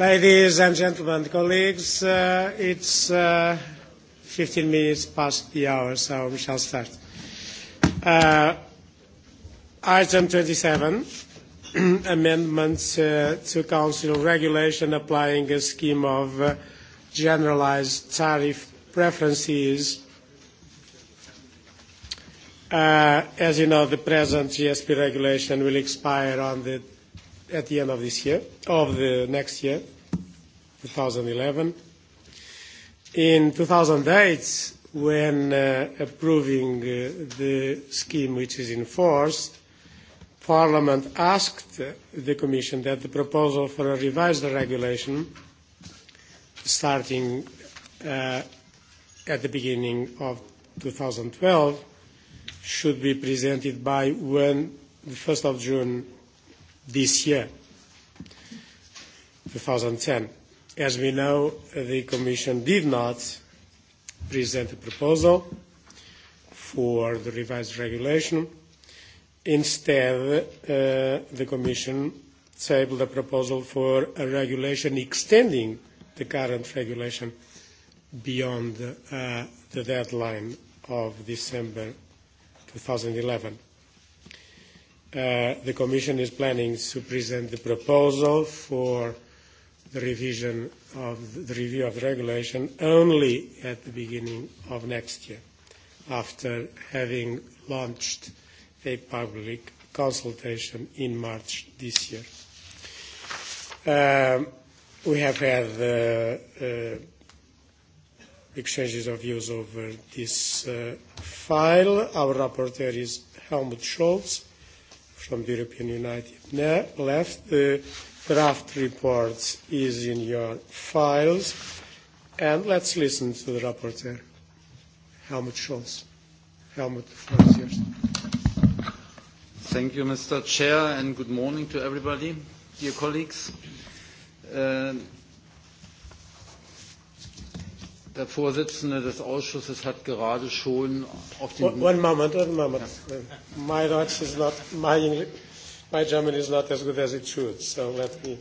Ladies and gentlemen, colleagues, uh, it's uh, 15 minutes past the hour, so we shall start. Uh, item 27, amendments uh, to Council regulation applying a scheme of uh, generalized tariff preferences. Uh, as you know, the present GSP regulation will expire on the at the end of this year, of the next year, 2011. In 2008, when uh, approving uh, the scheme which is in force, Parliament asked the Commission that the proposal for a revised regulation starting uh, at the beginning of 2012 should be presented by when the 1st of June this year, 2010. As we know, the Commission did not present a proposal for the revised regulation. Instead, uh, the Commission tabled a proposal for a regulation extending the current regulation beyond uh, the deadline of December 2011. Uh, the Commission is planning to present the proposal for the revision of the review of the regulation only at the beginning of next year, after having launched a public consultation in March this year. Um, we have had uh, uh, exchanges of views over this uh, file. Our rapporteur is Helmut Scholz from the European United left. The draft reports is in your files. And let's listen to the rapporteur, Helmut Scholz. Helmut, the floor is yours. Thank you, Mr. Chair, and good morning to everybody, dear colleagues. Uh, Der Vorsitzende des Ausschusses hat gerade schon auf den... One moment, one moment. My Deutsch is not... My, English, my German is not as good as it should, so let me...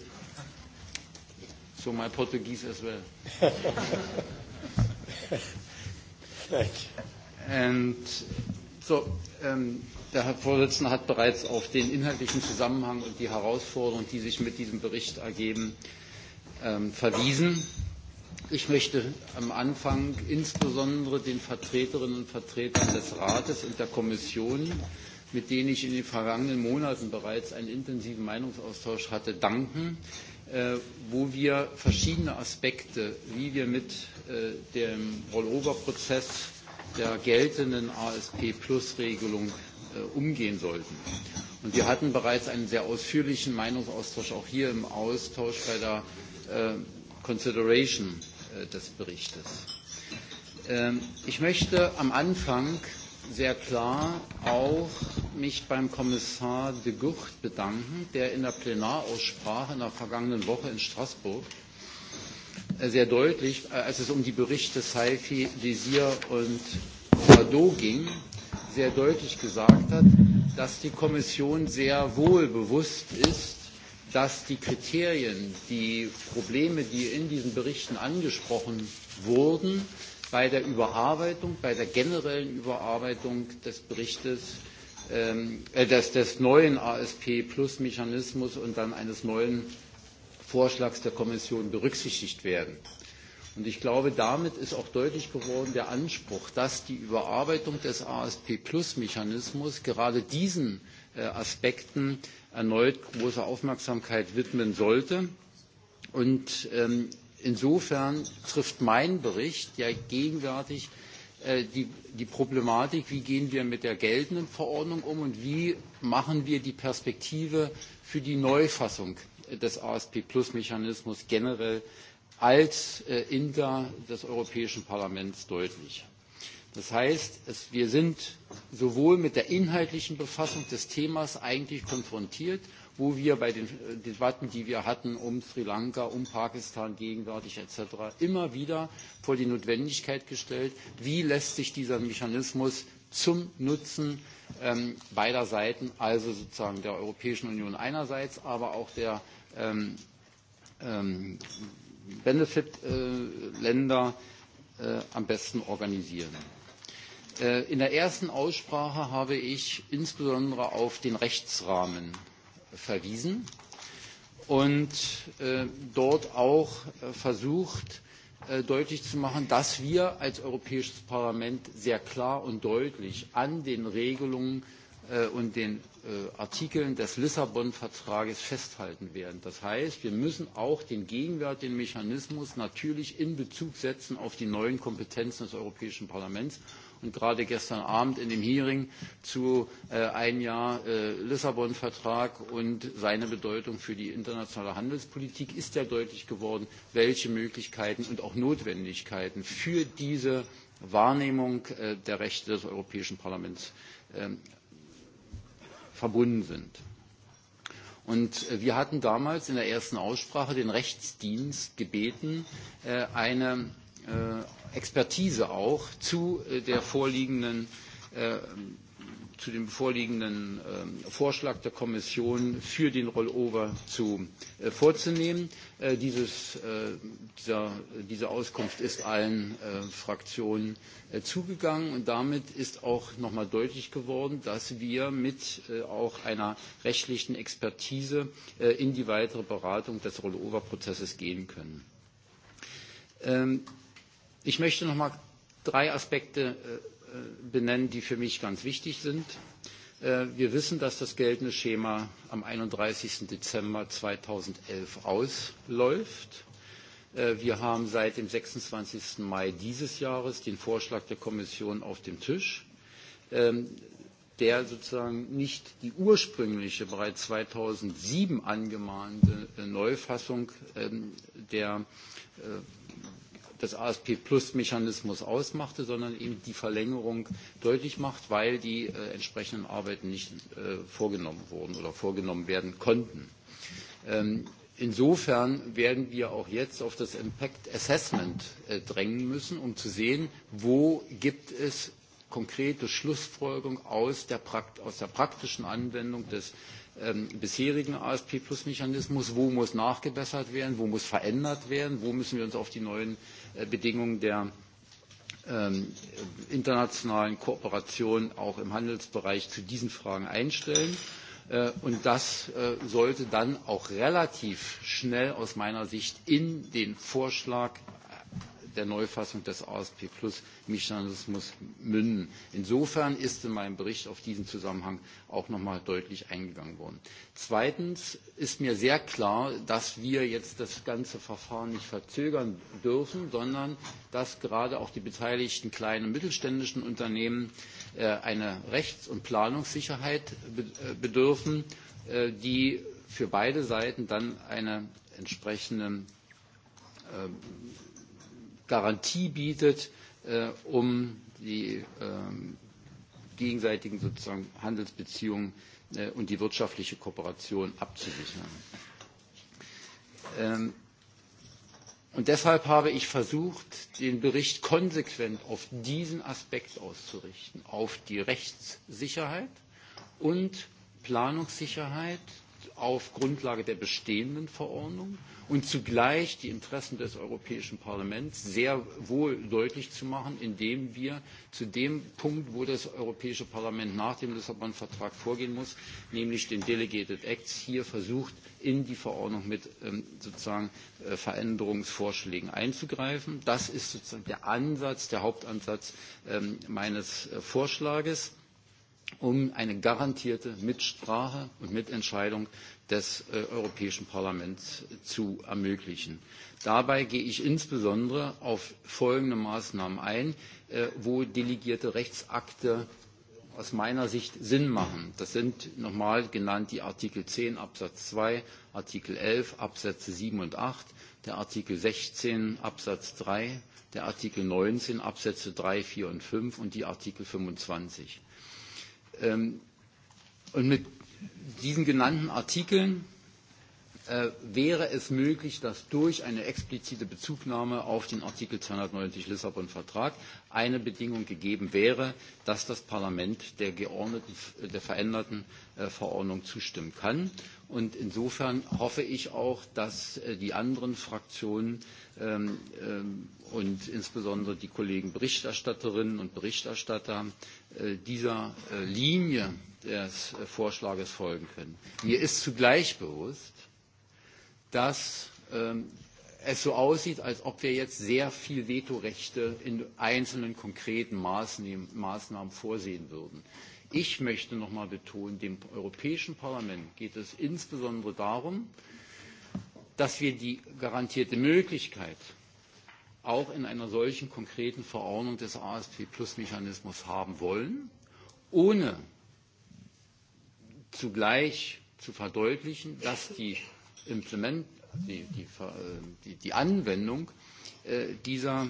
So my Portuguese as well. Thank you. And so, Um, der Herr Vorsitzende hat bereits auf den inhaltlichen Zusammenhang und die Herausforderungen, die sich mit diesem Bericht ergeben, ähm, verwiesen. Ich möchte am Anfang insbesondere den Vertreterinnen und Vertretern des Rates und der Kommission, mit denen ich in den vergangenen Monaten bereits einen intensiven Meinungsaustausch hatte, danken, äh, wo wir verschiedene Aspekte, wie wir mit äh, dem Rollover-Prozess der geltenden ASP-Plus-Regelung äh, umgehen sollten. Und wir hatten bereits einen sehr ausführlichen Meinungsaustausch auch hier im Austausch bei der äh, Consideration Äh, des Berichtes. Ähm, ich möchte am Anfang sehr klar auch mich beim Kommissar de Gucht bedanken, der in der Plenaraussprache in der vergangenen Woche in Straßburg äh, sehr deutlich, äh, als es um die Berichte Saifi, Desir und Bordeaux ging, sehr deutlich gesagt hat, dass die Kommission sehr wohl bewusst ist, dass die Kriterien, die Probleme, die in diesen Berichten angesprochen wurden, bei der Überarbeitung, bei der generellen Überarbeitung des Berichtes ähm, äh, des, des neuen ASP Plus Mechanismus und dann eines neuen Vorschlags der Kommission berücksichtigt werden. Und ich glaube, damit ist auch deutlich geworden der Anspruch, dass die Überarbeitung des ASP Plus Mechanismus gerade diesen äh, Aspekten erneut große Aufmerksamkeit widmen sollte. Und ähm, insofern trifft mein Bericht ja gegenwärtig äh, die, die Problematik, wie gehen wir mit der geltenden Verordnung um und wie machen wir die Perspektive für die Neufassung des ASP-Plus-Mechanismus generell als äh, Inter des Europäischen Parlaments deutlich. Das heißt, es, wir sind sowohl mit der inhaltlichen Befassung des Themas eigentlich konfrontiert, wo wir bei den äh, Debatten, die wir hatten um Sri Lanka, um Pakistan gegenwärtig etc., immer wieder vor die Notwendigkeit gestellt, wie lässt sich dieser Mechanismus zum Nutzen ähm, beider Seiten, also sozusagen der Europäischen Union einerseits, aber auch der ähm, ähm, Benefit-Länder äh, äh, am besten organisieren. Äh, in der ersten Aussprache habe ich insbesondere auf den Rechtsrahmen verwiesen und äh, dort auch äh, versucht, deutlich zu machen, dass wir als Europäisches Parlament sehr klar und deutlich an den Regelungen und den Artikeln des Lissabon-Vertrages festhalten werden. Das heißt, wir müssen auch den gegenwärtigen Mechanismus natürlich in Bezug setzen auf die neuen Kompetenzen des Europäischen Parlaments und gerade gestern Abend in dem Hearing zu äh, ein Jahr äh, Lissabon-Vertrag und seine Bedeutung für die internationale Handelspolitik ist ja deutlich geworden, welche Möglichkeiten und auch Notwendigkeiten für diese Wahrnehmung äh, der Rechte des Europäischen Parlaments äh, verbunden sind. Und äh, wir hatten damals in der ersten Aussprache den Rechtsdienst gebeten, äh, eine Äh, Expertise auch zu äh, der vorliegenden äh, zu dem vorliegenden äh, Vorschlag der Kommission für den Rollover zu, äh, vorzunehmen. Äh, dieses, dieser, diese Auskunft ist allen Fraktionen zugegangen und damit ist auch nochmal deutlich geworden, dass wir mit auch einer rechtlichen Expertise in die weitere Beratung des Rollover-Prozesses gehen können. Ähm, Ich möchte noch mal drei Aspekte äh, äh, benennen, die für mich ganz wichtig sind. Äh, wir wissen, dass das geltende Schema am 31. Dezember 2011 ausläuft. Wir haben seit dem 26. Mai dieses Jahres den Vorschlag der Kommission auf dem Tisch, ähm, der sozusagen nicht die ursprüngliche, bereits 2007 angemahnte Neufassung ähm, der des ASP Plus Mechanismus ausmachte, sondern eben die Verlängerung deutlich macht, weil die äh, entsprechenden Arbeiten nicht äh, vorgenommen wurden oder vorgenommen werden konnten. Ähm, insofern werden wir auch jetzt auf das Impact Assessment äh, drängen müssen, um zu sehen, wo gibt es konkrete Schlussfolgerungen aus der, Prakt aus der praktischen Anwendung des Ähm, bisherigen ASP Plus Mechanismus, wo muss nachgebessert werden, wo muss verändert werden, wo müssen wir uns auf die neuen äh, Bedingungen der ähm, internationalen Kooperation auch im Handelsbereich zu diesen Fragen einstellen. Äh, und das äh, sollte dann auch relativ schnell aus meiner Sicht in den Vorschlag der Neufassung des ASP Plus Mechanismus münden. Insofern ist in meinem Bericht auf diesen Zusammenhang auch noch mal deutlich eingegangen worden. Zweitens ist mir sehr klar, dass wir jetzt das ganze Verfahren nicht verzögern dürfen, sondern dass gerade auch die beteiligten kleinen und mittelständischen Unternehmen äh, eine Rechts- und Planungssicherheit äh, bedürfen, äh, die für beide Seiten dann eine entsprechende ähm, Garantie bietet, äh, um die ähm, gegenseitigen sozusagen Handelsbeziehungen äh, und die wirtschaftliche Kooperation abzusichern. Ähm, und deshalb habe ich versucht, den Bericht konsequent auf diesen Aspekt auszurichten, auf die Rechtssicherheit und Planungssicherheit auf Grundlage der bestehenden Verordnung und zugleich die Interessen des Europäischen Parlaments sehr wohl deutlich zu machen, indem wir zu dem Punkt, wo das Europäische Parlament nach dem Lissabon-Vertrag vorgehen muss, nämlich den Delegated Acts, hier versucht, in die Verordnung mit ähm, sozusagen äh, Veränderungsvorschlägen einzugreifen. Das ist sozusagen der Ansatz, der Hauptansatz ähm, meines äh, Vorschlages um eine garantierte Mitsprache und Mitentscheidung des äh, Europäischen Parlaments äh, zu ermöglichen. Dabei gehe ich insbesondere auf folgende Maßnahmen ein, äh, wo delegierte Rechtsakte aus meiner Sicht Sinn machen. Das sind nochmal genannt die Artikel 10 Absatz 2, Artikel 11 Absätze 7 und 8, der Artikel 16 Absatz 3, der Artikel 19 Absätze 3, 4 und 5 und die Artikel 25. Ähm, und mit diesen genannten Artikeln Äh, wäre es möglich, dass durch eine explizite Bezugnahme auf den Artikel 290 Lissabon Vertrag eine Bedingung gegeben wäre, dass das Parlament der, geordneten, der veränderten äh, Verordnung zustimmen kann. Und insofern hoffe ich auch, dass äh, die anderen Fraktionen ähm, ähm, und insbesondere die Kollegen Berichterstatterinnen und Berichterstatter äh, dieser äh, Linie des äh, Vorschlages folgen können. Mir ist zugleich bewusst, dass ähm, es so aussieht, als ob wir jetzt sehr viel Vetorechte in einzelnen konkreten Maßnahmen, Maßnahmen vorsehen würden. Ich möchte noch mal betonen, dem Europäischen Parlament geht es insbesondere darum, dass wir die garantierte Möglichkeit auch in einer solchen konkreten Verordnung des ASP-Plus-Mechanismus haben wollen, ohne zugleich zu verdeutlichen, dass die Implement, die, die, die Anwendung äh, dieser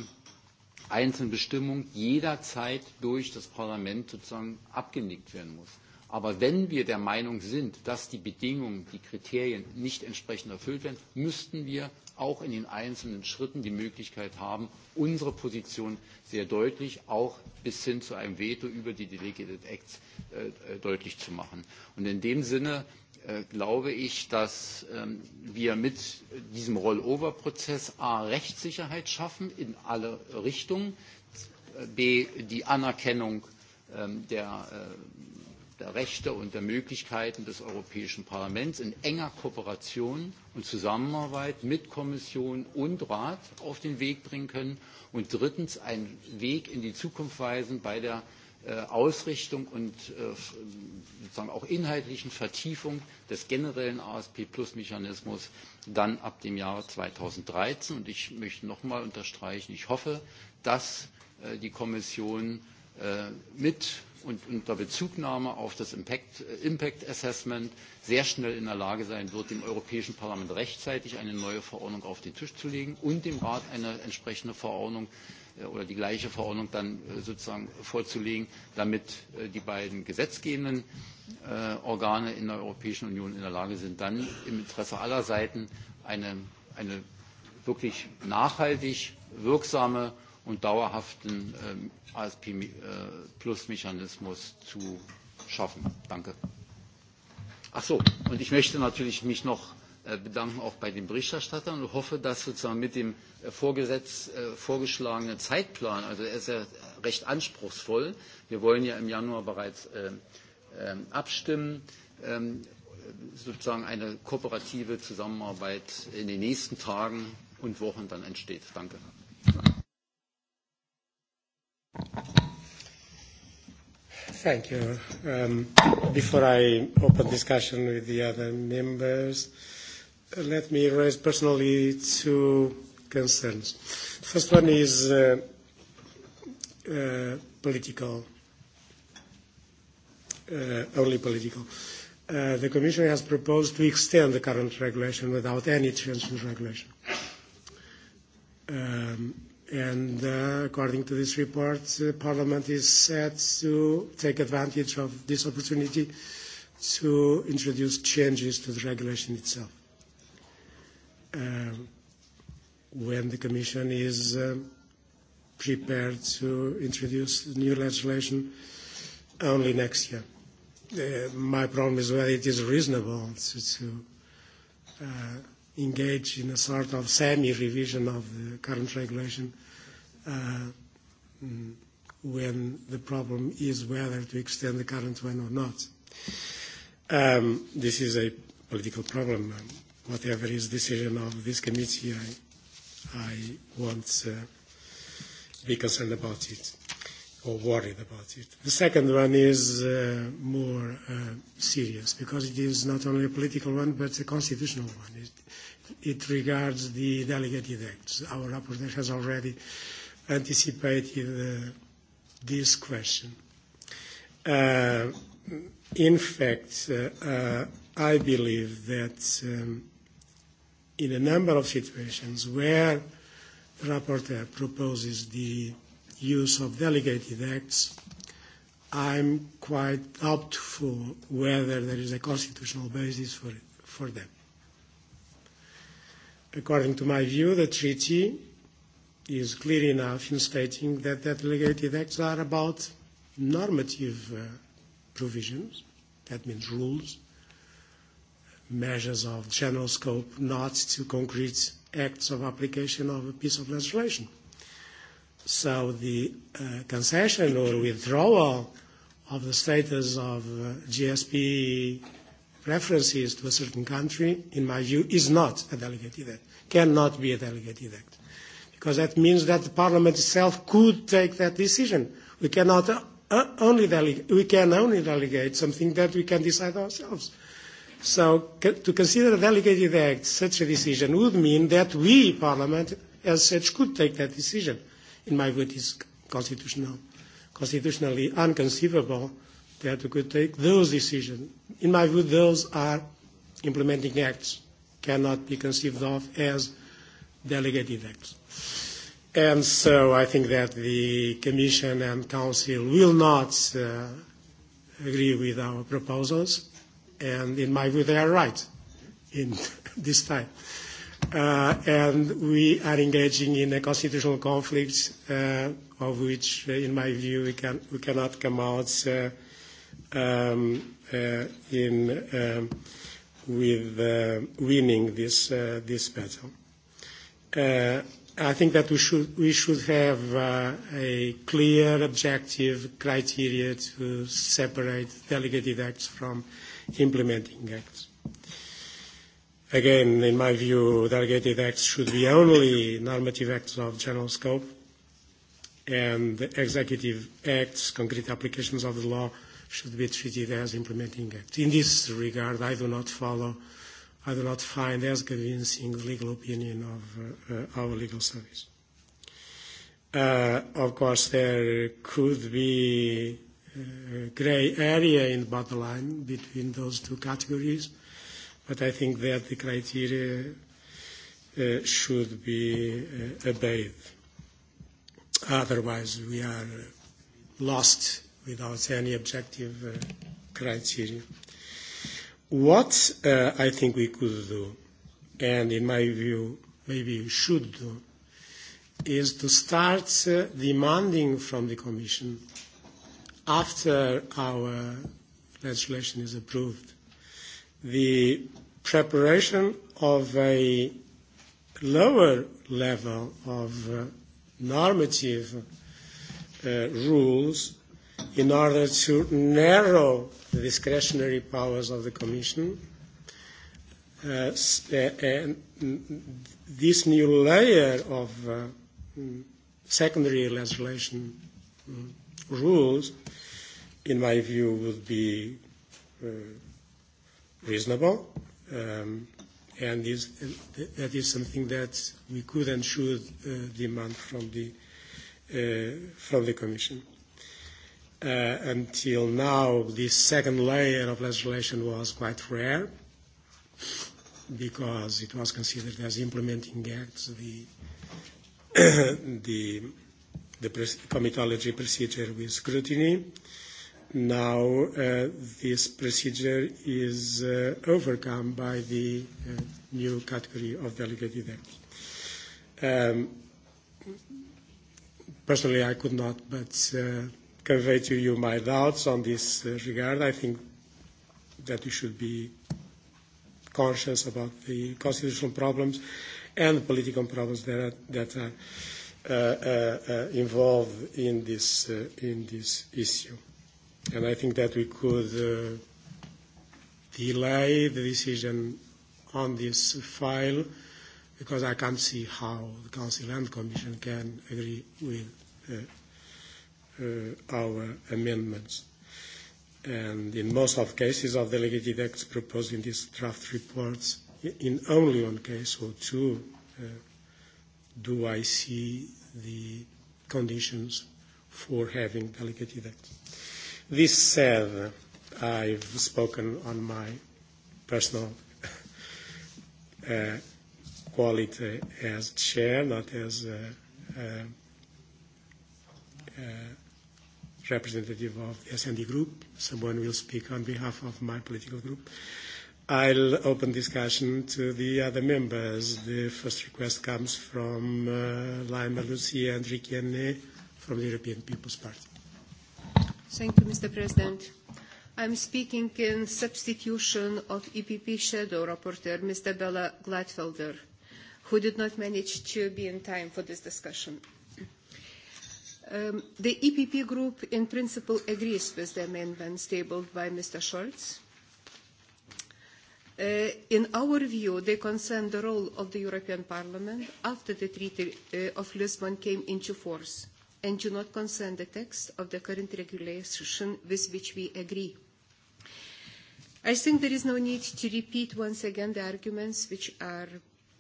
einzelnen Bestimmung jederzeit durch das Parlament sozusagen abgenickt werden muss. Aber wenn wir der Meinung sind, dass die Bedingungen, die Kriterien nicht entsprechend erfüllt werden, müssten wir auch in den einzelnen Schritten die Möglichkeit haben, unsere Position sehr deutlich, auch bis hin zu einem Veto über die Delegated Acts äh, äh deutlich zu machen. Und in dem Sinne äh, glaube ich, dass ähm, wir mit diesem Rollover-Prozess a Rechtssicherheit schaffen in alle Richtungen, äh, b die Anerkennung ähm, der äh, der Rechte und der Möglichkeiten des Europäischen Parlaments in enger Kooperation und Zusammenarbeit mit Kommission und Rat auf den Weg bringen können und drittens einen Weg in die Zukunft weisen bei der äh, Ausrichtung und äh, sozusagen auch inhaltlichen Vertiefung des generellen ASP Plus Mechanismus dann ab dem Jahr 2013. Und ich möchte nochmal unterstreichen, ich hoffe, dass äh, die Kommission mit und unter Bezugnahme auf das Impact, Impact Assessment sehr schnell in der Lage sein wird, dem Europäischen Parlament rechtzeitig eine neue Verordnung auf den Tisch zu legen und dem Rat eine entsprechende Verordnung äh, oder die gleiche Verordnung dann äh, sozusagen vorzulegen, damit äh, die beiden gesetzgebenden Organe in der Europäischen Union in der Lage sind, dann im Interesse aller Seiten eine, eine wirklich nachhaltig wirksame und dauerhaften ähm, ASP-Plus-Mechanismus äh, zu schaffen. Danke. Ach so, und ich möchte natürlich mich noch äh, bedanken auch bei den Berichterstattern und hoffe, dass sozusagen mit dem äh, Vorgesetz, vorgeschlagenen Zeitplan, also er ist ja recht anspruchsvoll, wir wollen ja im Januar bereits ähm, ähm, abstimmen, sozusagen eine kooperative Zusammenarbeit in den nächsten Tagen und Wochen dann entsteht. Danke. Thank you. Um, before I open discussion with the other members, let me raise personally two concerns. The first one is uh, uh, political, uh, only political. Uh, the Commission has proposed to extend the current regulation without any change in regulation. Um, And uh, according to this report, uh, Parliament is set to take advantage of this opportunity to introduce changes to the regulation itself. Um, when the Commission is uh, prepared to introduce new legislation only next year. Uh, my problem is whether it is reasonable to, to uh, engage in a sort of semi-revision of the current regulation uh, when the problem is whether to extend the current one or not. Um, this is a political problem. Um, whatever is decision of this committee, I, I won't uh, be concerned about it or worried about it. The second one is uh, more uh, serious because it is not only a political one but a constitutional one. It, it regards the delegated acts. Our rapporteur has already anticipated uh, this question. Uh, in fact, uh, uh, I believe that um, in a number of situations where the rapporteur proposes the use of delegated acts, I'm quite doubtful whether there is a constitutional basis for, for them. According to my view, the treaty is clear enough in stating that the delegated acts are about normative uh, provisions, that means rules, measures of general scope, not to concrete acts of application of a piece of legislation. So the uh, concession or withdrawal of the status of uh, GSP preferences to a certain country, in my view, is not a delegated act, cannot be a delegated act. Because that means that the Parliament itself could take that decision. We cannot uh, uh only delegate, we can only delegate something that we can decide ourselves. So to consider a delegated act such a decision would mean that we, Parliament, as such, could take that decision in my view, it is constitutional, constitutionally unconceivable that we could take those decisions. In my view, those are implementing acts, cannot be conceived of as delegated acts. And so I think that the Commission and Council will not uh, agree with our proposals, and in my view, they are right in this time. Uh, and we are engaging in a constitutional conflict uh, of which, uh, in my view, we, can, we cannot come out uh, um, uh, in, um, with uh, winning this, this battle. I think that we should, we should have a clear objective criteria to separate delegated acts from implementing acts. Again, in my view, delegated acts should be only normative acts of general scope, and executive acts, concrete applications of the law, should be treated as implementing acts. In this regard, I do not follow, I do not find as convincing the legal opinion of uh, our legal service. Uh, of course, there could be a uh, grey area in the borderline between those two categories. But I think that the criteria uh, should be uh, obeyed. Otherwise, we are lost without any objective uh, criteria. What uh, I think we could do, and in my view, maybe we should do, is to start uh, demanding from the Commission after our legislation is approved the preparation of a lower level of uh, normative uh, rules in order to narrow the discretionary powers of the Commission. Uh, and this new layer of uh, mm, secondary legislation mm, rules, in my view, would be uh, reasonable Um, and is, that is something that we could and should uh, demand from the, uh, from the Commission. Uh, until now, this second layer of legislation was quite rare because it was considered as implementing acts. The, the, the comitology procedure with scrutiny. Uh, now uh, this procedure is uh, overcome by the uh, new category of delegated acts. Um, personally, I could not but uh, convey to you my doubts on this uh, regard. I think that you should be conscious about the constitutional problems and political problems that are, that are uh, uh, uh, involved in this, uh, in this issue and I think that we could uh, delay the decision on this file because I can't see how the Council and Commission can agree with uh, uh, our amendments. And in most of cases of delegated acts proposed in these draft reports, in only one case or two, uh, do I see the conditions for having delegated acts. This said, I've spoken on my personal uh, quality as chair, not as a, a, a representative of the S&D group. Someone will speak on behalf of my political group. I'll open discussion to the other members. The first request comes from uh, Lima Lucia Andrikiene from the European People's Party. Thank you, Mr. President. I'm speaking in substitution of EPP Shadow Rapporteur, Mr. Bella Gladfelder, who did not manage to be in time for this discussion. Um, the EPP group in principle agrees with the amendments tabled by Mr. Scholz. Uh, in our view, they concern the role of the European Parliament after the Treaty uh, of Lisbon came into force – and do not concern the text of the current regulation with which we agree. I think there is no need to repeat once again the arguments which are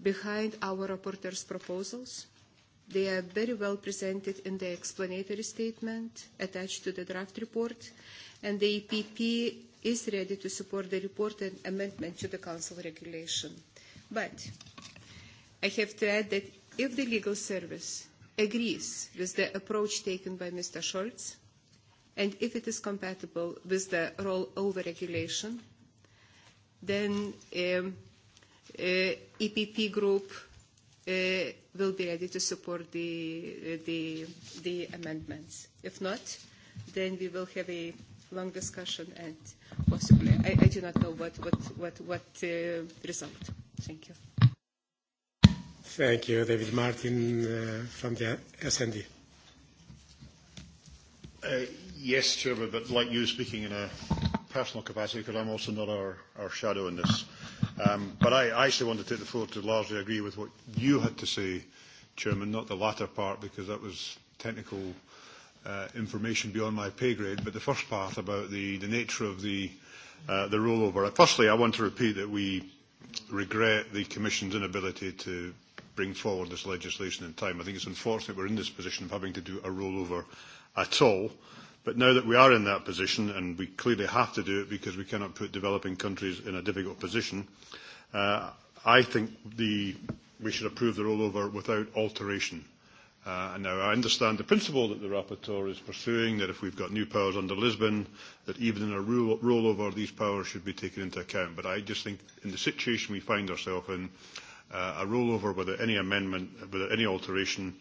behind our rapporteur's proposals. They are very well presented in the explanatory statement attached to the draft report, and the EPP is ready to support the report and amendment to the Council regulation. But I have to add that if the legal service agrees with the approach taken by Mr. Scholz and if it is compatible with the role over regulation, then um, uh, EPP group uh, will be ready to support the, uh, the, the amendments. If not, then we will have a long discussion and possibly, I, I do not know what, what, what, what uh, result. Thank you. Thank you. David Martin uh, from the S&D. Uh, yes, Chairman, but like you, speaking in a personal capacity, because I'm also not our, shadow in this. Um, but I, actually want to take the floor to largely agree with what you had to say, Chairman, not the latter part, because that was technical uh, information beyond my pay grade, but the first part about the, nature of the rollover. Firstly, I want to repeat that we regret the Commission's inability to bring forward this legislation in time. I think it's unfortunate we're in this position of having to do a rollover at all. But now that we are in that position, and we clearly have to do it because we cannot put developing countries in a difficult position, uh, I think the, we should approve the rollover without alteration. Uh, and now I understand the principle that the rapporteur is pursuing, that if we've got new powers under Lisbon, that even in a rollover, these powers should be taken into account. But I just think in the situation we find ourselves in, uh, a rollover without any amendment, without any alteration,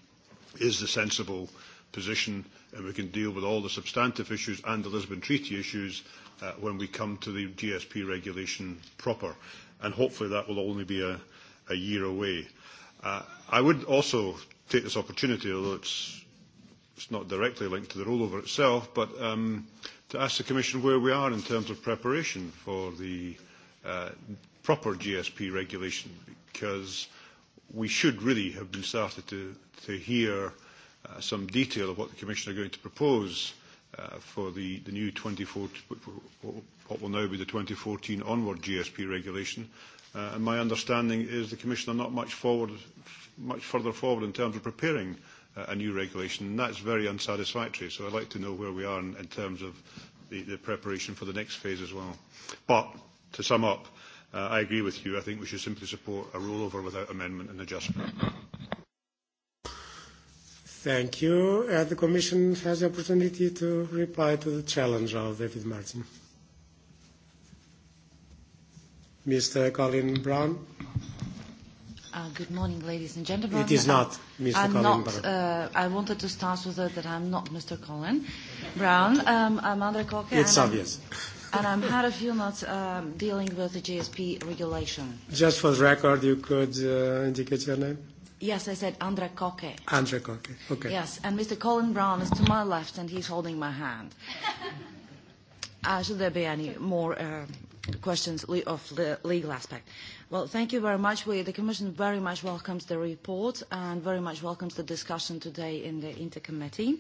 is the sensible position, and we can deal with all the substantive issues and the Lisbon Treaty issues uh, when we come to the GSP regulation proper. And hopefully that will only be a, a year away. Uh, I would also take this opportunity, although it's, it's not directly linked to the rollover itself, but um, to ask the Commission where we are in terms of preparation for the uh, proper GSP regulation because we should really have been started to, to hear uh, some detail of what the Commission are going to propose uh, for the, the new 2014, what will now be the 2014 onward GSP regulation. Uh, and my understanding is the Commission are not much, forward, much further forward in terms of preparing uh, a new regulation, and that's very unsatisfactory. So I'd like to know where we are in, in terms of the, the preparation for the next phase as well. But to sum up, uh, I agree with you. I think we should simply support a rollover without amendment and adjustment. Thank you. Uh, the Commission has the opportunity to reply to the challenge of David Martin. Mr. Colin Brown. Uh, good morning, ladies and gentlemen. It is not Mr. I'm Colin not, Brown. Uh, I wanted to start with that, that I'm not Mr. Colin Brown. Um, I'm Andre Cocker. It's obvious. I'm, And I'm hard of you not um, uh, dealing with the GSP regulation. Just for the record, you could uh, indicate your name? Yes, I said Andra Koke. Andra Koke, okay. Yes, and Mr. Colin Brown is to my left and he's holding my hand. uh, should there be any more uh, questions of the legal aspect? Well, thank you very much. We, the Commission very much welcomes the report and very much welcomes the discussion today in the intercommittee.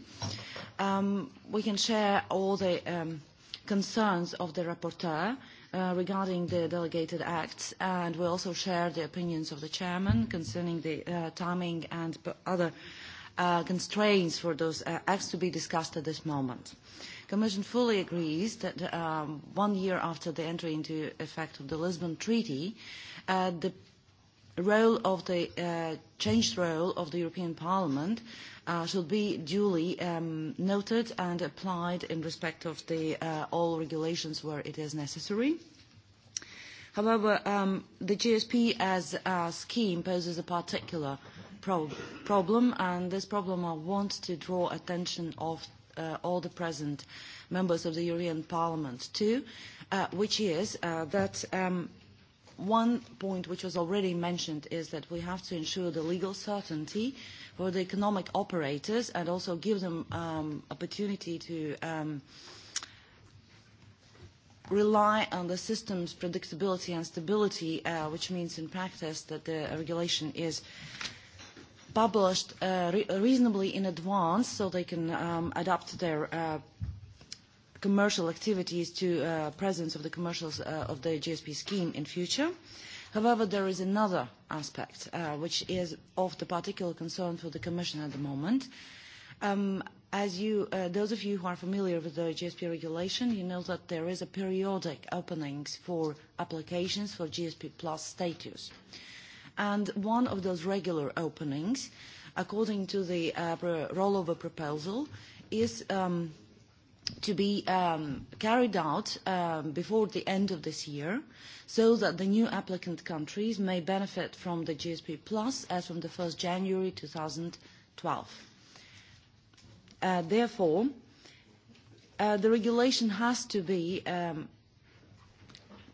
Um, we can share all the... Um, concerns of the rapporteur uh, regarding the delegated acts, and we also share the opinions of the chairman concerning the uh, timing and other uh, constraints for those uh, acts to be discussed at this moment. Commission fully agrees that um, one year after the entry into effect of the Lisbon Treaty, uh, the role of the uh, changed role of the European Parliament Uh, should be duly um, noted and applied in respect of the, uh, all regulations where it is necessary. However, um, the GSP as a scheme poses a particular problem, and this problem I want to draw attention of uh, all the present members of the European Parliament to, which is that um, one point which was already mentioned is that we have to ensure the legal certainty for the economic operators and also give them um, opportunity to um, rely on the system's predictability and stability, uh, which means in practice that the regulation is published uh, re reasonably in advance so they can um, adapt their uh, commercial activities to uh, presence of the commercials uh, of the GSP scheme in future. Uh, However, there is another aspect uh, which is of the particular concern for the Commission at the moment. Um, as you, uh, those of you who are familiar with the GSP regulation, you know that there is a periodic openings for applications for GSP plus status. And one of those regular openings, according to the uh, rollover proposal, is um, to be um, carried out um, before the end of this year so that the new applicant countries may benefit from the GSP Plus as from the 1st January 2012. Uh, therefore, uh, the regulation has to be um,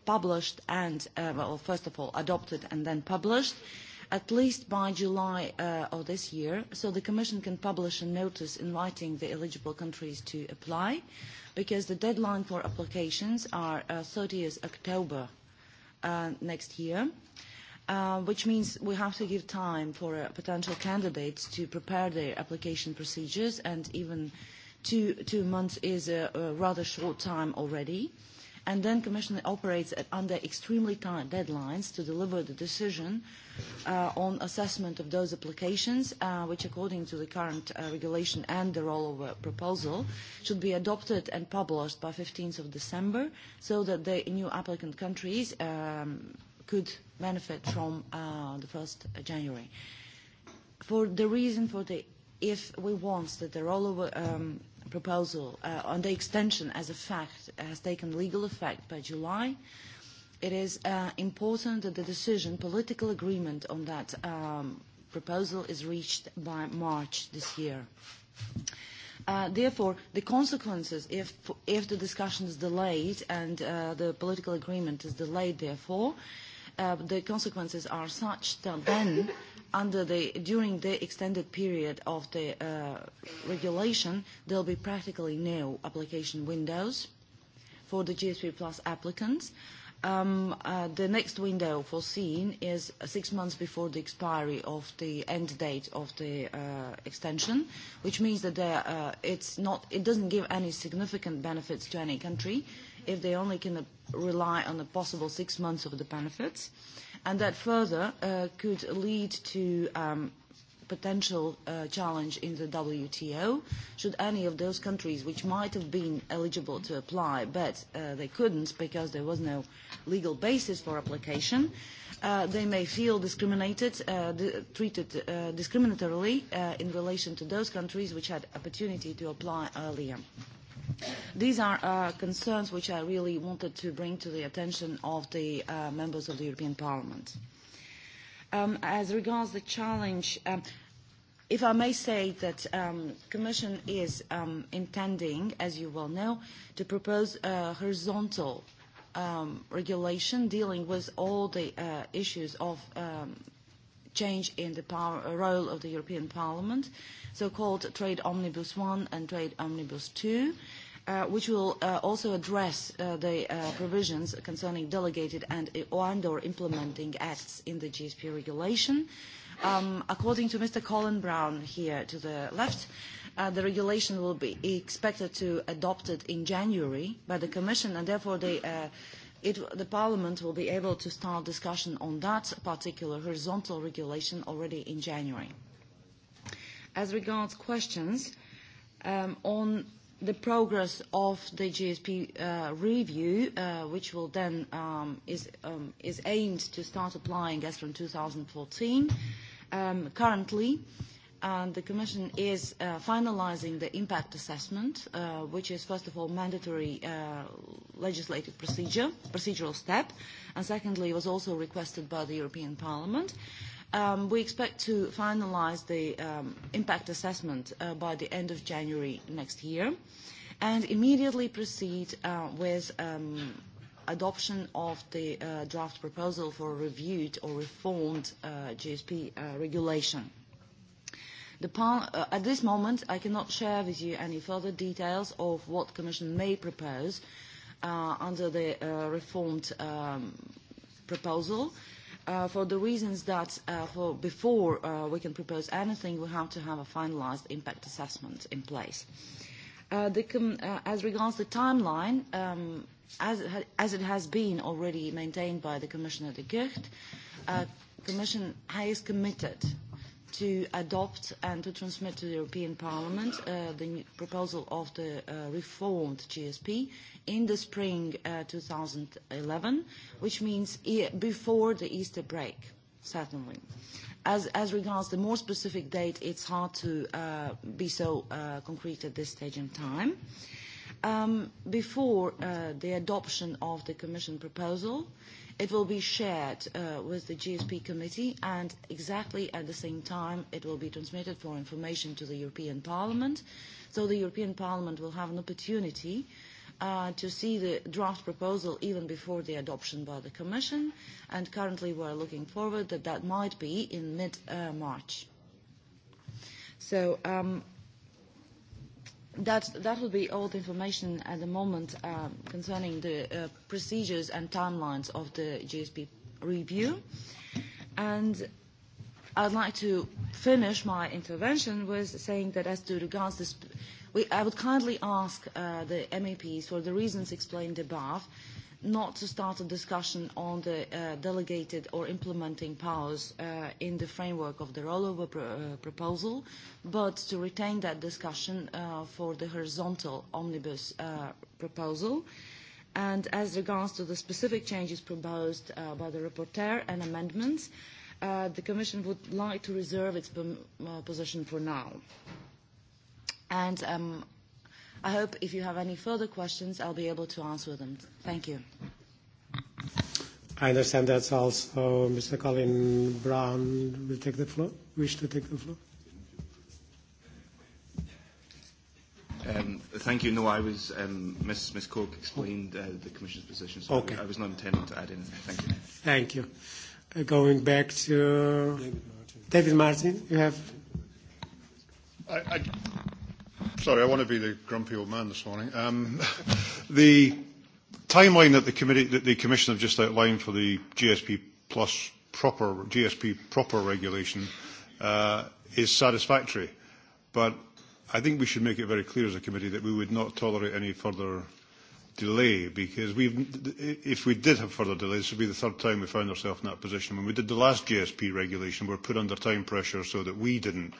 published and, uh, well, first of all, adopted and then published uh, at least by July uh, of this year, so the Commission can publish a notice inviting the eligible countries to apply, because the deadline for applications are uh, 30th October uh, next year. Uh, which means we have to give time for uh, potential candidates to prepare their application procedures, and even two, two months is a, a rather short time already. Uh, and then Commission operates at, under extremely tight deadlines to deliver the decision uh, on assessment of those applications, uh, which according to the current uh, regulation and the rollover proposal should be adopted and published by 15th of December so that the new applicant countries um, could benefit from uh, the 1st January. For the reason for the, if we want that the rollover um, proposal uh, on the extension as a fact uh, has taken legal effect by July. It is uh, important that the decision, political agreement on that um, proposal is reached by March this year. Uh, therefore, the consequences, if, if the discussion is delayed and uh, the political agreement is delayed, therefore, uh, the consequences are such that then under the, during the extended period of the uh, regulation, there will be practically no application windows for the GSP Plus applicants. Um, uh, the next window foreseen is six months before the expiry of the end date of the uh, extension, which means that there, uh, it's not, it doesn't give any significant benefits to any country if they only can rely on the possible six months of the benefits. Uh, and that further uh, could lead to um, potential uh, challenge in the WTO should any of those countries which might have been eligible to apply but uh, they couldn't because there was no legal basis for application, uh, they may feel discriminated, uh, treated uh, discriminatorily uh, in relation to those countries which had opportunity to apply earlier. These are uh, concerns which I really wanted to bring to the attention of the uh, members of the European Parliament. Um, as regards the challenge, um, if I may say that um, Commission is um, intending, as you well know, to propose a horizontal um, regulation dealing with all the uh, issues of um, change in the power, role of the European Parliament, so-called Trade Omnibus 1 and Trade Omnibus 2. Uh, which will uh, also address uh, the uh, provisions concerning delegated and uh, and or implementing acts in the GSP regulation. Um, according to Mr. Colin Brown here to the left, uh, the regulation will be expected to adopted in January by the Commission, and therefore the, uh, it, the Parliament will be able to start discussion on that particular horizontal regulation already in January. As regards questions um, on the progress of the GSP uh, review, uh, which will then um, is, um, is aimed to start applying as from 2014 um, currently. uh, the Commission is uh, finalizing the impact assessment, uh, which is, first of all, mandatory uh, legislative procedure, procedural step, and secondly, was also requested by the European Parliament. Uh, Um, we expect to finalize the um, impact assessment uh, by the end of January next year and immediately proceed uh, with um, adoption of the uh, draft proposal for a reviewed or reformed uh, GSP uh, regulation. Uh, at this moment, I cannot share with you any further details of what Commission may propose under the reformed um, proposal Uh, for the reasons that uh, for before uh, we can propose anything, we have to have a finalized impact assessment in place. Uh, the, uh, as regards the timeline, um, as, as, it has been already maintained by the Commissioner de Gucht, uh, Commission is committed to adopt and to transmit to the European Parliament uh, the proposal of the uh, reformed GSP in the spring uh, 2011, which means e before the Easter break, certainly. As, as regards the more specific date, it's hard to uh, be so uh, concrete at this stage in time. Um, before uh, the adoption of the Commission proposal, uh, It will be shared uh, with the GSP committee and exactly at the same time it will be transmitted for information to the European Parliament. So the European Parliament will have an opportunity uh, to see the draft proposal even before the adoption by the Commission and currently we are looking forward that that might be in mid-March. Uh, so um, That, would will be all the information at the moment uh, concerning the uh, procedures and timelines of the GSP review. And I'd like to finish my intervention with saying that as to regards this, I would kindly ask uh, the MEPs for the reasons explained above not to start a discussion on the uh, delegated or implementing powers uh, in the framework of the rollover pr uh, proposal, but to retain that discussion uh, for the horizontal omnibus uh, proposal. And as regards to the specific changes proposed uh, by the rapporteur and amendments, uh, the Commission would like to reserve its uh, position for now. And um, I hope if you have any further questions, I'll be able to answer them. Thank you. I understand that's also Mr. Colin Brown will take the floor, wish to take the floor. Um, thank you. No, I was, um, Ms. Ms. Koch explained uh, the Commission's position, so okay. I, I was not intending to add anything. Thank you. Thank you. Uh, going back to David Martin, David Martin you have. I, I, Sorry, I want to be the grumpy old man this morning. Um, the timeline that the, committee, that the Commission have just outlined for the GSP plus proper, GSP proper regulation uh, is satisfactory. But I think we should make it very clear as a committee that we would not tolerate any further delay because we've, if we did have further delays, this would be the third time we found ourselves in that position. When we did the last GSP regulation, we were put under time pressure so that we didn't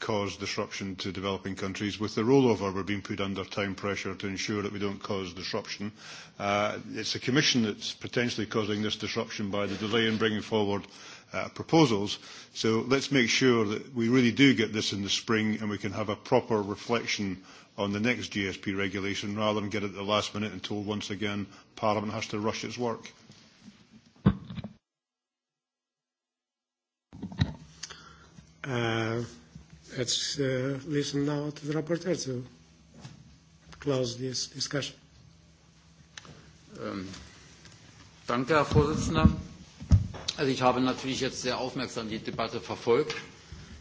cause disruption to developing countries. With the rollover, we're being put under time pressure to ensure that we don't cause disruption. Uh, it's the Commission that's potentially causing this disruption by the delay in bringing forward uh, proposals. So let's make sure that we really do get this in the spring and we can have a proper reflection on the next GSP regulation rather than get it at the last minute and told once again Parliament has to rush its work. Uh, Let's uh, listen now to the rapporteur to close this discussion. Um, danke, Herr Vorsitzender. Also ich habe natürlich jetzt sehr aufmerksam die Debatte verfolgt.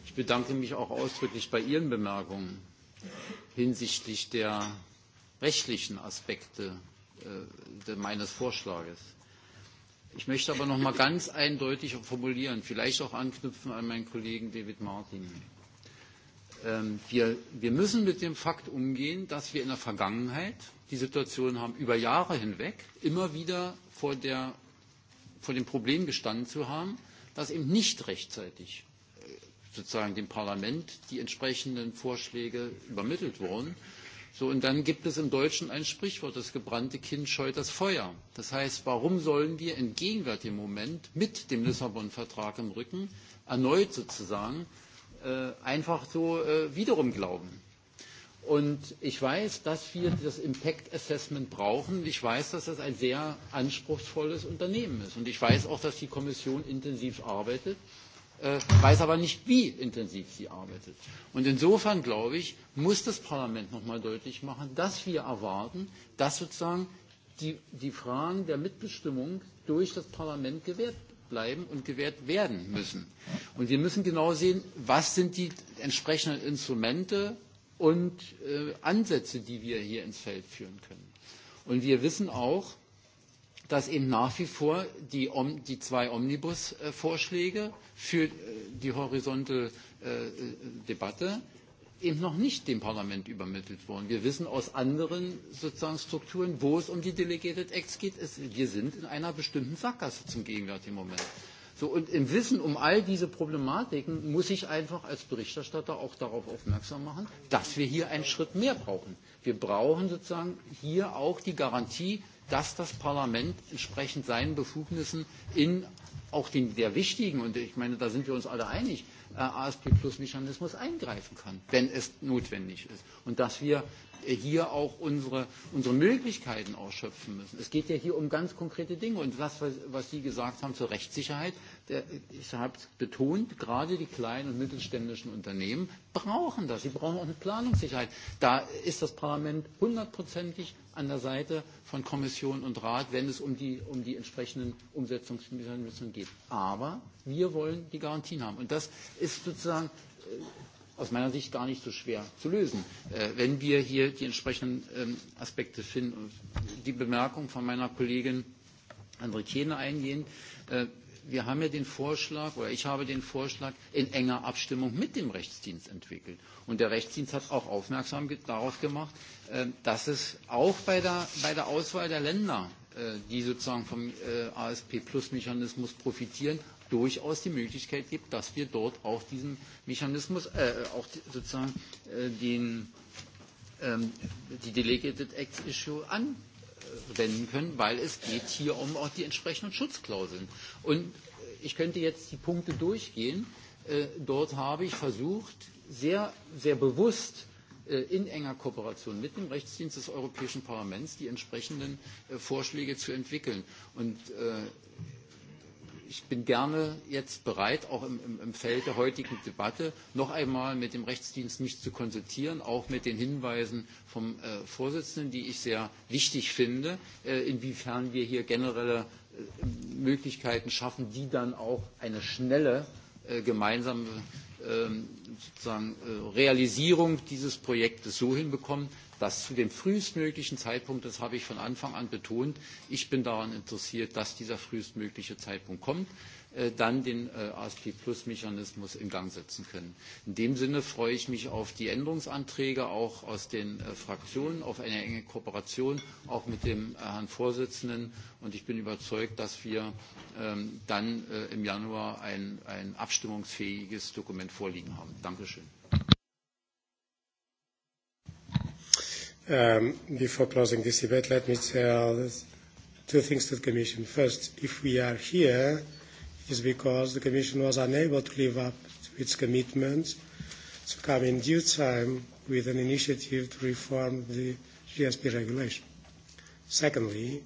Ich bedanke mich auch ausdrücklich bei Ihren Bemerkungen hinsichtlich der rechtlichen Aspekte äh, meines Vorschlages. Ich möchte aber noch mal ganz eindeutig formulieren, vielleicht auch anknüpfen an meinen Kollegen David Martin. Ähm, wir, wir müssen mit dem Fakt umgehen, dass wir in der Vergangenheit die Situation haben, über Jahre hinweg immer wieder vor, der, vor dem Problem gestanden zu haben, dass eben nicht rechtzeitig äh, sozusagen dem Parlament die entsprechenden Vorschläge übermittelt wurden. So, und dann gibt es im Deutschen ein Sprichwort, das gebrannte Kind scheut das Feuer. Das heißt, warum sollen wir im gegenwärtigen Moment mit dem Lissabon-Vertrag im Rücken erneut sozusagen Äh, einfach so äh, wiederum glauben. Und ich weiß, dass wir das Impact Assessment brauchen. Ich weiß, dass das ein sehr anspruchsvolles Unternehmen ist. Und ich weiß auch, dass die Kommission intensiv arbeitet, äh, weiß aber nicht, wie intensiv sie arbeitet. Und insofern, glaube ich, muss das Parlament nochmal deutlich machen, dass wir erwarten, dass sozusagen die, die Fragen der Mitbestimmung durch das Parlament gewährt bleiben und gewährt werden müssen. Und wir müssen genau sehen, was sind die entsprechenden Instrumente und äh, Ansätze, die wir hier ins Feld führen können. Und wir wissen auch, dass eben nach wie vor die, Om, die zwei Omnibus-Vorschläge äh, für äh, die horizonte äh, äh Debatte eben noch nicht dem Parlament übermittelt worden. Wir wissen aus anderen sozusagen Strukturen, wo es um die Delegated Acts geht. Es, wir sind in einer bestimmten Sackgasse zum gegenwärtigen Moment. So, und im Wissen um all diese Problematiken muss ich einfach als Berichterstatter auch darauf aufmerksam machen, dass wir hier einen Schritt mehr brauchen. Wir brauchen sozusagen hier auch die Garantie, dass das Parlament entsprechend seinen Befugnissen in auch den, der wichtigen, und ich meine, da sind wir uns alle einig, Äh, ASP-Plus-Mechanismus eingreifen kann, wenn es notwendig ist. Und dass wir Äh, hier auch unsere, unsere Möglichkeiten ausschöpfen müssen. Es geht ja hier um ganz konkrete Dinge. Und das, was, Sie gesagt haben zur Rechtssicherheit, der, ich habe betont, gerade die kleinen und mittelständischen Unternehmen brauchen das. Sie brauchen auch eine Planungssicherheit. Da ist das Parlament hundertprozentig an der Seite von Kommission und Rat, wenn es um die, um die entsprechenden Umsetzungsmechanismen geht. Aber wir wollen die Garantien haben. Und das ist sozusagen äh, aus meiner Sicht gar nicht so schwer zu lösen, äh, wenn wir hier die entsprechenden ähm, Aspekte finden. Und die Bemerkung von meiner Kollegin Andrikene eingehen. Äh, wir haben ja den Vorschlag, oder ich habe den Vorschlag in enger Abstimmung mit dem Rechtsdienst entwickelt. Und der Rechtsdienst hat auch aufmerksam darauf gemacht, äh, dass es auch bei der, bei der Auswahl der Länder äh, die sozusagen vom äh, ASP Plus Mechanismus profitieren, durchaus die Möglichkeit gibt, dass wir dort auch diesen Mechanismus, äh, auch sozusagen äh, den, ähm, die Delegated Acts Issue anwenden können, weil es geht hier um auch die entsprechenden Schutzklauseln. Und äh, ich könnte jetzt die Punkte durchgehen. Äh, dort habe ich versucht, sehr, sehr bewusst äh, in enger Kooperation mit dem Rechtsdienst des Europäischen Parlaments die entsprechenden Vorschläge zu entwickeln. Und ich bin gerne jetzt bereit, auch im, im, im Feld der heutigen Debatte noch einmal mit dem Rechtsdienst mich zu konsultieren, auch mit den Hinweisen vom äh, Vorsitzenden, die ich sehr wichtig finde, äh, inwiefern wir hier generelle äh, Möglichkeiten schaffen, die dann auch eine schnelle äh, gemeinsame ähm, sozusagen äh, Realisierung dieses Projektes so hinbekommen, dass zu dem frühestmöglichen Zeitpunkt, das habe ich von Anfang an betont, ich bin daran interessiert, dass dieser frühestmögliche Zeitpunkt kommt, äh, dann den äh, ASP Plus Mechanismus in Gang setzen können. In dem Sinne freue ich mich auf die Änderungsanträge auch aus den äh, Fraktionen, auf eine enge Kooperation auch mit dem Herrn Vorsitzenden und ich bin überzeugt, dass wir ähm, dann im Januar ein, ein abstimmungsfähiges Dokument vorliegen haben. Dankeschön. Um, before closing this debate, let me tell two things to the Commission. First, if we are here, is because the Commission was unable to live up to its commitment to come in due time with an initiative to reform the GSP regulation. Secondly,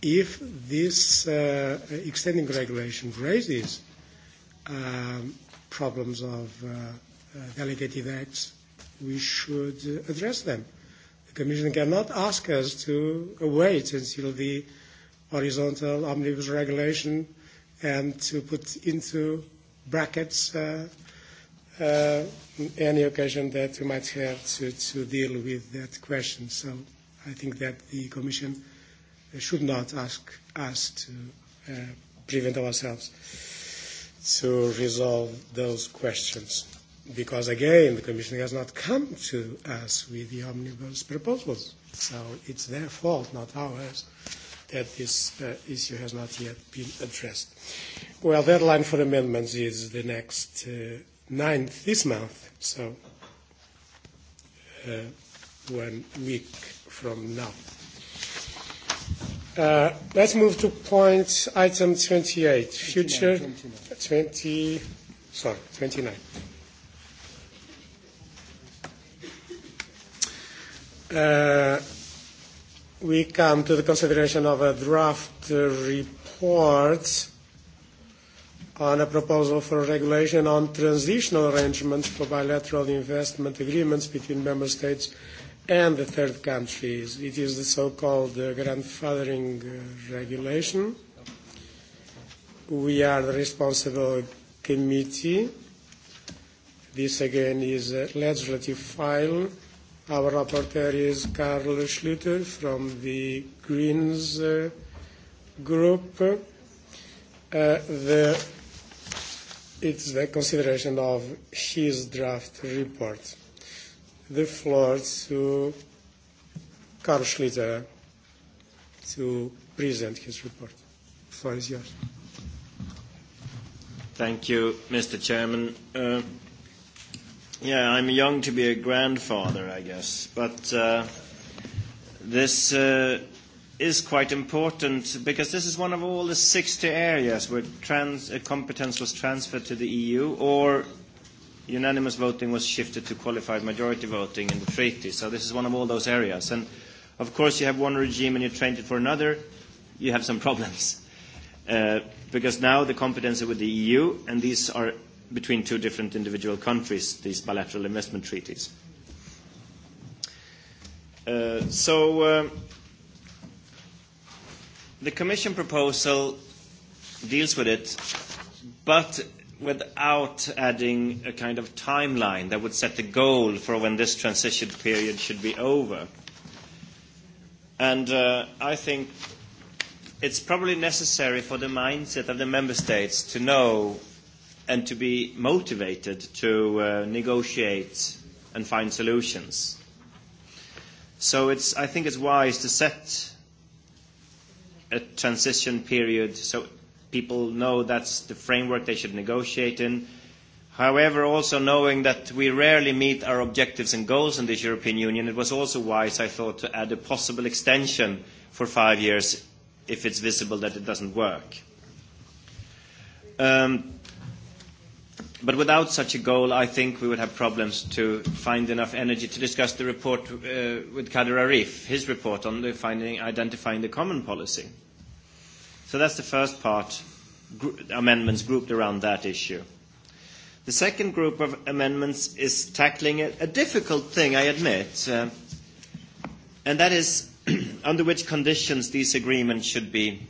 if this uh, extending regulation raises um, problems of uh, uh, delegated acts, we should address them Commission cannot ask us to wait until the horizontal omnibus regulation and to put into brackets uh, uh, any occasion that we might have to, to deal with that question. So I think that the Commission should not ask us to uh, prevent ourselves to resolve those questions because again, the Commission has not come to us with the omnibus proposals. So it's their fault, not ours, that this uh, issue has not yet been addressed. Well, the deadline for amendments is the next uh, 9th this month, so uh, one week from now. Uh, let's move to point item 28, future 29. 20, sorry, 29. Uh, we come to the consideration of a draft report on a proposal for a regulation on transitional arrangements for bilateral investment agreements between member states and the third countries. It is the so-called uh, grandfathering uh, regulation. We are the responsible committee. This again is a legislative file Our rapporteur is Karl Schlüter from the Greens uh, group. Uh, the, it's the consideration of his draft report. The floor to Karl Schlüter to present his report. The floor is yours. Thank you, Mr. Chairman. Uh, Yeah, I'm young to be a grandfather, I guess, but uh, this uh, is quite important because this is one of all the 60 areas where trans uh, competence was transferred to the EU or unanimous voting was shifted to qualified majority voting in the treaty. So this is one of all those areas. And of course, you have one regime and you train it for another, you have some problems. Uh, because now the competence is with the EU, and these are between two different individual countries, these bilateral investment treaties. Uh, so uh, the Commission proposal deals with it, but without adding a kind of timeline that would set the goal for when this transition period should be over. And uh, I think it's probably necessary for the mindset of the member states to know and to be motivated to uh, negotiate and find solutions. So it's, I think it's wise to set a transition period so people know that's the framework they should negotiate in. However, also knowing that we rarely meet our objectives and goals in this European Union, it was also wise, I thought, to add a possible extension for five years if it's visible that it doesn't work. Um, But without such a goal, I think we would have problems to find enough energy to discuss the report uh, with Kader Arif, his report on the finding, identifying the common policy. So that's the first part, gr- amendments grouped around that issue. The second group of amendments is tackling a, a difficult thing, I admit, uh, and that is under which conditions these agreements should be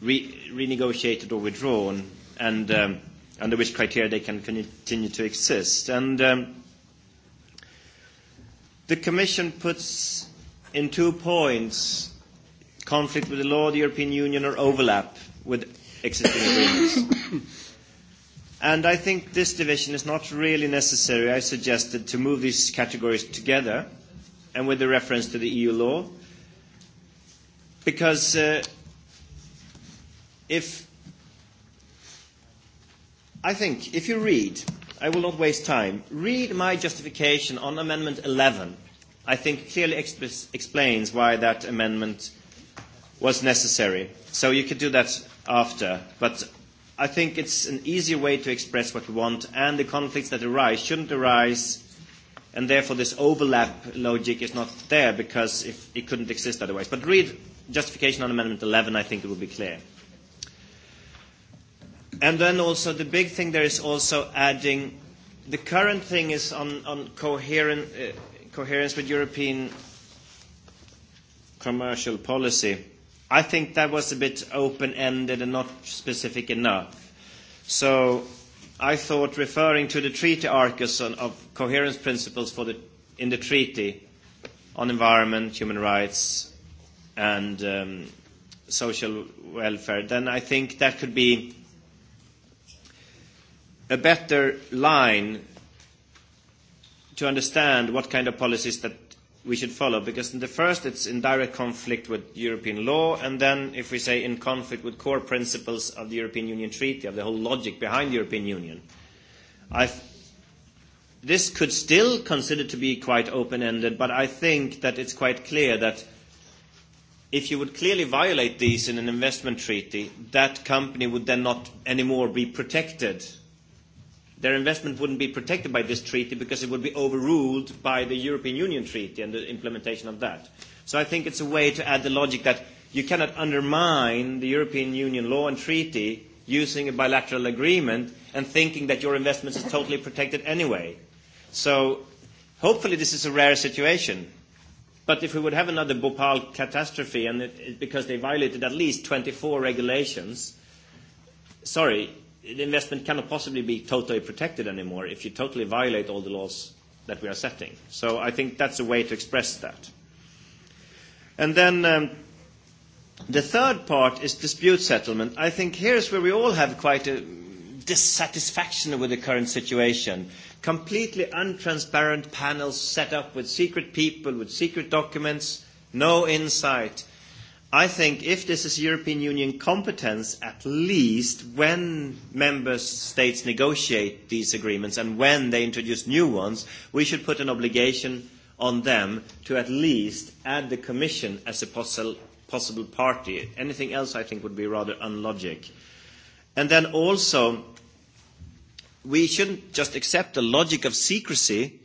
re- renegotiated or withdrawn. And... Um, under which criteria they can continue to exist. And um, the Commission puts in two points conflict with the law of the European Union or overlap with existing agreements. And I think this division is not really necessary. I suggested to move these categories together and with a reference to the EU law. Because uh, if I think if you read, I will not waste time, read my justification on Amendment 11. I think clearly exp explains why that amendment was necessary. So you could do that after. But I think it's an easier way to express what we want, and the conflicts that arise shouldn't arise, and therefore this overlap logic is not there because if it couldn't exist otherwise. But read justification on Amendment 11, I think it will be clear. And then also the big thing there is also adding the current thing is on, on coherent, uh, coherence with European commercial policy. I think that was a bit open-ended and not specific enough. So I thought referring to the treaty arcus on, of coherence principles for the, in the treaty on environment, human rights, and um, social welfare, then I think that could be a better line to understand what kind of policies that we should follow because in the first it's in direct conflict with European law and then if we say in conflict with core principles of the European Union Treaty of the whole logic behind the European Union i this could still consider to be quite open-ended but I think that it's quite clear that if you would clearly violate these in an investment treaty that company would then not anymore be protected their investment wouldn't be protected by this treaty because it would be overruled by the European Union treaty and the implementation of that. So I think it's a way to add the logic that you cannot undermine the European Union law and treaty using a bilateral agreement and thinking that your investment is totally protected anyway. So hopefully this is a rare situation. But if we would have another Bhopal catastrophe and it, it, because they violated at least 24 regulations, sorry, the investment cannot possibly be totally protected anymore if you totally violate all the laws that we are setting. So I think that's a way to express that. And then um, the third part is dispute settlement. I think here's where we all have quite a dissatisfaction with the current situation. Completely untransparent panels set up with secret people, with secret documents, no insight, I think if this is European Union competence, at least when member states negotiate these agreements and when they introduce new ones, we should put an obligation on them to at least add the Commission as a possible possible party. Anything else, I think, would be rather unlogic. And then also, we shouldn't just accept the logic of secrecy,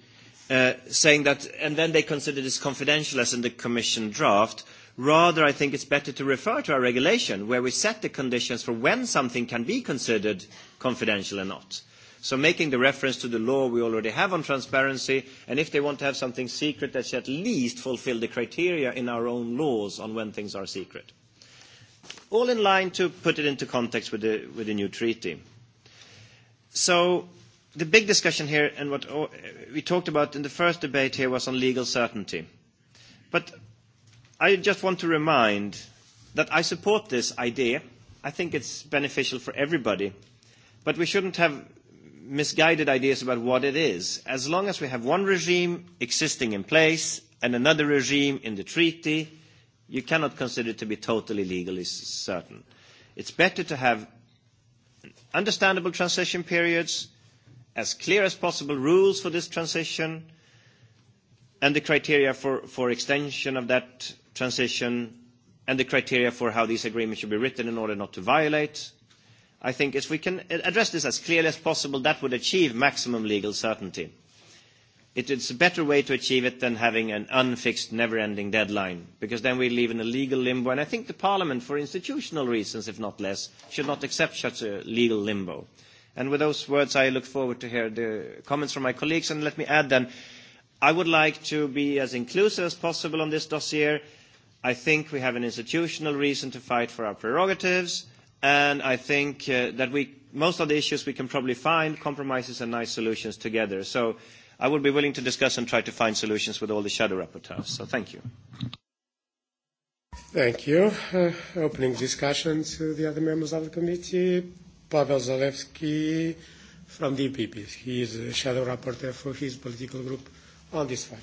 uh, saying that, and then they consider this confidential as in the Commission draft. Rather, I think it's better to refer to our regulation where we set the conditions for when something can be considered confidential and not. So making the reference to the law we already have on transparency, and if they want to have something secret, they should at least fulfill the criteria in our own laws on when things are secret. All in line to put it into context with the, with the new treaty. So the big discussion here and what we talked about in the first debate here was on legal certainty. But I just want to remind that I support this idea. I think it's beneficial for everybody. But we shouldn't have misguided ideas about what it is. As long as we have one regime existing in place and another regime in the treaty, you cannot consider it to be totally legally certain. It's better to have understandable transition periods, as clear as possible rules for this transition, and the criteria for, for extension of that transition, and the criteria for how these agreements should be written in order not to violate. I think if we can address this as clearly as possible, that would achieve maximum legal certainty. It is a better way to achieve it than having an unfixed, never-ending deadline, because then we live in a legal limbo. And I think the Parliament, for institutional reasons, if not less, should not accept such a legal limbo. And with those words, I look forward to hear the comments from my colleagues. And let me add then, I would like to be as inclusive as possible on this dossier I think we have an institutional reason to fight for our prerogatives, and I think uh, that we, most of the issues we can probably find compromises and nice solutions together. So I would be willing to discuss and try to find solutions with all the shadow rapporteurs. So thank you. Thank you. Uh, opening discussion to the other members of the committee. Pavel Zalewski from the EPP. He is a shadow rapporteur for his political group on this file.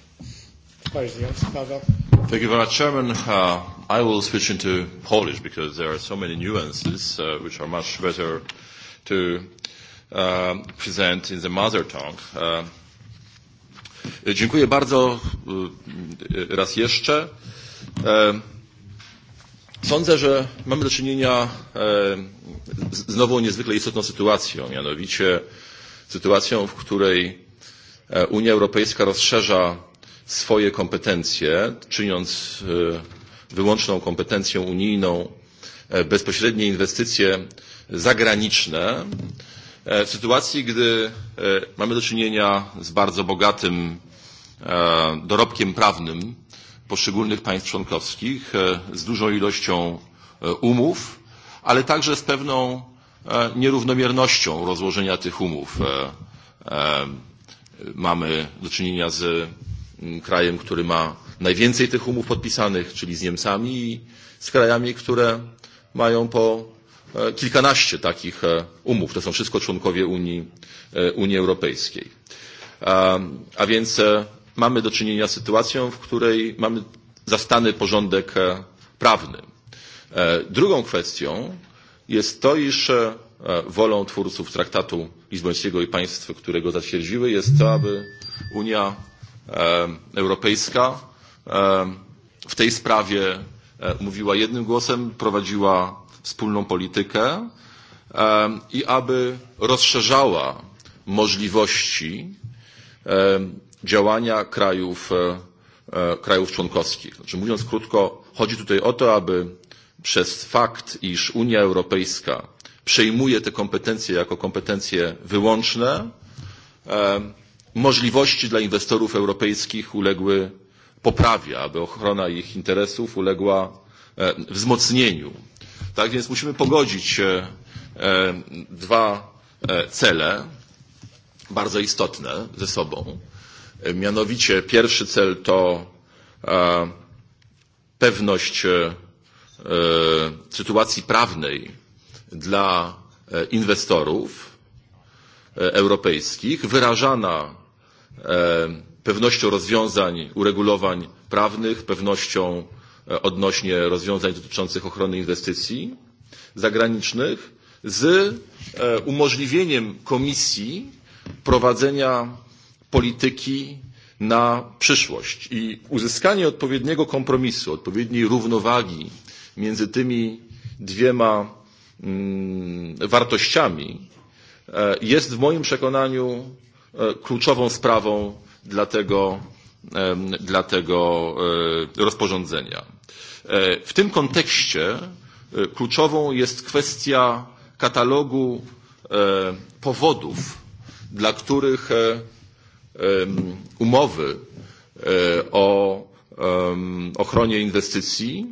Pleasure, Pavel. Thank you very much, Chairman. Uh, I will switch into Polish because there are so many nuances uh, which are much better to uh, present in the mother tongue. Uh, dziękuję bardzo uh, raz jeszcze. Uh, Sądzę, że mamy do czynienia uh, z nową niezwykle istotną sytuacją, mianowicie sytuacją, w której Unia Europejska rozszerza swoje kompetencje, czyniąc wyłączną kompetencją unijną bezpośrednie inwestycje zagraniczne, w sytuacji, gdy mamy do czynienia z bardzo bogatym dorobkiem prawnym poszczególnych państw członkowskich, z dużą ilością umów, ale także z pewną nierównomiernością rozłożenia tych umów. Mamy do czynienia z Mm, krajem, który ma najwięcej tych umów podpisanych, czyli z Niemcami i z krajami, które mają po kilkanaście takich umów. To są wszystko członkowie Unii, Unii Europejskiej. A, więc mamy do czynienia z sytuacją, w której mamy zastany porządek prawny. Drugą kwestią jest to, iż wolą twórców traktatu lizbońskiego i państw, które go zatwierdziły, jest to, aby Unia Europejska w tej sprawie mówiła jednym głosem, prowadziła wspólną politykę i aby rozszerzała możliwości działania krajów, krajów członkowskich. Znaczy, mówiąc krótko, chodzi tutaj o to, aby przez fakt, iż Unia Europejska przejmuje te kompetencje jako kompetencje wyłączne, możliwości dla inwestorów europejskich uległy poprawie, aby ochrona ich interesów uległa wzmocnieniu. Tak więc musimy pogodzić dwa cele bardzo istotne ze sobą. Mianowicie pierwszy cel to pewność sytuacji prawnej dla inwestorów europejskich wyrażana pewnością rozwiązań, uregulowań prawnych, pewnością odnośnie rozwiązań dotyczących ochrony inwestycji zagranicznych, z umożliwieniem Komisji prowadzenia polityki na przyszłość i uzyskanie odpowiedniego kompromisu, odpowiedniej równowagi między tymi dwiema mm, wartościami jest w moim przekonaniu kluczową sprawą dla tego, dla tego rozporządzenia. W tym kontekście kluczową jest kwestia katalogu powodów, dla których umowy o ochronie inwestycji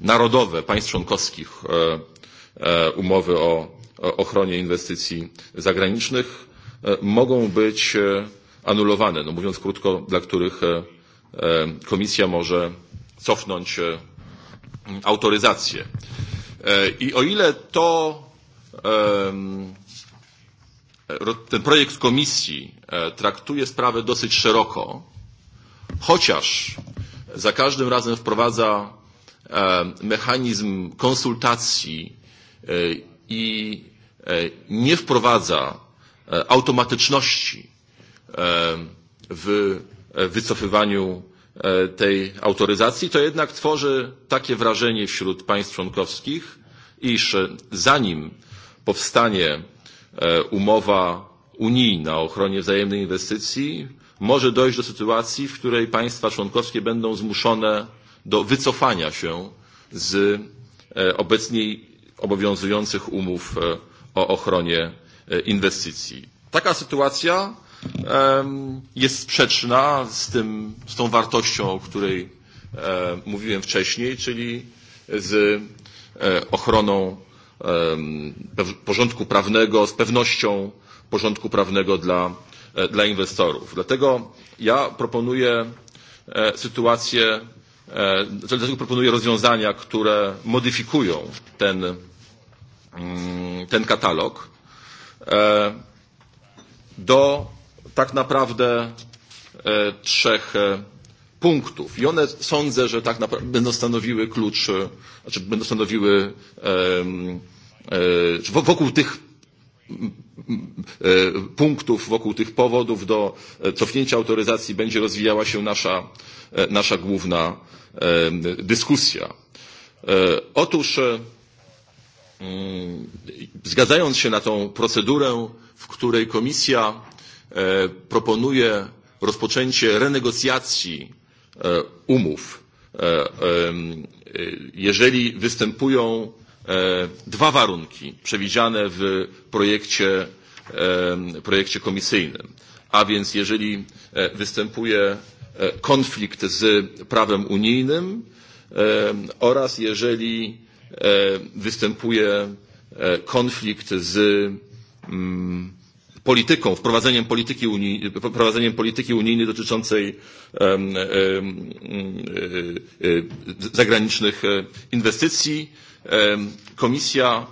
narodowe państw członkowskich umowy o ochronie inwestycji zagranicznych mogą być anulowane, no mówiąc krótko, dla których komisja może cofnąć autoryzację. I o ile to ten projekt komisji traktuje sprawę dosyć szeroko, chociaż za każdym razem wprowadza mechanizm konsultacji i nie wprowadza automatyczności w wycofywaniu tej autoryzacji, to jednak tworzy takie wrażenie wśród państw członkowskich, iż zanim powstanie umowa unijna o ochronie wzajemnej inwestycji, może dojść do sytuacji, w której państwa członkowskie będą zmuszone do wycofania się z obecnie obowiązujących umów o ochronie inwestycji. Taka sytuacja jest sprzeczna z, tym, z tą wartością, o której mówiłem wcześniej, czyli z ochroną porządku prawnego, z pewnością porządku prawnego dla, dla inwestorów. Dlatego ja proponuję sytuację, dlatego proponuję rozwiązania, które modyfikują ten, mm, ten katalog do tak naprawdę trzech punktów. I one sądzę, że tak naprawdę będą stanowiły klucz, znaczy będą stanowiły wokół tych punktów, wokół tych powodów do cofnięcia autoryzacji będzie rozwijała się nasza, nasza główna dyskusja. Otóż Mm, zgadzając się na tą procedurę, w której Komisja proponuje rozpoczęcie renegocjacji umów, jeżeli występują dwa warunki przewidziane w projekcie, projekcie komisyjnym, a więc jeżeli występuje konflikt z prawem unijnym oraz jeżeli występuje konflikt z mm, polityką, wprowadzeniem polityki, unii, wprowadzeniem polityki unijnej dotyczącej zagranicznych inwestycji. Komisja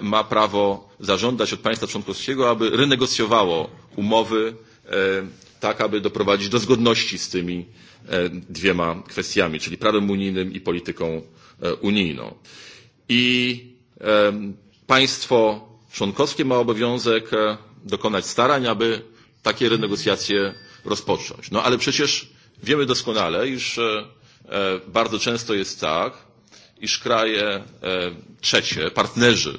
ma prawo zażądać od państwa członkowskiego, aby renegocjowało umowy tak, aby doprowadzić do zgodności z tymi dwiema kwestiami, czyli prawem unijnym i polityką unijną i państwo członkowskie ma obowiązek dokonać starań, aby takie renegocjacje rozpocząć. No ale przecież wiemy doskonale, iż bardzo często jest tak, iż kraje trzecie, partnerzy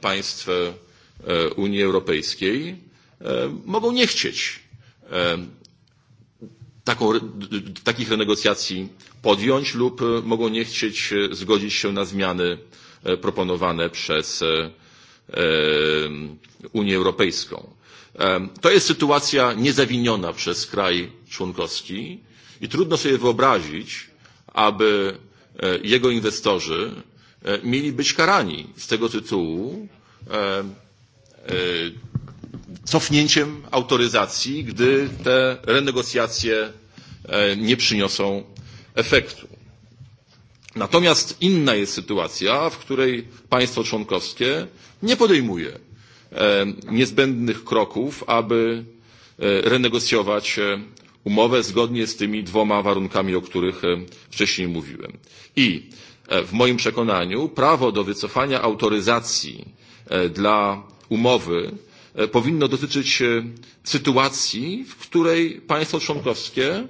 państw Unii Europejskiej mogą nie chcieć taką, takich renegocjacji podjąć lub mogą nie chcieć zgodzić się na zmiany proponowane przez Unię Europejską. To jest sytuacja niezawiniona przez kraj członkowski i trudno sobie wyobrazić, aby jego inwestorzy mieli być karani z tego tytułu cofnięciem autoryzacji, gdy te renegocjacje nie przyniosą efektu. Natomiast inna jest sytuacja, w której państwo członkowskie nie podejmuje niezbędnych kroków, aby renegocjować umowę zgodnie z tymi dwoma warunkami, o których wcześniej mówiłem. I w moim przekonaniu prawo do wycofania autoryzacji dla umowy powinno dotyczyć sytuacji, w której państwo członkowskie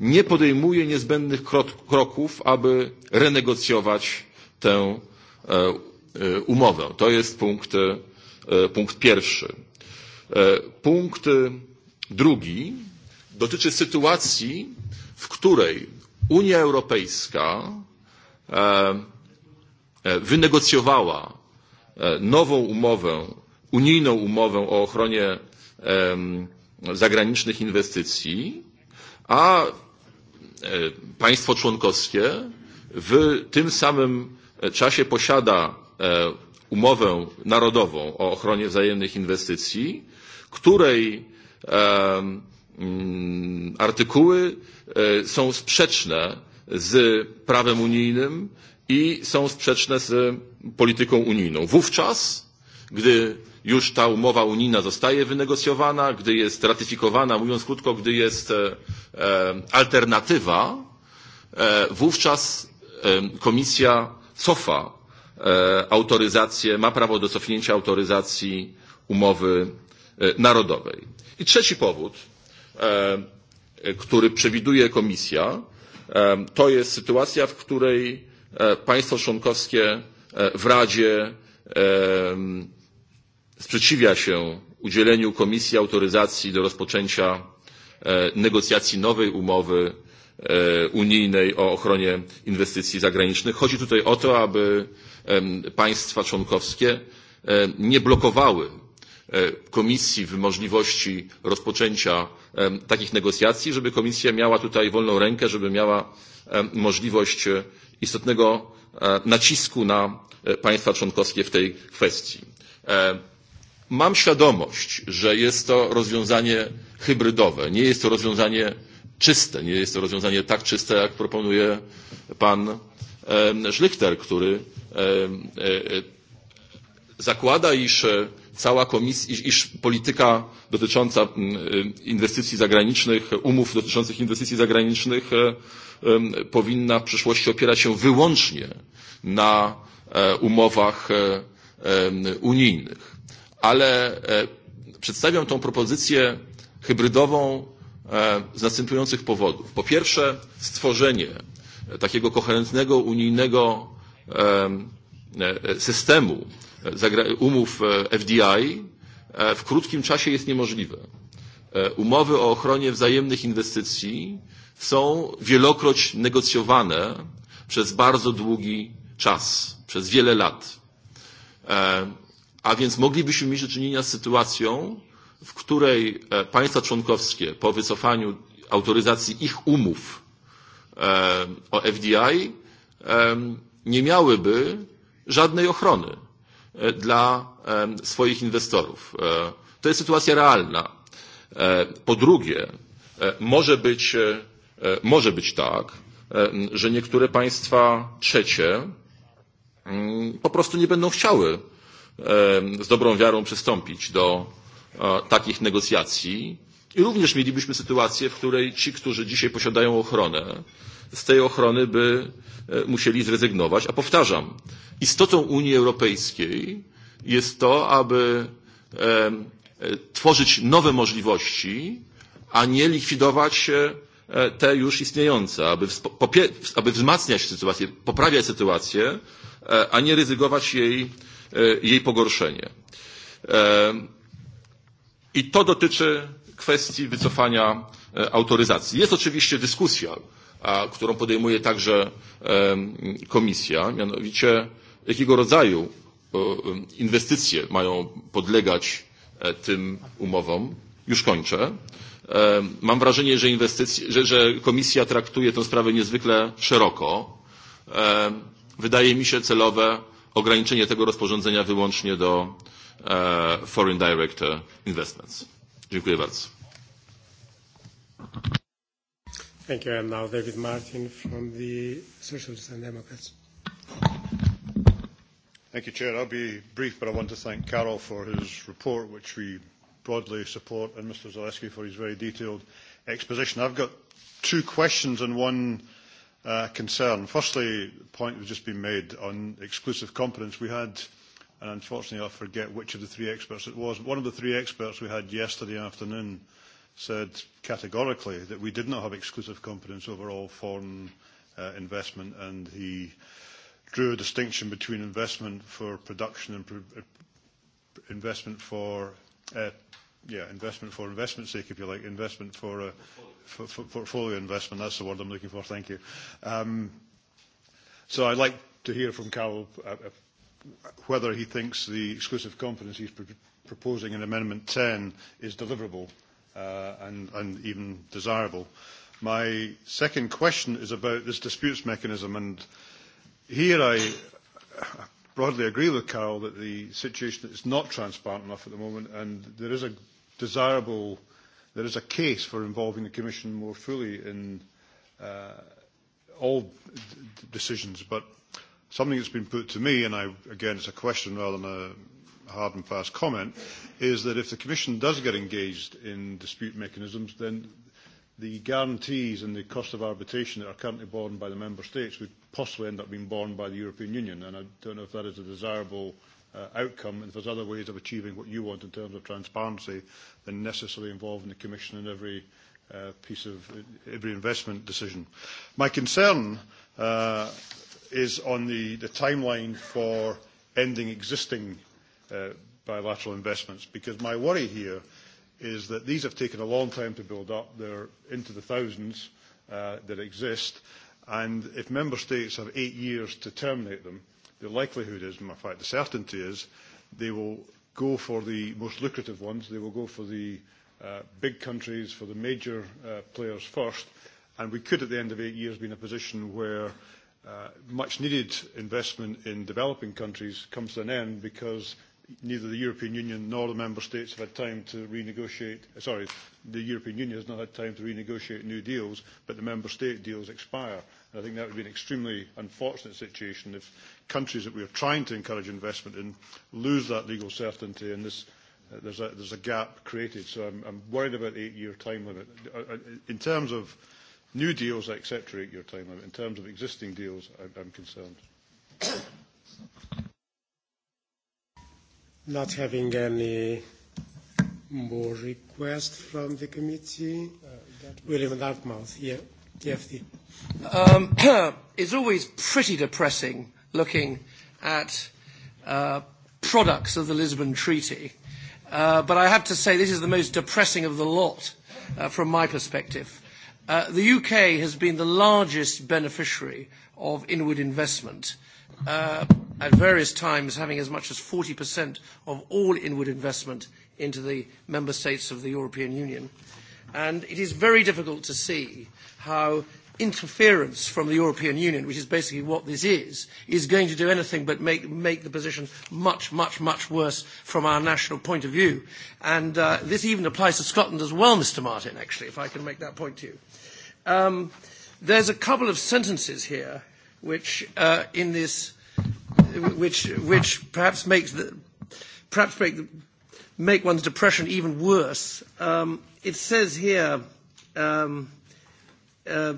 nie podejmuje niezbędnych kroków, aby renegocjować tę umowę. To jest punkt, punkt pierwszy. Punkt drugi dotyczy sytuacji, w której Unia Europejska wynegocjowała nową umowę unijną umowę o ochronie zagranicznych inwestycji, a państwo członkowskie w tym samym czasie posiada umowę narodową o ochronie wzajemnych inwestycji, której mm, artykuły są sprzeczne z prawem unijnym i są sprzeczne z polityką unijną. Wówczas, gdy już ta umowa unijna zostaje wynegocjowana, gdy jest ratyfikowana, mówiąc krótko, gdy jest alternatywa, wówczas komisja cofa autoryzację, ma prawo do cofnięcia autoryzacji umowy narodowej. I trzeci powód, który przewiduje komisja, to jest sytuacja, w której państwo członkowskie w Radzie sprzeciwia się udzieleniu Komisji autoryzacji do rozpoczęcia negocjacji nowej umowy unijnej o ochronie inwestycji zagranicznych. Chodzi tutaj o to, aby państwa członkowskie nie blokowały Komisji w możliwości rozpoczęcia takich negocjacji, żeby Komisja miała tutaj wolną rękę, żeby miała możliwość istotnego nacisku na państwa członkowskie w tej kwestii. Mam świadomość, że jest to rozwiązanie hybrydowe, nie jest to rozwiązanie czyste, nie jest to rozwiązanie tak czyste, jak proponuje pan Szlichter, który zakłada, iż cała komisja, iż polityka dotycząca inwestycji zagranicznych, umów dotyczących inwestycji zagranicznych powinna w przyszłości opierać się wyłącznie na umowach unijnych ale przedstawiam tą propozycję hybrydową z następujących powodów. Po pierwsze, stworzenie takiego koherentnego unijnego systemu umów FDI w krótkim czasie jest niemożliwe. Umowy o ochronie wzajemnych inwestycji są wielokroć negocjowane przez bardzo długi czas, przez wiele lat. A więc moglibyśmy mieć do czynienia z sytuacją, w której państwa członkowskie po wycofaniu autoryzacji ich umów o FDI nie miałyby żadnej ochrony dla swoich inwestorów. To jest sytuacja realna. Po drugie, może być, może być tak, że niektóre państwa trzecie mm, po prostu nie będą chciały z dobrą wiarą przystąpić do takich negocjacji. I również mielibyśmy sytuację, w której ci, którzy dzisiaj posiadają ochronę, z tej ochrony by musieli zrezygnować. A powtarzam, istotą Unii Europejskiej jest to, aby tworzyć nowe możliwości, a nie likwidować te już istniejące, aby, aby wzmacniać sytuację, poprawiać sytuację, a nie ryzykować jej jej pogorszenie. I to dotyczy kwestii wycofania autoryzacji. Jest oczywiście dyskusja, którą podejmuje także komisja, mianowicie jakiego rodzaju inwestycje mają podlegać tym umowom. Już kończę. Mam wrażenie, że, że, że komisja traktuje tę sprawę niezwykle szeroko. Wydaje mi się celowe ograniczenie tego rozporządzenia wyłącznie do Foreign Direct Investments. Dziękuję bardzo. Thank you. And now David Martin from the Socialists and Democrats. Thank you, Chair. I'll be brief, but I want to thank Carol for his report, which we broadly support, and Mr. Zaleski for his very detailed exposition. I've got two questions and one Uh, concern. Firstly, the point that was just been made on exclusive competence. We had, and unfortunately I forget which of the three experts it was, but one of the three experts we had yesterday afternoon said categorically that we did not have exclusive competence over all foreign uh, investment, and he drew a distinction between investment for production and uh, investment for uh, yeah, investment for investment's sake, if you like, investment for, uh, for, for portfolio investment. That's the word I'm looking for. Thank you. Um, so I'd like to hear from Carol uh, uh whether he thinks the exclusive competence he's pr proposing in Amendment 10 is deliverable uh, and, and even desirable. My second question is about this disputes mechanism, and here I uh, broadly agree with Carol that the situation is not transparent enough at the moment, and there is a desirable there is a case for involving the Commission more fully in uh, all decisions. But something that's been put to me, and I, again it's a question rather than a hard and fast comment, is that if the Commission does get engaged in dispute mechanisms, then the guarantees and the cost of arbitration that are currently borne by the Member States would possibly end up being borne by the European Union. And I don't know if that is a desirable uh, outcome. If there's other ways of achieving what you want in terms of transparency, then necessarily involving the Commission in every uh, piece of uh, every investment decision. My concern uh, is on the, the timeline for ending existing uh, bilateral investments, because my worry here is that these have taken a long time to build up. They're into the thousands uh, that exist. And if member states have eight years to terminate them, the likelihood is, in fact, the certainty is, they will go for the most lucrative ones. They will go for the uh, big countries, for the major uh, players first. And we could, at the end of eight years, be in a position where uh, much needed investment in developing countries comes to an end because neither the European Union nor the member states have had time to renegotiate, uh, sorry, the European Union has not had time to renegotiate new deals, but the member state deals expire. I think that would be an extremely unfortunate situation if countries that we are trying to encourage investment in lose that legal certainty and this, uh, there's, a, there's a gap created. So I'm, I'm worried about the eight-year time limit. Uh, uh, in terms of new deals, I accept your eight-year time limit. In terms of existing deals, I, I'm concerned. Not having any more requests from the committee. Uh, William Dartmouth, yeah. DFD. Um, it's always pretty depressing looking at uh, products of the Lisbon Treaty, uh, but I have to say this is the most depressing of the lot uh, from my perspective. Uh, the UK has been the largest beneficiary of inward investment, uh, at various times having as much as 40% of all inward investment into the member states of the European Union. Uh, And it is very difficult to see how interference from the European Union, which is basically what this is, is going to do anything but make, make the position much, much, much worse from our national point of view. And uh, this even applies to Scotland as well, Mr. Martin, actually, if I can make that point to you. Um, there's a couple of sentences here which, uh, in this, which, which perhaps makes the, perhaps make the make one's depression even worse. Um, it says here um, uh,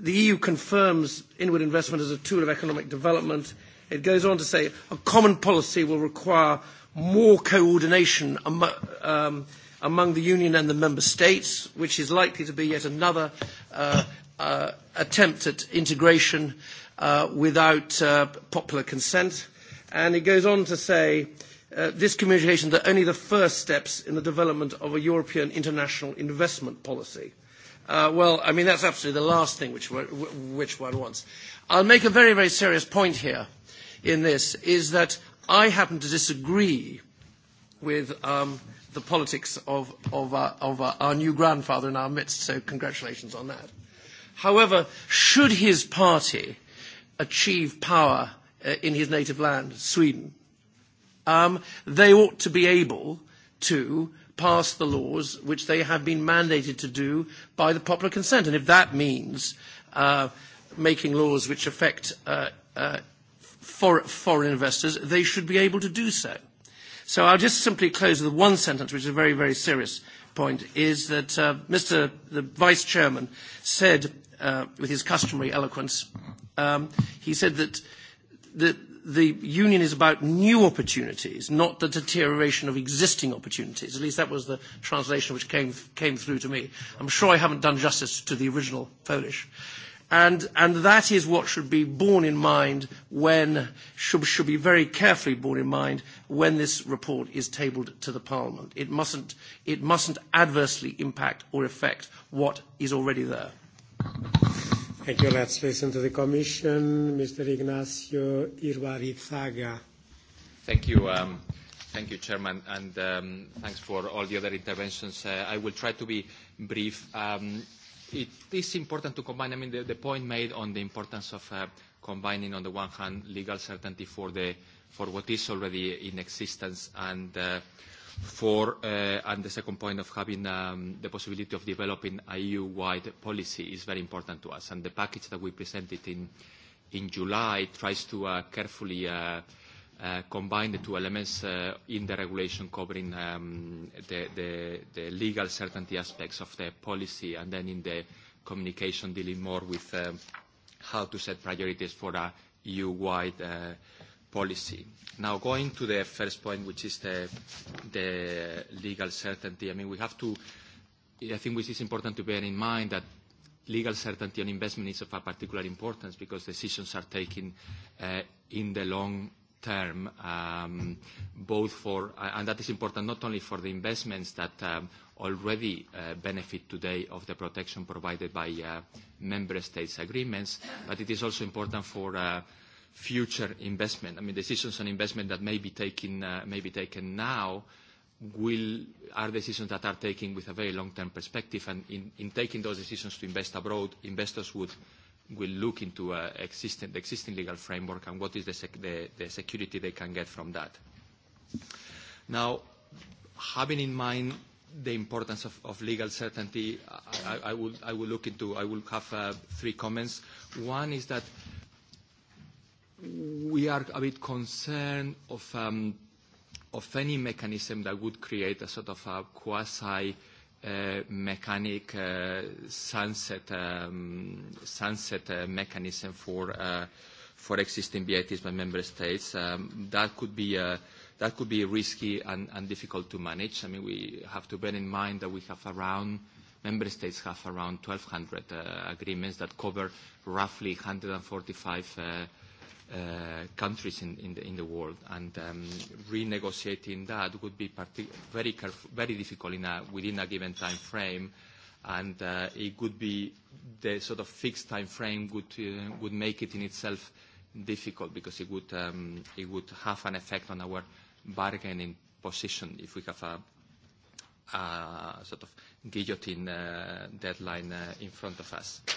the EU confirms inward investment as a tool of economic development. It goes on to say a common policy will require more coordination am um, among the Union and the Member States, which is likely to be yet another uh, uh, attempt at integration uh, without uh, popular consent. And it goes on to say uh, Uh, this communication that only the first steps in the development of a European international investment policy. Uh, well, I mean, that's absolutely the last thing which, which one wants. I'll make a very, very serious point here in this, is that I happen to disagree with um, the politics of, of, our, uh, of uh, our new grandfather in our midst, so congratulations on that. However, should his party achieve power uh, in his native land, Sweden, um, they ought to be able to pass the laws which they have been mandated to do by the popular consent. And if that means uh, making laws which affect uh, uh, for, foreign investors, they should be able to do so. So I'll just simply close with one sentence, which is a very, very serious point, is that uh, Mr. the Vice Chairman said, uh, with his customary eloquence, um, he said that the, the union is about new opportunities, not the deterioration of existing opportunities. At least that was the translation which came, came through to me. I'm sure I haven't done justice to the original Polish. And, and that is what should be borne in mind when, should, should be very carefully borne in mind when this report is tabled to the Parliament. It mustn't, it mustn't adversely impact or affect what is already there. Thank you. Let's listen to the Commission. Mr. Ignacio Irbavizaga. Thank you. Um, thank you, Chairman, and um, thanks for all the other interventions. Uh, I will try to be brief. Um, it is important to combine, I mean, the, the point made on the importance of uh, combining, on the one hand, legal certainty for, the, for what is already in existence and uh, for, uh, and the second point of having um, the possibility of developing a EU-wide policy is very important to us. And the package that we presented in, in July tries to uh, carefully uh, uh, combine the two elements uh, in the regulation covering um, the, the, the legal certainty aspects of the policy and then in the communication dealing more with um, how to set priorities for a EU-wide uh, policy. Now, going to the first point, which is the, the legal certainty, I mean, we have to, I think which is important to bear in mind that legal certainty on investment is of a particular importance because decisions are taken uh, in the long term, um, both for, uh, and that is important not only for the investments that um, already uh, benefit today of the protection provided by uh, member states agreements, but it is also important for uh, future investment, I mean, decisions on investment that may be taken, uh, may be taken now will, are decisions that are taken with a very long-term perspective. And in, in taking those decisions to invest abroad, investors would will look into uh, existing, the existing legal framework and what is the, sec the, the security they can get from that. Now, having in mind the importance of, of legal certainty, I, I, I, will, I will look into, I will have uh, three comments. One is that we are a bit concerned of, um, of any mechanism that would create a sort of a quasi uh, mechanic uh, sunset, um, sunset uh, mechanism for, uh, for existing BITs by member states. Um, that could be a uh, that could be risky and, and difficult to manage. I mean, we have to bear in mind that we have around member states have around 1,200 uh, agreements that cover roughly 145 uh, uh, countries in, in, the, in the world, and um, renegotiating that would be very, careful, very difficult in a, within a given time frame, and uh, it would be the sort of fixed time frame would, uh, would make it in itself difficult because it would, um, it would have an effect on our bargaining position if we have a, a sort of guillotine uh, deadline uh, in front of us. Uh,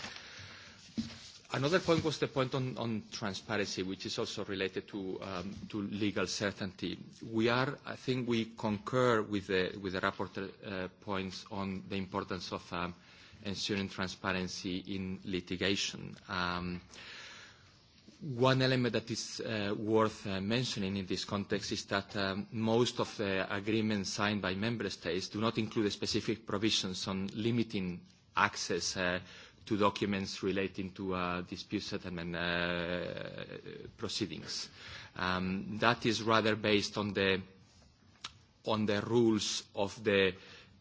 Another point was the point on, on transparency, which is also related to, um, to legal certainty. We are, I think we concur with the, with the rapporteur uh, points on the importance of um, ensuring transparency in litigation. Um, one element that is uh, worth uh, mentioning in this context is that um, most of the agreements signed by member states do not include specific provisions on limiting access uh, to documents relating to uh, dispute settlement uh, proceedings. Um, that is rather based on the, on the rules of the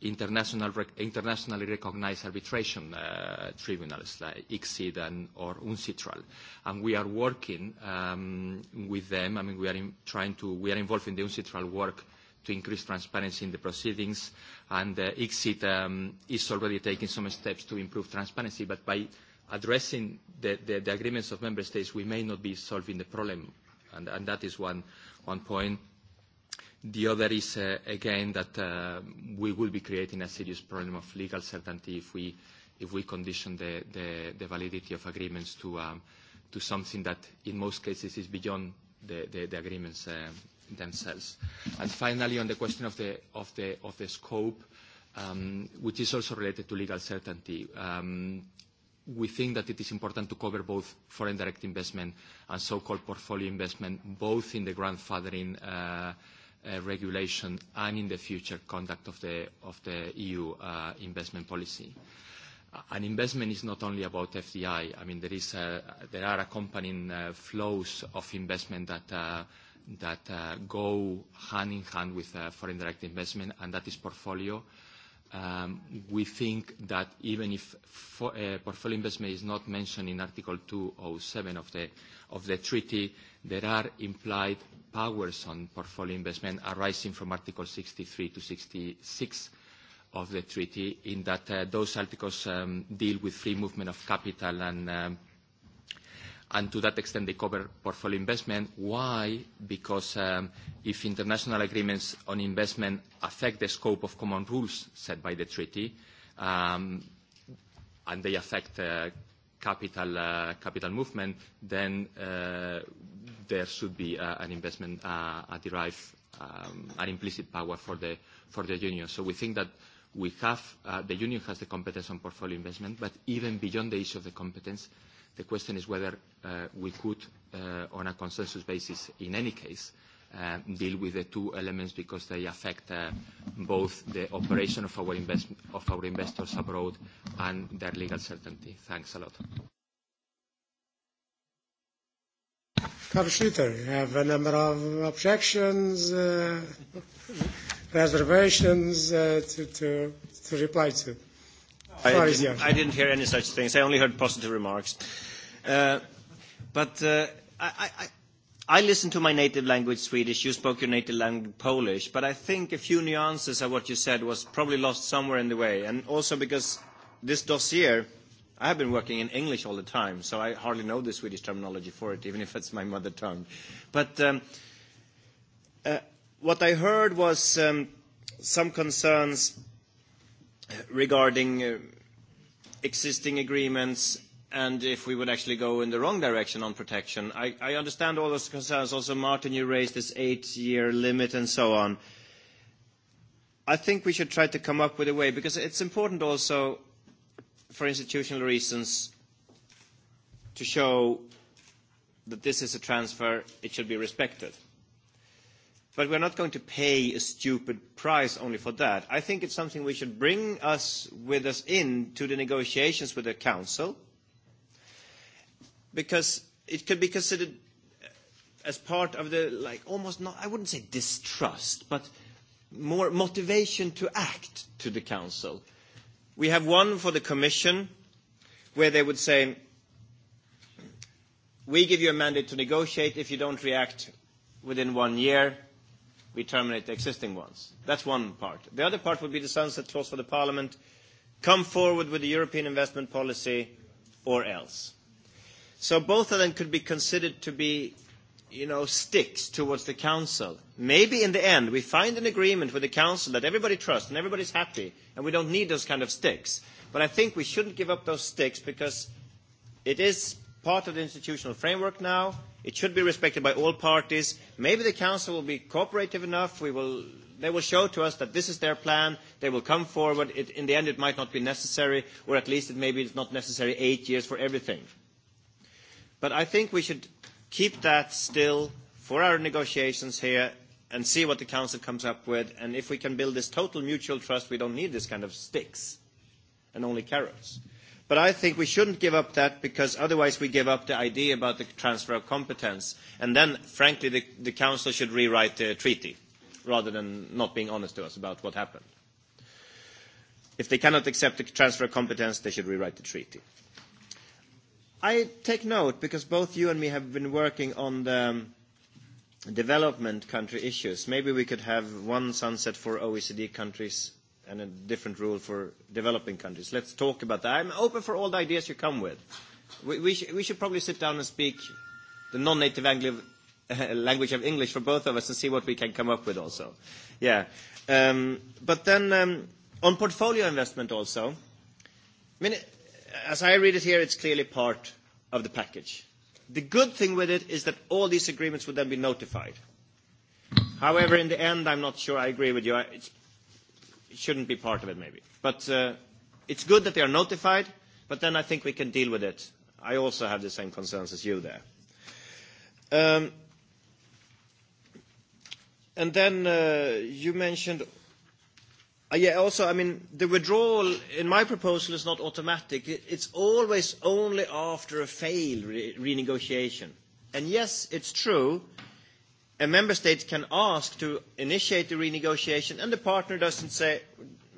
international rec internationally recognized arbitration uh, tribunals like ICSID and, or UNCITRAL. And we are working um, with them. I mean, we are in, trying to, we are involved in the UNCITRAL work to increase transparency in the proceedings, and uh, ICSID um, is already taking some steps to improve transparency, but by addressing the, the, the agreements of member states, we may not be solving the problem, and, and that is one, one point. The other is, uh, again, that uh, we will be creating a serious problem of legal certainty if we, if we condition the, the, the validity of agreements to, um, to something that, in most cases, is beyond the, the agreements uh, themselves. And finally, on the question of the, of the, of the scope, um, which is also related to legal certainty, um, we think that it is important to cover both foreign direct investment and so-called portfolio investment, both in the grandfathering uh, uh, regulation and in the future conduct of the, of the EU uh, investment policy. An investment is not only about FDI. I mean, there, is a, there are accompanying uh, flows of investment that uh, that uh, go hand in hand with uh, foreign direct investment, and that is portfolio. Um, we think that even if for, uh, portfolio investment is not mentioned in Article 207 of the, of the treaty, there are implied powers on portfolio investment arising from Article 63 to 66 of the treaty, in that uh, those articles um, deal with free movement of capital and um, and to that extent, they cover portfolio investment. Why? Because um, if international agreements on investment affect the scope of common rules set by the treaty, um, and they affect uh, capital, uh, capital movement, then uh, there should be uh, an investment uh, derived, um, an implicit power for the, for the union. So we think that we have, uh, the union has the competence on portfolio investment, but even beyond the issue of the competence, The question is whether uh, we could, uh, on a consensus basis, in any case, uh, deal with the two elements because they affect uh, both the operation of our, invest of our investors abroad and their legal certainty. Thanks a lot. Carl Schlyter, you have a number of objections, uh, reservations uh, to, to, to reply to. I, didn't, I didn't hear any such things. I only heard positive remarks. Uh, but uh, I, listened to my native language Swedish. You spoke your native language Polish. But I think a few nuances of what you said was probably lost somewhere in the way. And also because this dossier, I have been working in English all the time, so I hardly know the Swedish terminology for it, even if it's my mother tongue. But um, uh, what I heard was um, some concerns – regarding uh, existing agreements and if we would actually go in the wrong direction on protection. I, understand all those concerns. Also, Martin, you raised this eight-year limit and so on. I think we should try to come up with a way, because it's important also for institutional reasons to show that this is a transfer, it should be respected. But we're not going to pay a stupid price only for that. I think it's something we should bring us with us in to the negotiations with the Council, because it could be considered as part of the, like, almost not, I wouldn't say distrust, but more motivation to act to the Council. We have one for the Commission, where they would say, we give you a mandate to negotiate. If you don't react within one year, we terminate the existing ones. That's one part. The other part would be the sunset clause for the parliament. Come forward with the European investment policy or else. So both of them could be considered to be, you know, sticks towards the council. Maybe in the end we find an agreement with the council that everybody trusts and everybody's happy and we don't need those kind of sticks. But I think we shouldn't give up those sticks because it is part of the institutional framework now It should be respected by all parties. Maybe the Council will be cooperative enough. We will, they will show to us that this is their plan. They will come forward. It, in the end, it might not be necessary, or at least it maybe it's not necessary eight years for everything. But I think we should keep that still for our negotiations here and see what the Council comes up with. And if we can build this total mutual trust, we don't need this kind of sticks and only carrots. But I think we shouldn't give up that because otherwise we give up the idea about the transfer of competence. And then, frankly, the, the Council should rewrite the treaty rather than not being honest to us about what happened. If they cannot accept the transfer of competence, they should rewrite the treaty. I take note because both you and me have been working on the um, development country issues. Maybe we could have one sunset for OECD countries and a different rule for developing countries. Let's talk about that. I'm open for all the ideas you come with. We, we, sh- we should probably sit down and speak the non-native Anglo- language of English for both of us and see what we can come up with also. Yeah. Um, but then um, on portfolio investment also, I mean, as I read it here, it's clearly part of the package. The good thing with it is that all these agreements would then be notified. However, in the end, I'm not sure I agree with you. It's shouldn't be part of it, maybe. But uh, it's good that they are notified, but then I think we can deal with it. I also have the same concerns as you there. Um, and then uh, you mentioned, uh, yeah, also, I mean, the withdrawal in my proposal is not automatic. It's always only after a failed re- renegotiation. And yes, it's true a member state can ask to initiate the renegotiation and the partner doesn't say,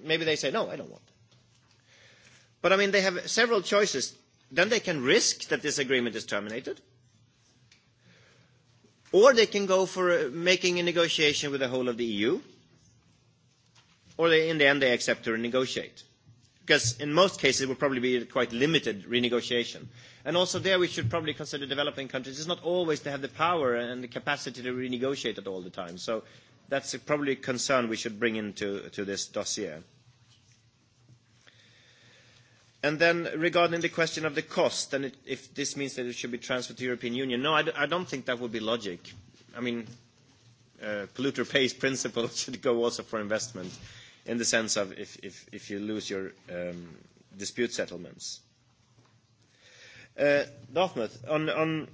maybe they say, no, I don't want. But I mean, they have several choices. Then they can risk that this agreement is terminated. Or they can go for uh, making a negotiation with the whole of the EU. Or they, in the end, they accept to renegotiate because in most cases it will probably be quite limited renegotiation. And also there we should probably consider developing countries. It's not always they have the power and the capacity to renegotiate it all the time. So that's a probably a concern we should bring into to this dossier. And then regarding the question of the cost and it, if this means that it should be transferred to the European Union, no, I, d I don't think that would be logic. I mean, uh, polluter pays principle should go also for investment. Uh, in the sense of if, if, if you lose your um, dispute settlements. Uh, Dartmouth, on, on,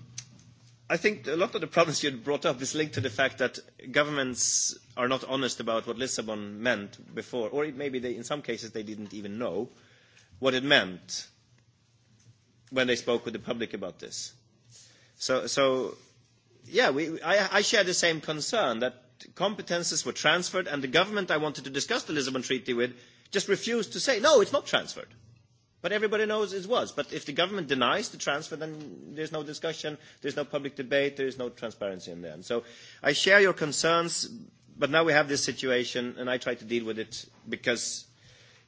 I think a lot of the problems you brought up is linked to the fact that governments are not honest about what Lisbon meant before, or maybe they, in some cases they didn't even know what it meant when they spoke with the public about this. So, so yeah, we, I, I share the same concern that competences were transferred, and the government I wanted to discuss the Lisbon Treaty with just refused to say, no, it's not transferred. But everybody knows it was. But if the government denies the transfer, then there's no discussion, there's no public debate, there is no transparency in the end. So I share your concerns, but now we have this situation, and I try to deal with it because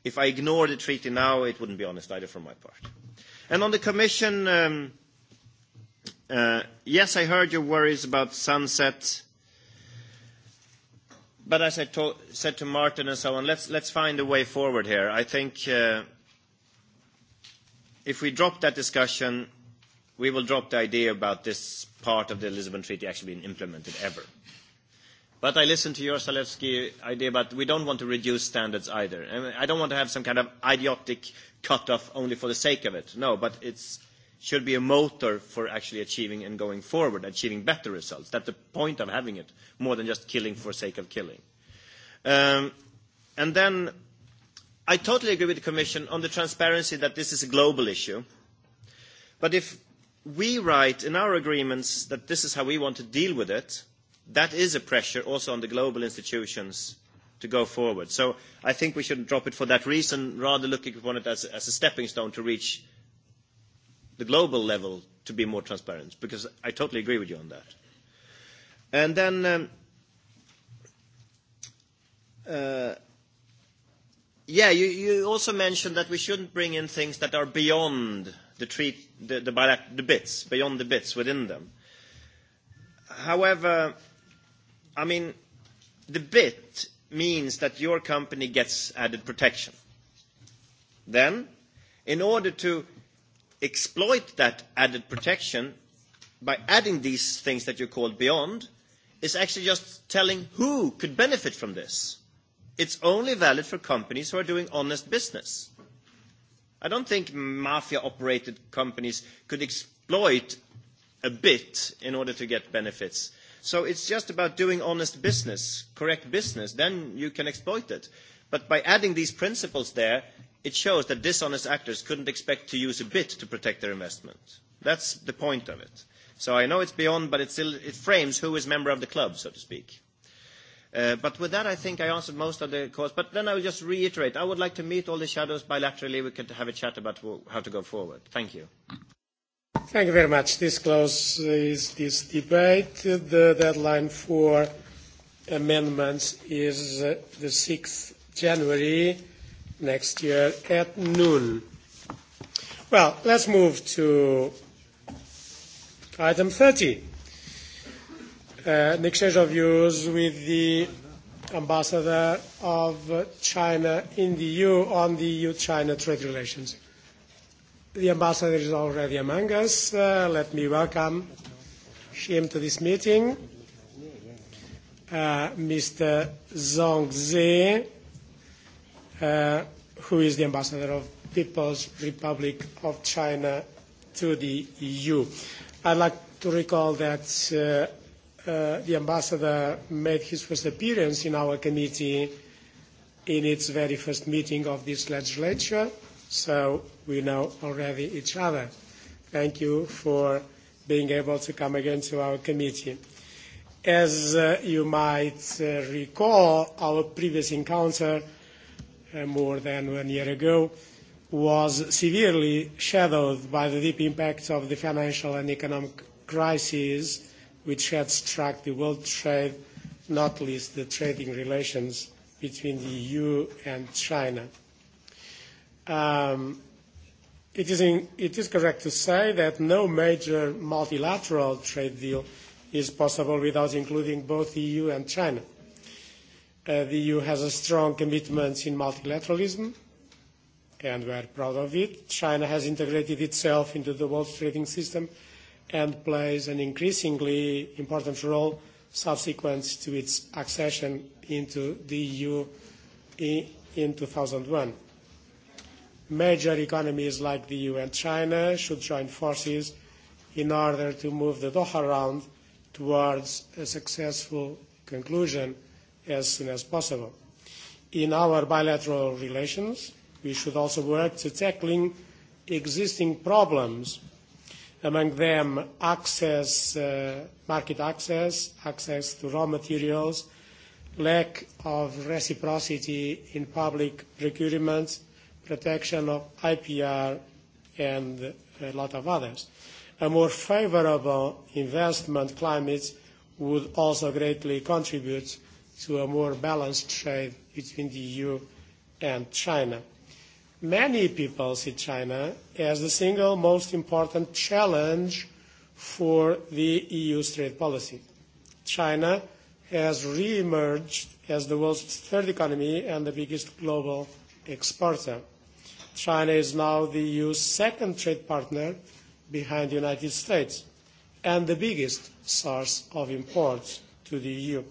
if I ignore the treaty now, it wouldn't be honest either from my part. And on the Commission, um, uh, yes, I heard your worries about sunset but as I said to Martin and so on, let's, let's find a way forward here. I think uh, if we drop that discussion, we will drop the idea about this part of the Lisbon Treaty actually being implemented ever. But I listened to your Salevsky idea about we don't want to reduce standards either. I, I don't want to have some kind of idiotic cutoff only for the sake of it. No, but it's should be a motor for actually achieving and going forward, achieving better results. That's the point of having it, more than just killing for sake of killing. Um, and then I totally agree with the Commission on the transparency that this is a global issue. But if we write in our agreements that this is how we want to deal with it, that is a pressure also on the global institutions to go forward. So I think we should drop it for that reason, rather looking upon it as, as a stepping stone to reach the global level to be more transparent, because I totally agree with you on that. And then um, uh, Yeah, you, you also mentioned that we shouldn't bring in things that are beyond the, treat, the, the, the bits, beyond the bits within them. However, I mean, the bit means that your company gets added protection. Then, in order to exploit that added protection by adding these things that you called beyond is actually just telling who could benefit from this. It's only valid for companies who are doing honest business. I don't think mafia-operated companies could exploit a bit in order to get benefits. So it's just about doing honest business, correct business, then you can exploit it. But by adding these principles there, it shows that dishonest actors couldn't expect to use a bit to protect their investment. That's the point of it. So I know it's beyond, but it still it frames who is member of the club, so to speak. Uh, but with that, I think I answered most of the calls. But then I will just reiterate, I would like to meet all the shadows bilaterally. We could have a chat about how to go forward. Thank you. Thank you very much. This closes this debate. The deadline for amendments is uh, the 6th January next year at noon. Well, let's move to item 30, uh, an exchange of views with the ambassador of China in the EU on the EU-China trade relations. The ambassador is already among us. Uh, let me welcome him to this meeting. Uh, Mr. Zhongzi, Uh, who is the ambassador of People's Republic of China to the EU. I'd like to recall that uh, uh, the ambassador made his first appearance in our committee in its very first meeting of this legislature, so we know already each other. Thank you for being able to come again to our committee. As uh, you might uh, recall, our previous encounter Uh, more than one year ago, was severely shadowed by the deep impacts of the financial and economic crisis which had struck the world trade, not least the trading relations between the EU and China. Um, it, is it is correct to say that no major multilateral trade deal is possible without including both the EU and China. Uh, the EU has a strong commitment in multilateralism, and we are proud of it. China has integrated itself into the world trading system and plays an increasingly important role subsequent to its accession into the EU in 2001. Major economies like the EU and China should join forces in order to move the Doha round towards a successful conclusion as soon as possible. In our bilateral relations, we should also work to tackling existing problems, among them access, uh, market access, access to raw materials, lack of reciprocity in public procurement, protection of IPR, and a lot of others. A more favourable investment climate would also greatly contribute to a more balanced trade between the EU and China. Many people see China as the single most important challenge for the EU's trade policy. China has re-emerged as the world's third economy and the biggest global exporter. China is now the EU's second trade partner behind the United States and the biggest source of imports to the EU.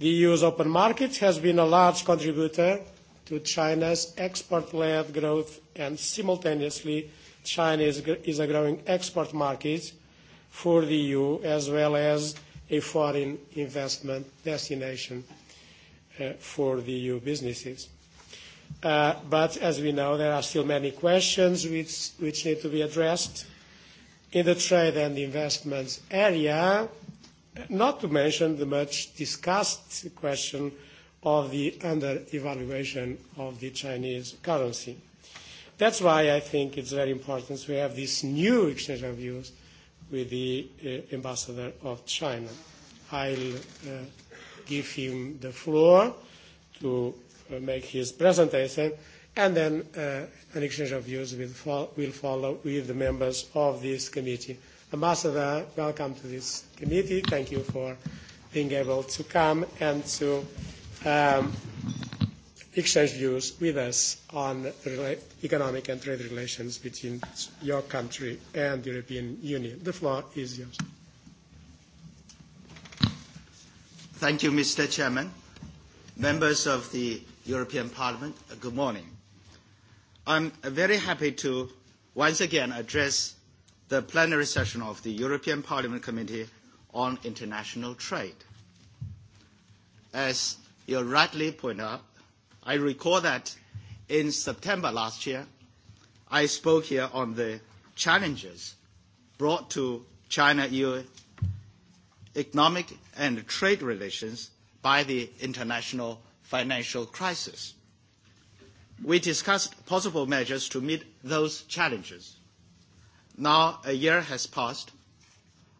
The EU's open market has been a large contributor to China's export-led growth and simultaneously China is, a growing export market for the EU as well as a foreign investment destination uh, for the EU businesses. Uh, but as we know, there are still many questions which, which need to be addressed in the trade and investments area not to mention the much discussed question of the under-evaluation of the Chinese currency. That's why I think it's very important We have this new exchange of views with the uh, ambassador of China. I'll uh, give him the floor to uh, make his presentation, and then uh, an exchange of views will, fo will follow with the members of this committee. Ambassador, welcome to this committee. Thank you for being able to come and to um, exchange views with us on economic and trade relations between your country and the European Union. The floor is yours. Thank you, Mr. Chairman. Members of the European Parliament, good morning. I'm very happy to once again address the plenary session of the European Parliament Committee on International Trade. As you rightly point out, I recall that in September last year, I spoke here on the challenges brought to China-EU economic and trade relations by the international financial crisis. We discussed possible measures to meet those challenges Now a year has passed.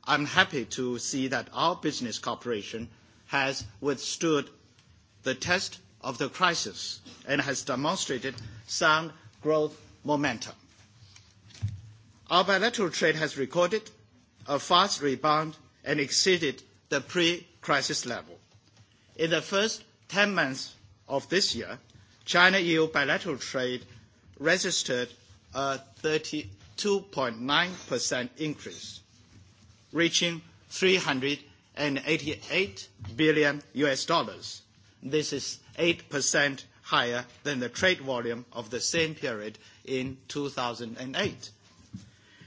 I'm happy to see that our business cooperation has withstood the test of the crisis and has demonstrated sound growth momentum. Our bilateral trade has recorded a fast rebound and exceeded the pre-crisis level. In the first 10 months of this year, China-EU bilateral trade registered a 30 2.9% increase, reaching 388 billion US dollars. This is 8% higher than the trade volume of the same period in 2008.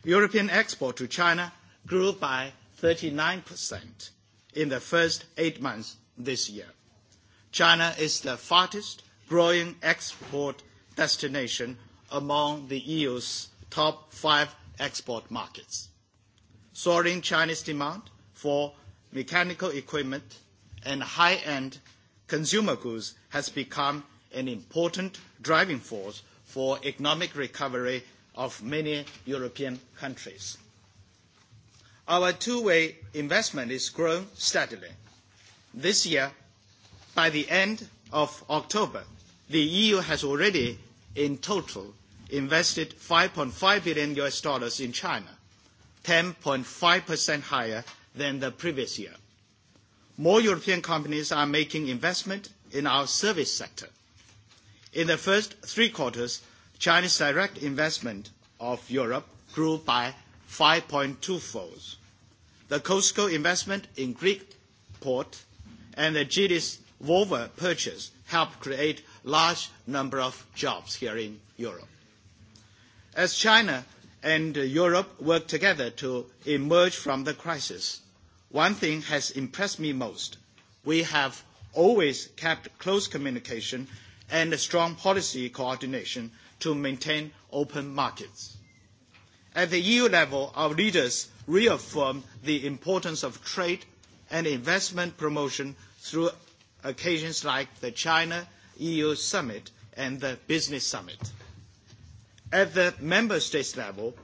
European export to China grew by 39% in the first eight months this year. China is the fastest growing export destination among the EU's top five export markets. Soaring Chinese demand for mechanical equipment and high-end consumer goods has become an important driving force for economic recovery of many European countries. Our two-way investment is growing steadily. This year, by the end of October, the EU has already in total invested 5.5 billion US dollars in China, 10.5% higher than the previous year. More European companies are making investment in our service sector. In the first three quarters, Chinese direct investment of Europe grew by 5.2 folds. The COSCO investment in Greek port and the Geely's Volvo purchase helped create large number of jobs here in Europe as China and Europe work together to emerge from the crisis, one thing has impressed me most. We have always kept close communication and strong policy coordination to maintain open markets. At the EU level, our leaders reaffirmed the importance of trade and investment promotion through occasions like the China-EU Summit and the Business Summit at the member states level,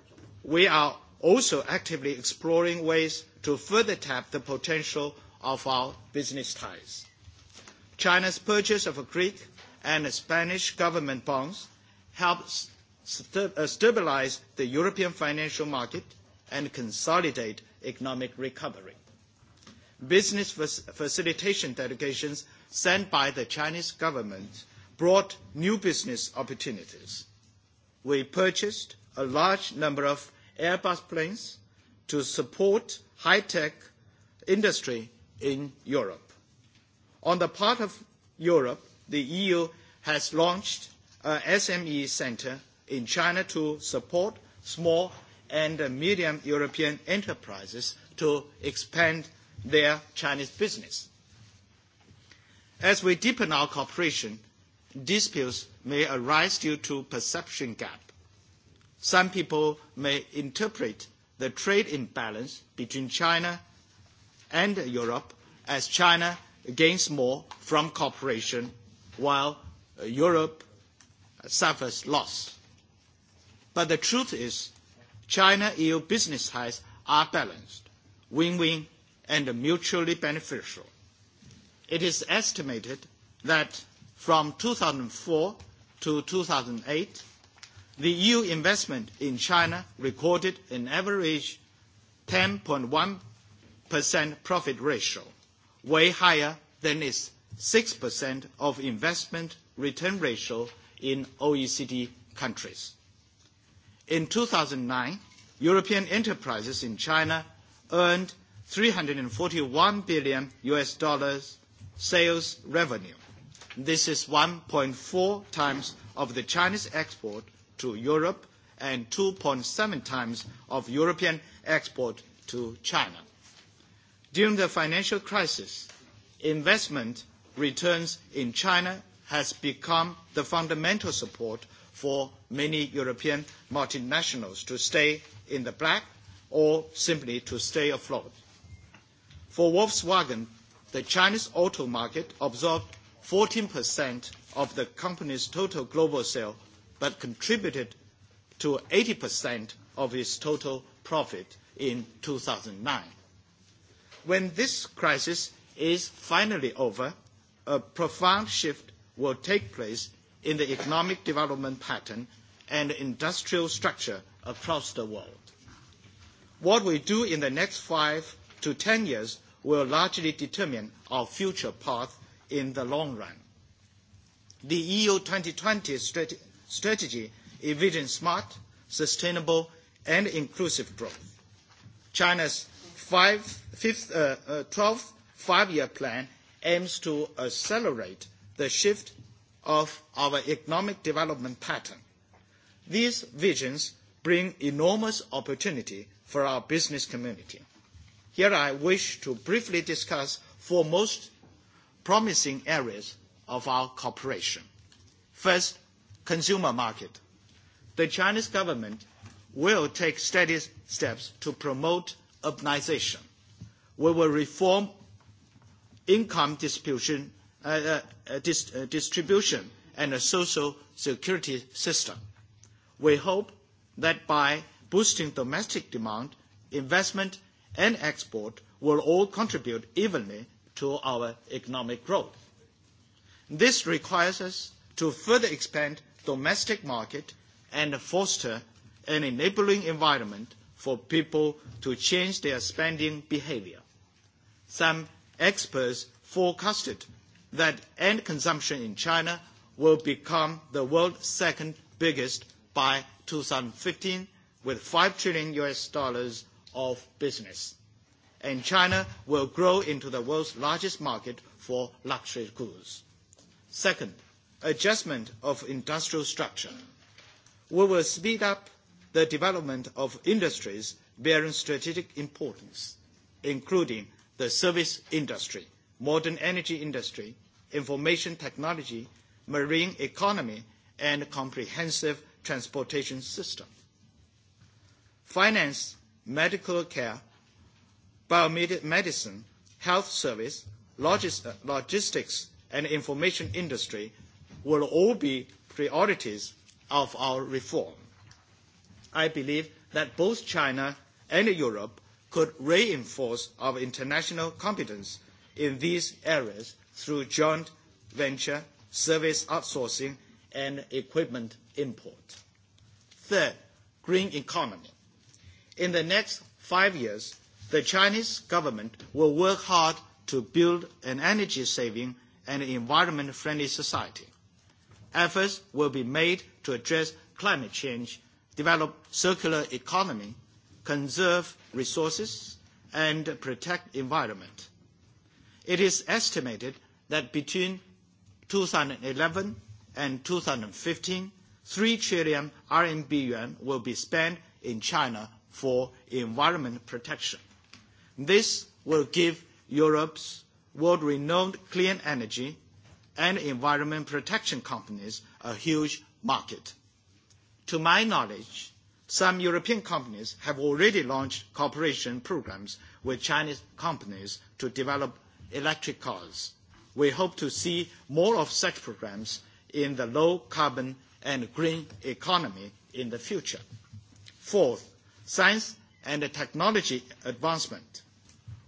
we are also actively exploring ways to further tap the potential of our business ties. China's purchase of Greek and Spanish government bonds helps uh, stabilize the European financial market and consolidate economic recovery. Business facilitation delegations sent by the Chinese government brought new business opportunities we purchased a large number of Airbus planes to support high-tech industry in Europe. On the part of Europe, the EU has launched a SME center in China to support small and medium European enterprises to expand their Chinese business. As we deepen our cooperation disputes may arise due to perception gap. Some people may interpret the trade imbalance between China and Europe as China gains more from cooperation while Europe suffers loss. But the truth is China-EU business ties are balanced, win-win and mutually beneficial. It is estimated that From 2004 to 2008, the EU investment in China recorded an average 10.1% profit ratio, way higher than its 6% of investment return ratio in OECD countries. In 2009, European enterprises in China earned 341 billion US dollars sales revenue, This is 1.4 times of the Chinese export to Europe and 2.7 times of European export to China. During the financial crisis, investment returns in China has become the fundamental support for many European multinationals to stay in the black or simply to stay afloat. For Volkswagen, the Chinese auto market absorbed 14% of the company's total global sales, but contributed to 80% of its total profit in 2009. When this crisis is finally over, a profound shift will take place in the economic development pattern and industrial structure across the world. What we do in the next five to ten years will largely determine our future path in the long run. The EU 2020 strat strategy envisions smart, sustainable, and inclusive growth. China's five, fifth, uh, uh, 12th five-year plan aims to accelerate the shift of our economic development pattern. These visions bring enormous opportunity for our business community. Here I wish to briefly discuss four most promising areas of our cooperation. First, consumer market. The Chinese government will take steady steps to promote urbanization. We will reform income distribution, uh, uh, uh dis, uh, distribution and a social security system. We hope that by boosting domestic demand, investment and export will all contribute evenly to our economic growth. This requires us to further expand domestic market and foster an enabling environment for people to change their spending behavior. Some experts forecasted that end consumption in China will become the world's second biggest by 2015 with $5 trillion US dollars of business and China will grow into the world's largest market for luxury goods. Second, adjustment of industrial structure. We will speed up the development of industries bearing strategic importance, including the service industry, modern energy industry, information technology, marine economy, and comprehensive transportation system. Finance, medical care, biomedicine, health service, logis uh, logistics, and information industry will all be priorities of our reform. I believe that both China and Europe could reinforce our international competence in these areas through joint venture, service outsourcing, and equipment import. Third, green economy. In the next five years, the Chinese government will work hard to build an energy-saving and environment-friendly society. Efforts will be made to address climate change, develop circular economy, conserve resources, and protect environment. It is estimated that between 2011 and 2015, 3 trillion RMB yuan will be spent in China for environment protection. This will give Europe's world-renowned clean energy and environment protection companies a huge market. To my knowledge, some European companies have already launched cooperation programs with Chinese companies to develop electric cars. We hope to see more of such programs in the low carbon and green economy in the future. Fourth, science and technology advancement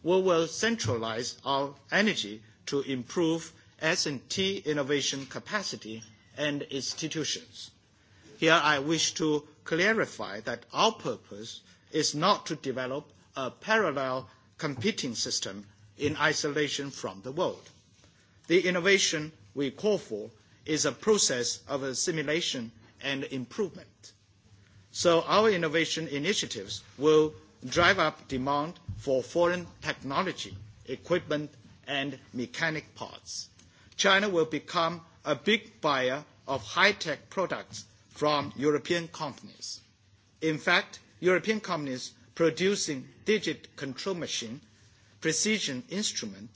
we will centralize our energy to improve S&T innovation capacity and institutions. Here I wish to clarify that our purpose is not to develop a parallel competing system in isolation from the world. The innovation we call for is a process of assimilation and improvement. So our innovation initiatives will drive up demand for foreign technology, equipment, and mechanic parts. China will become a big buyer of high-tech products from European companies. In fact, European companies producing digit control machine, precision instrument,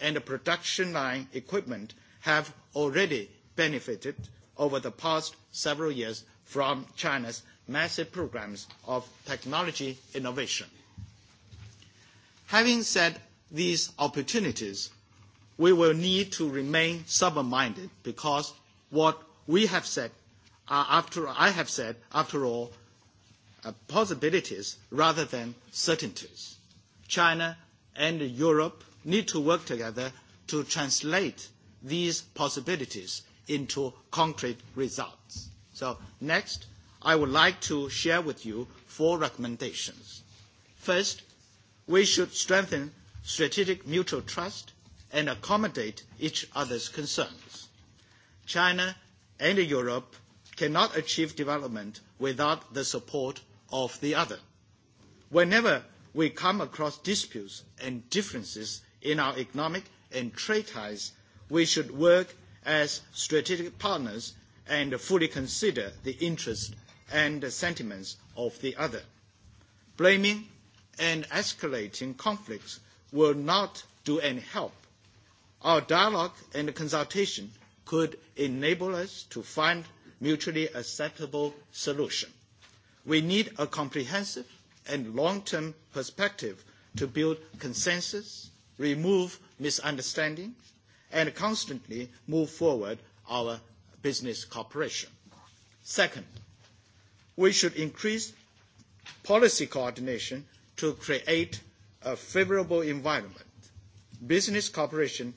and production line equipment have already benefited over the past several years from China's massive programs of technology innovation. Having said these opportunities, we will need to remain sober-minded because what we have said, uh, after I have said, after all, uh, possibilities rather than certainties. China and Europe need to work together to translate these possibilities into concrete results. So next, I would like to share with you four recommendations. First, we should strengthen strategic mutual trust and accommodate each other's concerns. China and Europe cannot achieve development without the support of the other. Whenever we come across disputes and differences in our economic and trade ties, we should work as strategic partners and fully consider the interests and sentiments of the other. Blaming and escalating conflicts will not do any help. Our dialogue and consultation could enable us to find mutually acceptable solution. We need a comprehensive and long-term perspective to build consensus, remove misunderstanding, and constantly move forward our business cooperation. Second, we should increase policy coordination to create a favorable environment. Business cooperation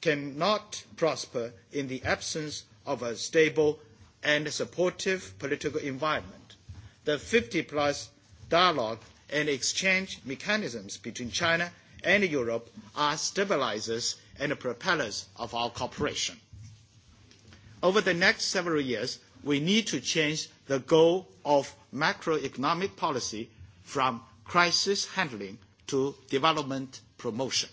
cannot prosper in the absence of a stable and supportive political environment. The 50-plus dialogue and exchange mechanisms between China and Europe are stabilizers and propellers of our cooperation. Over the next several years, we need to change the goal of macroeconomic policy from crisis handling to development promotion.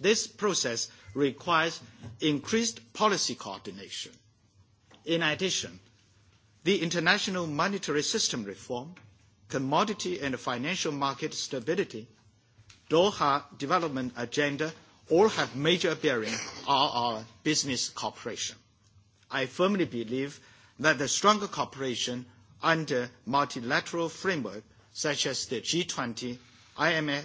This process requires increased policy coordination. In addition, the international monetary system reform, commodity and financial market stability, Doha development agenda all have major bearing on our business cooperation. I firmly believe that the stronger cooperation under multilateral framework such as the G20, IMF,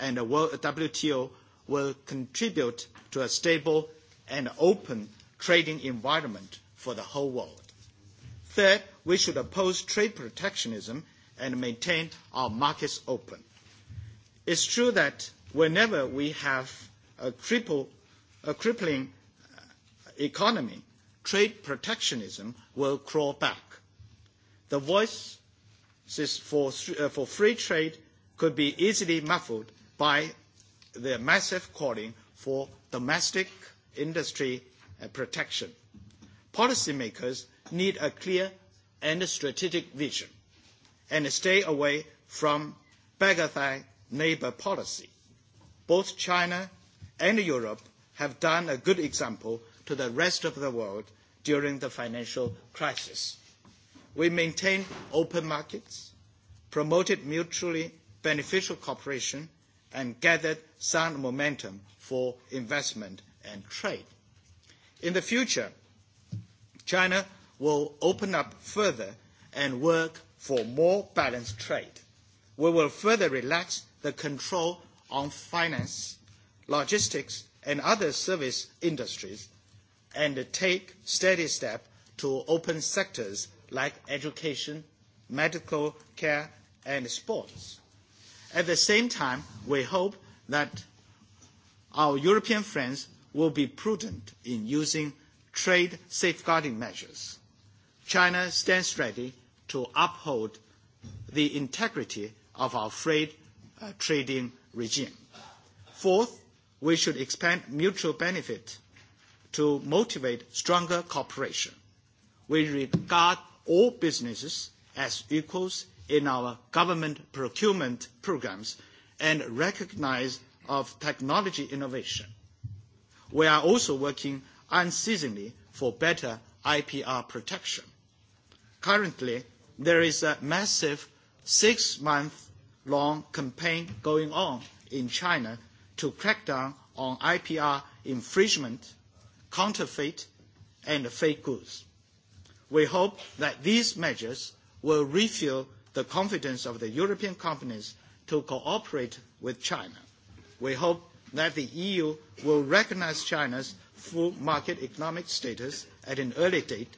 and the WTO will contribute to a stable and open trading environment for the whole world. Third, we should oppose trade protectionism and maintain our markets open. It's true that whenever we have a, a crippling uh, economy, trade protectionism will crawl back. The voice for, uh, for free trade could be easily muffled by the massive calling for domestic industry uh, protection. Policymakers need a clear and strategic vision and stay away from beggar neighbour policy. Both China and Europe have done a good example to the rest of the world during the financial crisis. We maintained open markets, promoted mutually beneficial cooperation, and gathered sound momentum for investment and trade. In the future, China will open up further and work for more balanced trade. We will further relax the control on finance, logistics, and other service industries and take steady steps to open sectors like education, medical care, and sports. At the same time, we hope that our European friends will be prudent in using trade safeguarding measures. China stands ready to uphold the integrity of our trade uh, trading regime. Fourth, we should expand mutual benefit to motivate stronger cooperation. We regard all businesses as equals in our government procurement programs and recognize of technology innovation. We are also working unceasingly for better IPR protection. Currently, there is a massive six-month-long campaign going on in China to crack down on IPR infringement, counterfeit, and fake goods. We hope that these measures will refuel the confidence of the European companies to cooperate with China. We hope that the EU will recognise China's full market economic status at an early date,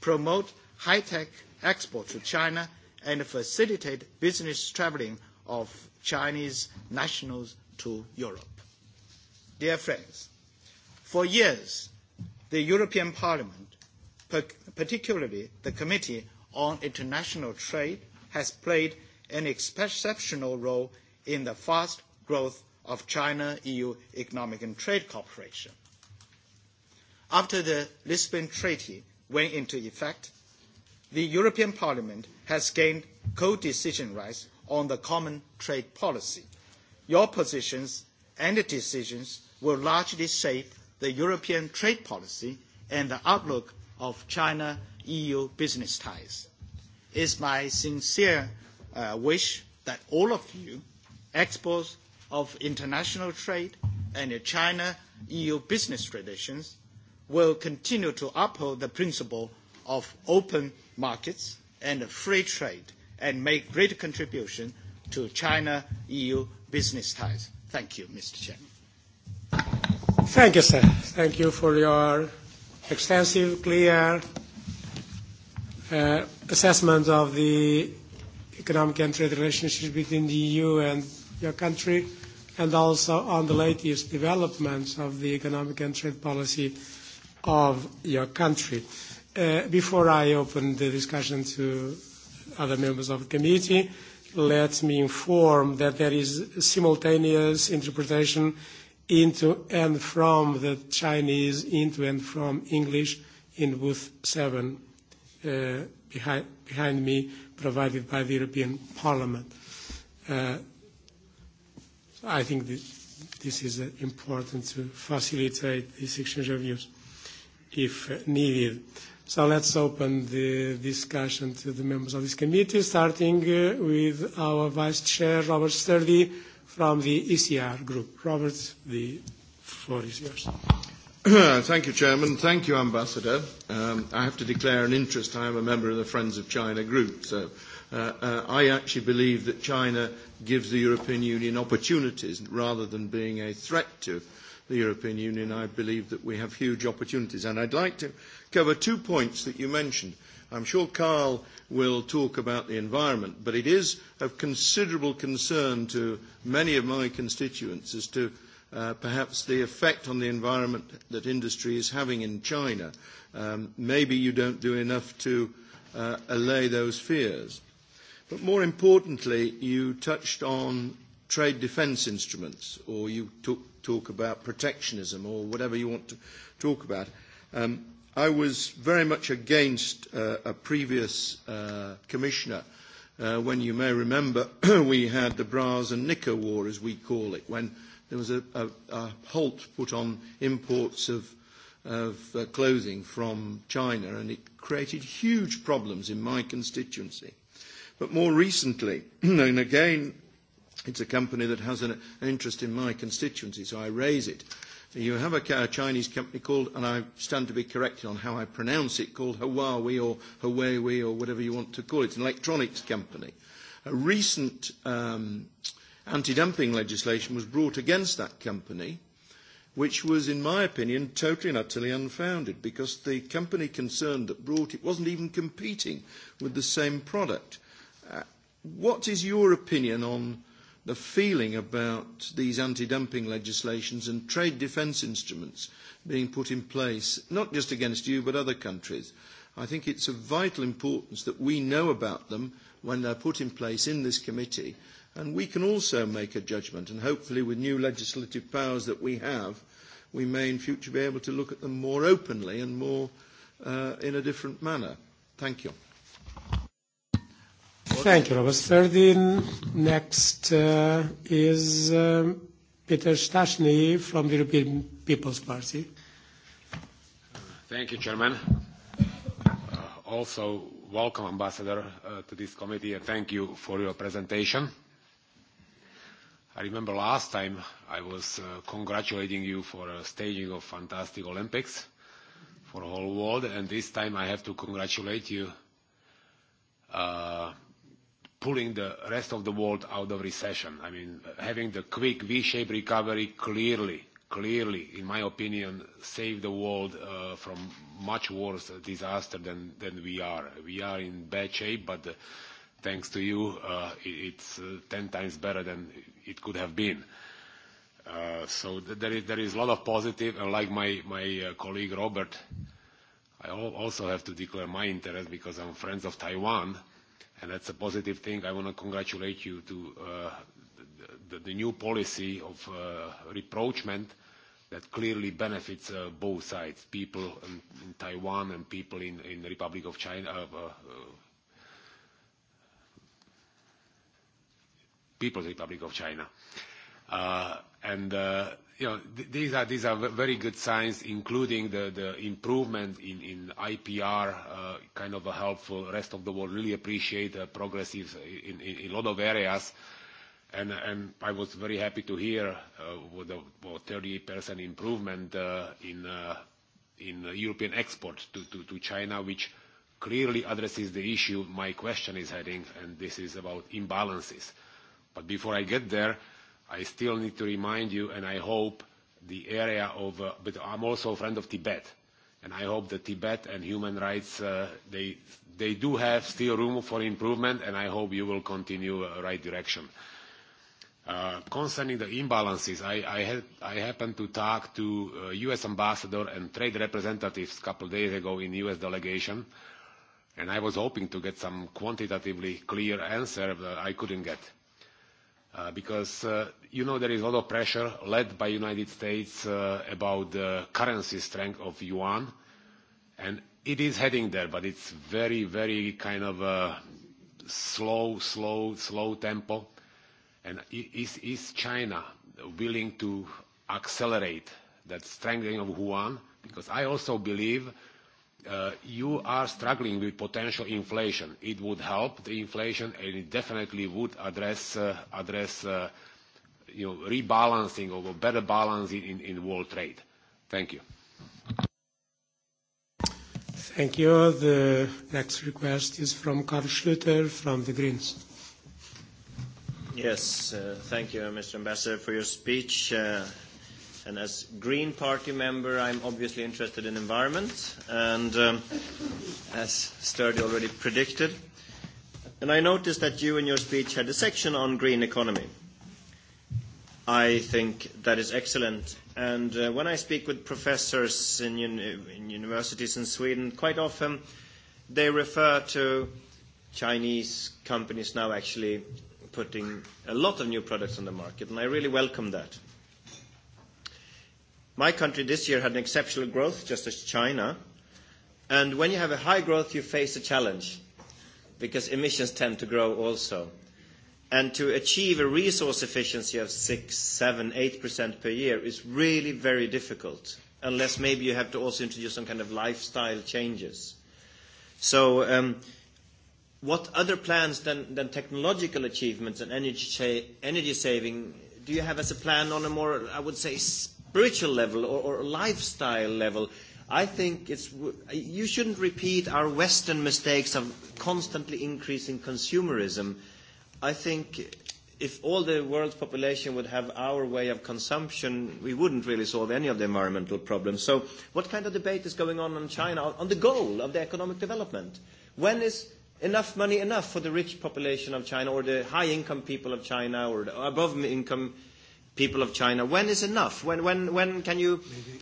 promote high-tech export to China, and facilitate business travelling of Chinese nationals to Europe. Dear friends, for years, the European Parliament particularly the Committee on International Trade has played an exceptional role in the fast growth of China-EU economic and trade cooperation. After the Lisbon Treaty went into effect, the European Parliament has gained co-decision rights on the common trade policy. Your positions and decisions will largely shape the European trade policy and the outlook of China-EU business ties. It's my sincere uh, wish that all of you, experts of international trade and China-EU business relations, will continue to uphold the principle of open markets and free trade and make great contribution to China-EU business ties. Thank you, Mr. Chairman. Thank you, sir. Thank you for your extensive, clear uh, assessment of the economic and trade relationship between the EU and your country, and also on the latest developments of the economic and trade policy of your country. Uh, before I open the discussion to other members of the committee, let me inform that there is simultaneous interpretation into and from the Chinese, into and from English in booth seven uh, behind, behind me, provided by the European Parliament. Uh, I think that this is uh, important to facilitate this exchange of views if uh, needed. So let's open the discussion to the members of this committee, starting uh, with our Vice Chair, Robert Sturdy from the ECR group. Robert, the floor is yours. Thank you, Chairman. Thank you, Ambassador. Um, I have to declare an interest. I am a member of the Friends of China group, so uh, uh, I actually believe that China gives the European Union opportunities rather than being a threat to the European Union. I believe that we have huge opportunities, and I'd like to cover two points that you mentioned. I'm sure Carl will talk about the environment, but it is of considerable concern to many of my constituents as to uh, perhaps the effect on the environment that industry is having in China. Um, maybe you don't do enough to uh, allay those fears. But more importantly, you touched on trade defence instruments, or you talk, talk about protectionism, or whatever you want to talk about. Um, I was very much against uh, a previous uh, commissioner. Uh, when you may remember, we had the Bras and Nicker War, as we call it, when there was a, a, a halt put on imports of, of uh, clothing from China, and it created huge problems in my constituency. But more recently, and again, it's a company that has an, an interest in my constituency, so I raise it. Uh, You have a, a Chinese company called, and I stand to be corrected on how I pronounce it, called Huawei or Huawei or whatever you want to call it, an electronics company. A recent um, anti-dumping legislation was brought against that company, which was, in my opinion, totally and utterly unfounded because the company concerned that brought it wasn't even competing with the same product. Uh, what is your opinion on the feeling about these anti-dumping legislations and trade defence instruments being put in place, not just against you, but other countries. I think it's of vital importance that we know about them when they're put in place in this committee, and we can also make a judgment, and hopefully with new legislative powers that we have, we may in future be able to look at them more openly and more uh, in a different manner. Thank you. Thank you, Robert Sterdin. Next uh, is uh, Peter Stashny from the European People's Party. Thank you, Chairman. Uh, also, welcome, Ambassador, to this committee, and thank you for your presentation. I remember last time I was congratulating you for a staging of fantastic Olympics for the whole world, and this time I have to congratulate you pulling the rest of the world out of recession. I mean, having the quick V-shaped recovery clearly, clearly, in my opinion, saved the world uh, from much worse disaster than, than we are. We are in bad shape, but uh, thanks to you, uh, it's uh, 10 times better than it could have been. Uh, so th there is there is a lot of positive, and like my my uh, colleague Robert, I al also have to declare my interest because I'm friends of Taiwan and that's a positive thing. I want to congratulate you to uh, the, the new policy of uh, reproachment that clearly benefits uh, both sides, people in, in Taiwan and people in, in the Republic of China, uh, uh, People's Republic of China. Uh, And uh, you know, these are these are very good signs, including the, the improvement in, in IPR, uh, kind of a helpful. Rest of the world really appreciate the uh, progresses in, in, in a lot of areas. And, and I was very happy to hear with the 30% improvement in, in European export to, to, to China, which clearly addresses the issue my question is heading, and this is about imbalances. But before I get there, I still need to remind you, and I hope the area of, uh, but I'm also a friend of Tibet, and I hope that Tibet and human rights, uh, they, they do have still room for improvement, and I hope you will continue uh, right direction. Uh, concerning the imbalances, I, I, had, I happened to talk to uh, U.S. ambassador and trade representatives a couple of days ago in U.S. delegation, and I was hoping to get some quantitatively clear answer that I couldn't get. Uh, because uh, you know there is a lot of pressure led by United States uh, about the currency strength of yuan, and it is heading there, but it's very, very kind of a slow, slow, slow tempo. And is, is China willing to accelerate that strengthening of yuan? Because I also believe Uh, you are struggling with potential inflation. It would help the inflation, and it definitely would address, uh, address uh, you know, rebalancing or better balance in, in world trade. Thank you. Thank you. The next request is from Karl Schlüter from the Greens. Yes, uh, thank you, Mr. Ambassador, for your speech. Uh, And as Green Party member, I'm obviously interested in environment, and um, as Sturdy already predicted. And I noticed that you in your speech had a section on green economy. I think that is excellent. And uh, when I speak with professors in, un- in universities in Sweden, quite often they refer to Chinese companies now actually putting a lot of new products on the market, and I really welcome that. My country this year had an exceptional growth, just as China. And when you have a high growth, you face a challenge because emissions tend to grow also. And to achieve a resource efficiency of 6, 7, 8% per year is really very difficult, unless maybe you have to also introduce some kind of lifestyle changes. So um, what other plans than, than technological achievements and energy, energy saving do you have as a plan on a more, I would say, spiritual level or, or lifestyle level, I think it's, you shouldn't repeat our Western mistakes of constantly increasing consumerism. I think if all the world's population would have our way of consumption, we wouldn't really solve any of the environmental problems. So what kind of debate is going on in China on the goal of the economic development? When is enough money enough for the rich population of China or the high-income people of China or the above-income people of China. When is enough? When, when, when can you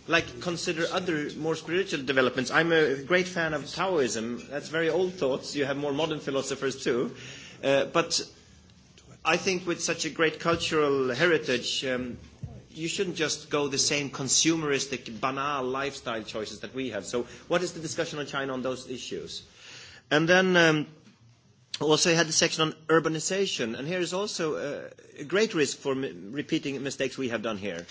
like, consider other more spiritual developments? I'm a great fan of Taoism. That's very old thoughts. You have more modern philosophers too. Uh, but I think with such a great cultural heritage, um, you shouldn't just go the same consumeristic, banal lifestyle choices that we have. So what is the discussion on China on those issues? And then... Um, Also, he had the section on urbanization, and here is also a, a great risk for m repeating mistakes we have done here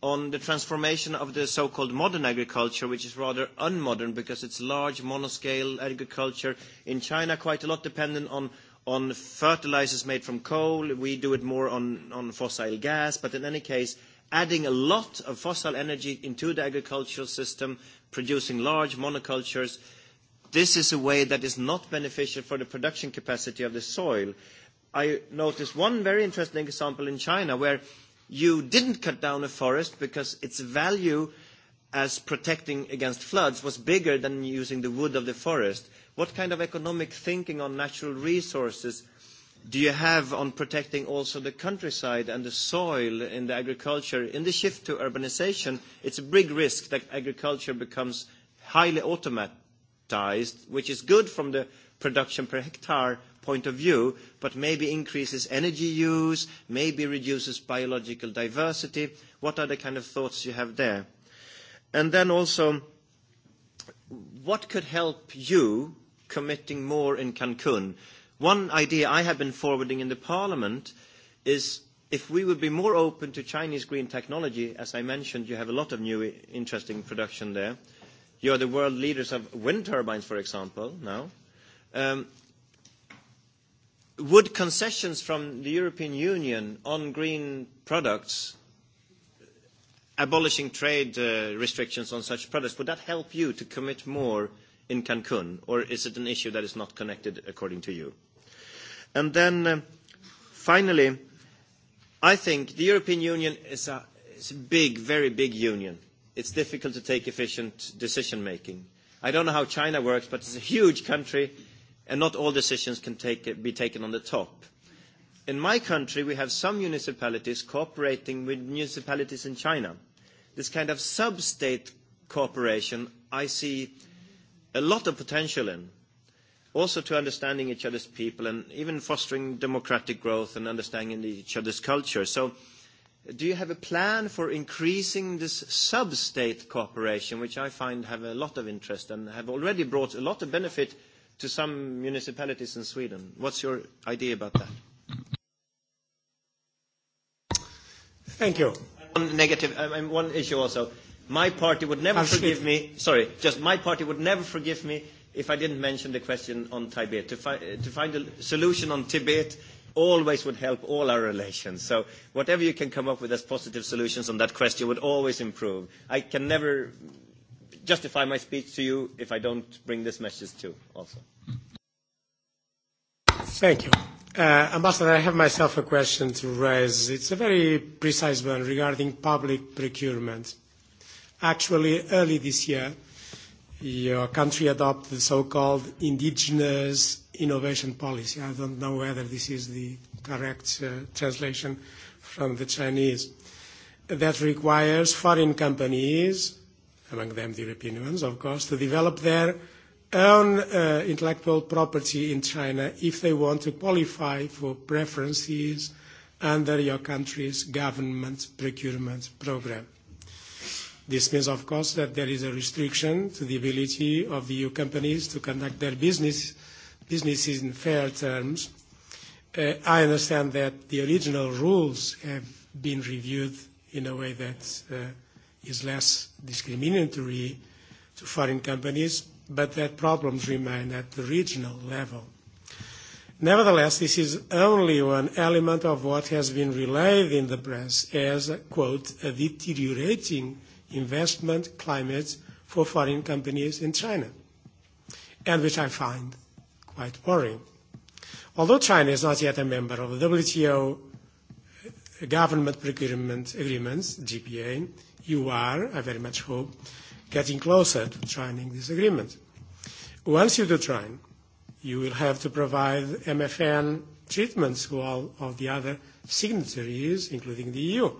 on the transformation of the so-called modern agriculture, which is rather unmodern because it's large monoscale agriculture. In China, quite a lot dependent on, on fertilizers made from coal. We do it more on, on fossil gas. But in any case, adding a lot of fossil energy into the agricultural system, producing large monocultures, uh, this is a way that is not beneficial for the production capacity of the soil. I noticed one very interesting example in China where you didn't cut down a forest because its value as protecting against floods was bigger than using the wood of the forest. What kind of economic thinking on natural resources do you have on protecting also the countryside and the soil in the agriculture? In the shift to urbanization, it's a big risk that agriculture becomes highly automat subsidized, which is good from the production per hectare point of view, but maybe increases energy use, maybe reduces biological diversity. What are the kind of thoughts you have there? And then also, what could help you committing more in Cancun? One idea I have been forwarding in the parliament is if we would be more open to Chinese green technology, as I mentioned, you have a lot of new interesting production there, You are the world leaders of wind turbines, for example, now. Um, would concessions from the European Union on green products, abolishing trade uh, restrictions on such products, would that help you to commit more in Cancun, or is it an issue that is not connected according to you? And then uh, finally, I think the European Union is a, is a big, very big union it's difficult to take efficient decision making. I don't know how China works, but it's a huge country, and not all decisions can take, be taken on the top. In my country, we have some municipalities cooperating with municipalities in China. This kind of sub-state cooperation, I see a lot of potential in. Also to understanding each other's people and even fostering democratic growth and understanding each other's culture. So do you have a plan for increasing this sub-state cooperation, which I find have a lot of interest and have already brought a lot of benefit to some municipalities in Sweden? What's your idea about that? Thank you. One negative, um, um one issue also. My party would never forgive me. Sorry, just my party would never forgive me if I didn't mention the question on Tibet. To, fi- to find a solution on Tibet always would help all our relations. So whatever you can come up with as positive solutions on that question would always improve. I can never justify my speech to you if I don't bring this message too also. Thank you. Uh, Ambassador, I have myself a question to raise. It's a very precise one regarding public procurement. Actually, early this year, your country adopted the so-called indigenous innovation policy. I don't know whether this is the correct uh, translation from the Chinese. That requires foreign companies, among them the European ones, of course, to develop their own uh, intellectual property in China if they want to qualify for preferences under your country's government procurement program. This means, of course, that there is a restriction to the ability of EU companies to conduct their business, businesses in fair terms. Uh, I understand that the original rules have been reviewed in a way that uh, is less discriminatory to foreign companies, but that problems remain at the regional level. Nevertheless, this is only one element of what has been relayed in the press as, quote, a deteriorating investment climates for foreign companies in China, and which I find quite worrying. Although China is not yet a member of the WTO uh, Government Procurement Agreements, GPA, you are, I very much hope, getting closer to joining this agreement. Once you do join, you will have to provide MFN treatments to all of the other signatories, including the EU.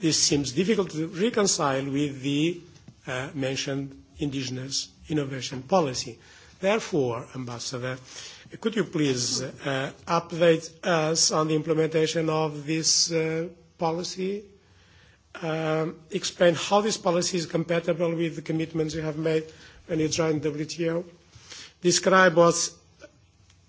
This seems difficult to reconcile with the uh, mentioned indigenous innovation policy. Therefore, Ambassador, could you please uh, update us on the implementation of this uh, policy? Um, explain how this policy is compatible with the commitments you have made when you joined WTO. Describe what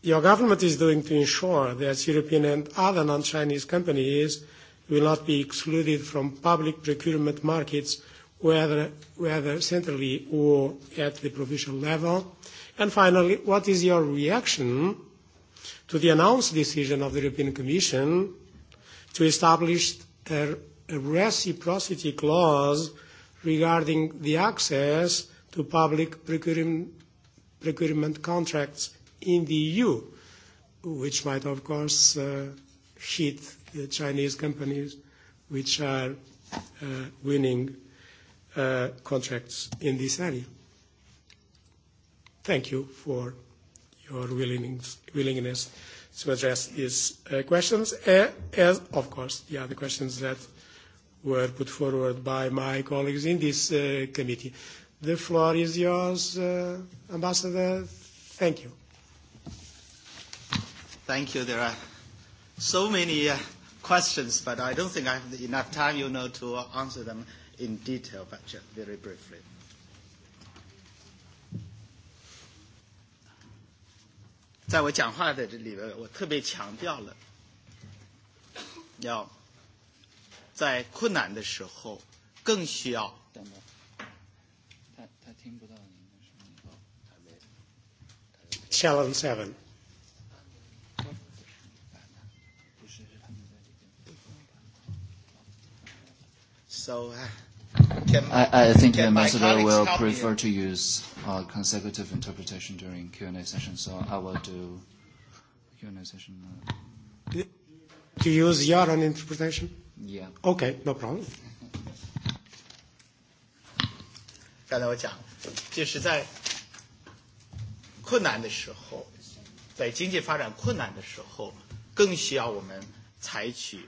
your government is doing to ensure that European and other non-Chinese companies will not be excluded from public procurement markets, whether, whether centrally or at the provincial level? And finally, what is your reaction to the announced decision of the European Commission to establish a, a reciprocity clause regarding the access to public procurement, procurement contracts in the EU, which might, of course, uh, hit Chinese companies which are uh, winning uh, contracts in this area. Thank you for your willingness, to address these uh, questions, as, of course, the other questions that were put forward by my colleagues in this committee. The floor is yours, Ambassador. Thank you. Thank you. There are so many uh, questions, but I don't think I have enough time, you know, to answer them in detail, but just very briefly. That I I 要在困难的时候更需要。等等，他他听不到您的声音。Challenge seven. So uh, can, I, think the ambassador will prefer to use uh, consecutive interpretation during Q&A session, so I will do Q&A session. now. Uh, to use your own interpretation? Yeah. Okay, no problem. 刚才我讲，就是在困难的时候，在经济发展困难的时候，更需要我们采取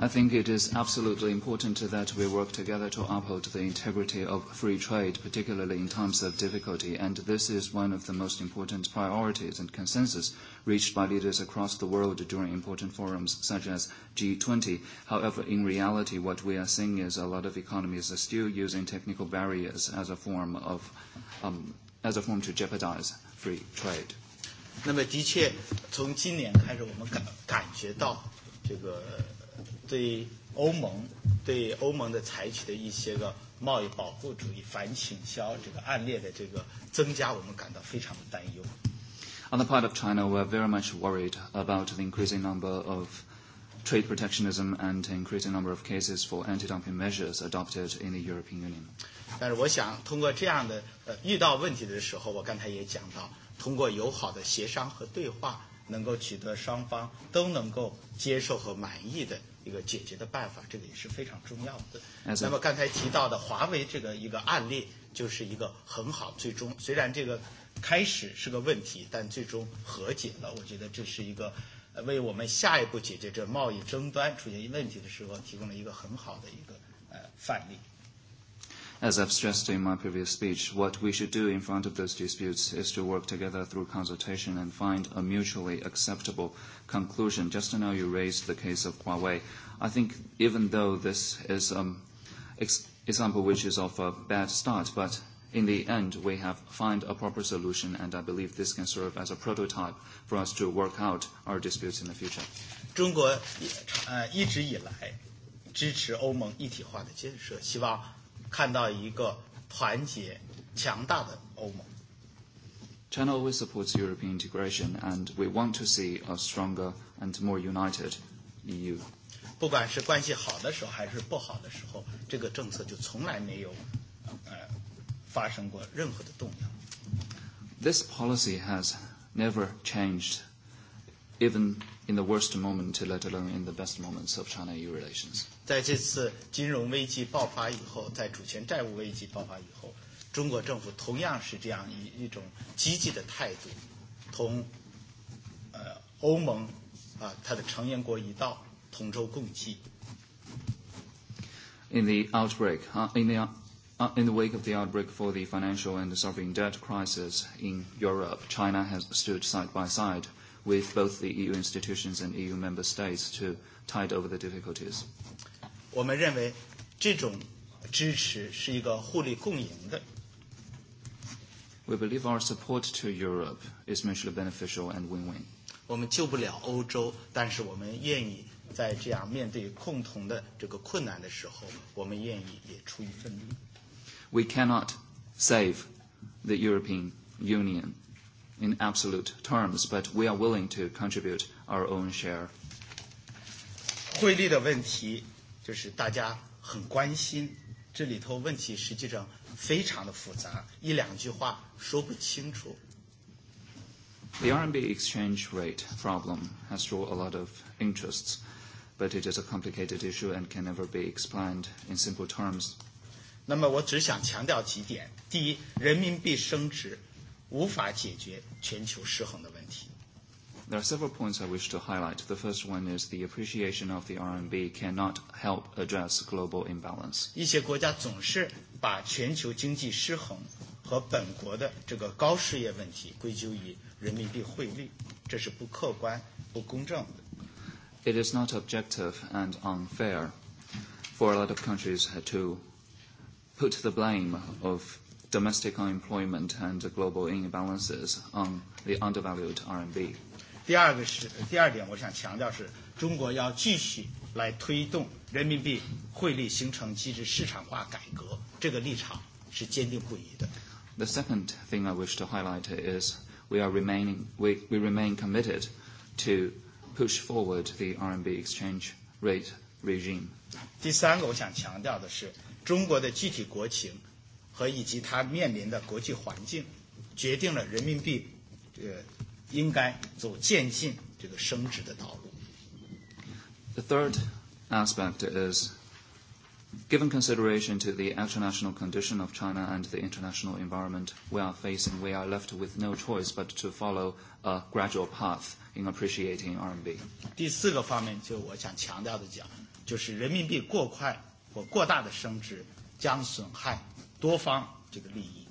I think it is absolutely important that we work together to uphold the integrity of free trade, particularly in times of difficulty, and this is one of the most important priorities and consensus reached by leaders across the world during important forums such as G20. However, in reality, what we are seeing is a lot of economies are still using technical barriers as a form of um, as a form to jeopardize free trade. 那么，的确，从今年开始，我们感感觉到这个对欧盟对欧盟的采取的一些个贸易保护主义、反倾销这个案例的这个增加，我们感到非常的担忧。On the part of China, we're very much worried about the increasing number of trade protectionism and increasing number of cases for anti-dumping measures adopted in the European Union. 但是我想通过这样的呃遇到问题的时候，我刚才也讲到，通过友好的协商和对话，能够取得双方都能够接受和满意的一个解决的办法，这个也是非常重要的。那么刚才提到的华为这个一个案例，就是一个很好，最终虽然这个开始是个问题，但最终和解了。我觉得这是一个为我们下一步解决这贸易争端出现问题的时候提供了一个很好的一个呃范例。as I've stressed in my previous speech, what we should do in front of those disputes is to work together through consultation and find a mutually acceptable conclusion. Just now you raised the case of Huawei. I think even though this is an um, ex example which is of a bad start, but in the end, we have found a proper solution, and I believe this can serve as a prototype for us to work out our disputes in the future. 中国呃一直以来支持欧盟一体化的建设，希望看到一个团结强大的欧盟。China always supports European integration, and we want to see a stronger and more united EU. 不管是关系好的时候还是不好的时候，这个政策就从来没有呃发生过任何的动摇。This policy has never changed, even in the worst moment, let alone in the best moments of China-EU relations. 在这次金融危机爆发以后，在主权债务危机爆发以后，中国政府同样是这样一一种积极的态度，同呃欧盟啊它的成员国一道同舟共济。In the outbreak,、uh, in the uh, in the wake of the outbreak for the financial and the sovereign debt crisis in Europe, China has stood side by side with both the EU institutions and EU member states to tide over the difficulties. Uh, 我们认为这种支持是一个互利共赢的。We believe our support to Europe is mutually beneficial and win-win. 我们救不了欧洲，但是我们愿意在这样面对共同的这个困难的时候，我们愿意也出一份力。We cannot save the European Union in absolute terms, but we are willing to contribute our own share. 汇率的问题就是大家很关心，这里头问题实际上非常的复杂，一两句话说不清楚。The RMB exchange rate problem has drawn a lot of interests, but it is a complicated issue and can never be explained in simple terms. 那么我只想强调几点：第一，人民币升值无法解决全球失衡的问题。There are several points I wish to highlight. The first one is the appreciation of the RMB cannot help address global imbalance. 一些国家总是把全球经济失衡和本国的这个高失业问题归咎于人民币汇率，这是不客观、不公正的。It is not objective and unfair for a lot of countries to put the blame of domestic unemployment and global imbalances on the undervalued RMB. 第二个是第二点，我想强调是中国要继续来推动人民币汇率形成机制市场化改革，这个立场是坚定不移的。The second thing I wish to highlight is we are remaining we, we remain committed to push forward the RMB exchange rate regime. 第三个我想强调的是，中国的具体国情和以及它面临的国际环境，决定了人民币呃应该走渐进这个升值的道路。The third aspect is Given consideration to the international condition of China and the international environment we are facing, we are left with no choice but to follow a gradual path in appreciating RMB. 第四个方面，就我想强调的讲，就是人民币过快或过大的升值将损害多方这个利益。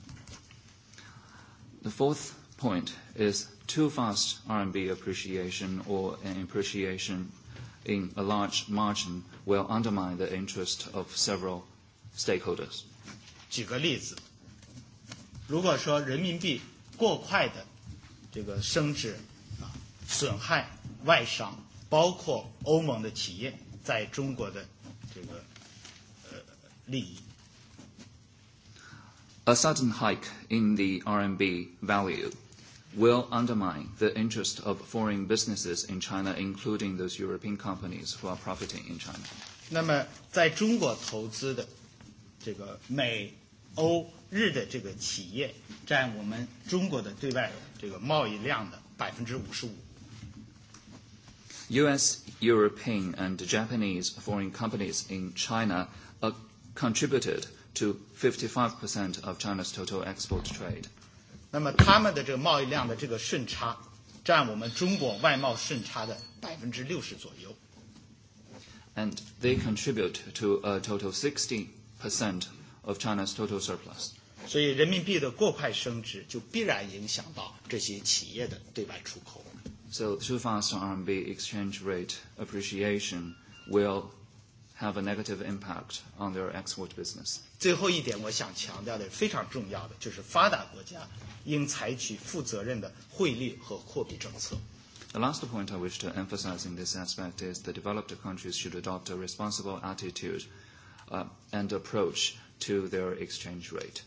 The fourth point is too fast RMB appreciation or an uh, appreciation in a large margin will undermine the interest of several stakeholders. A sudden hike in the RMB value will undermine the interest of foreign businesses in China, including those European companies who are profiting in China. 那么，在中国投资的这个美、欧、日的这个企业，占我们中国的对外这个贸易量的百分之五十五。U.S., European, and Japanese foreign companies in China are uh, contributed to 55% of China's total export trade. 那么他们的这个贸易量的这个顺差，占我们中国外贸顺差的百分之六十左右。And they contribute to a total 60% of China's total surplus. 所以人民币的过快升值就必然影响到这些企业的对外出口。So too fast RMB exchange rate appreciation will have a negative impact on their export business. 最后一点，我想强调的非常重要的就是发达国家应采取负责任的汇率和货币政策。The last point I wish to emphasize in this aspect is the developed countries should adopt a responsible attitude uh, and approach to their exchange rate.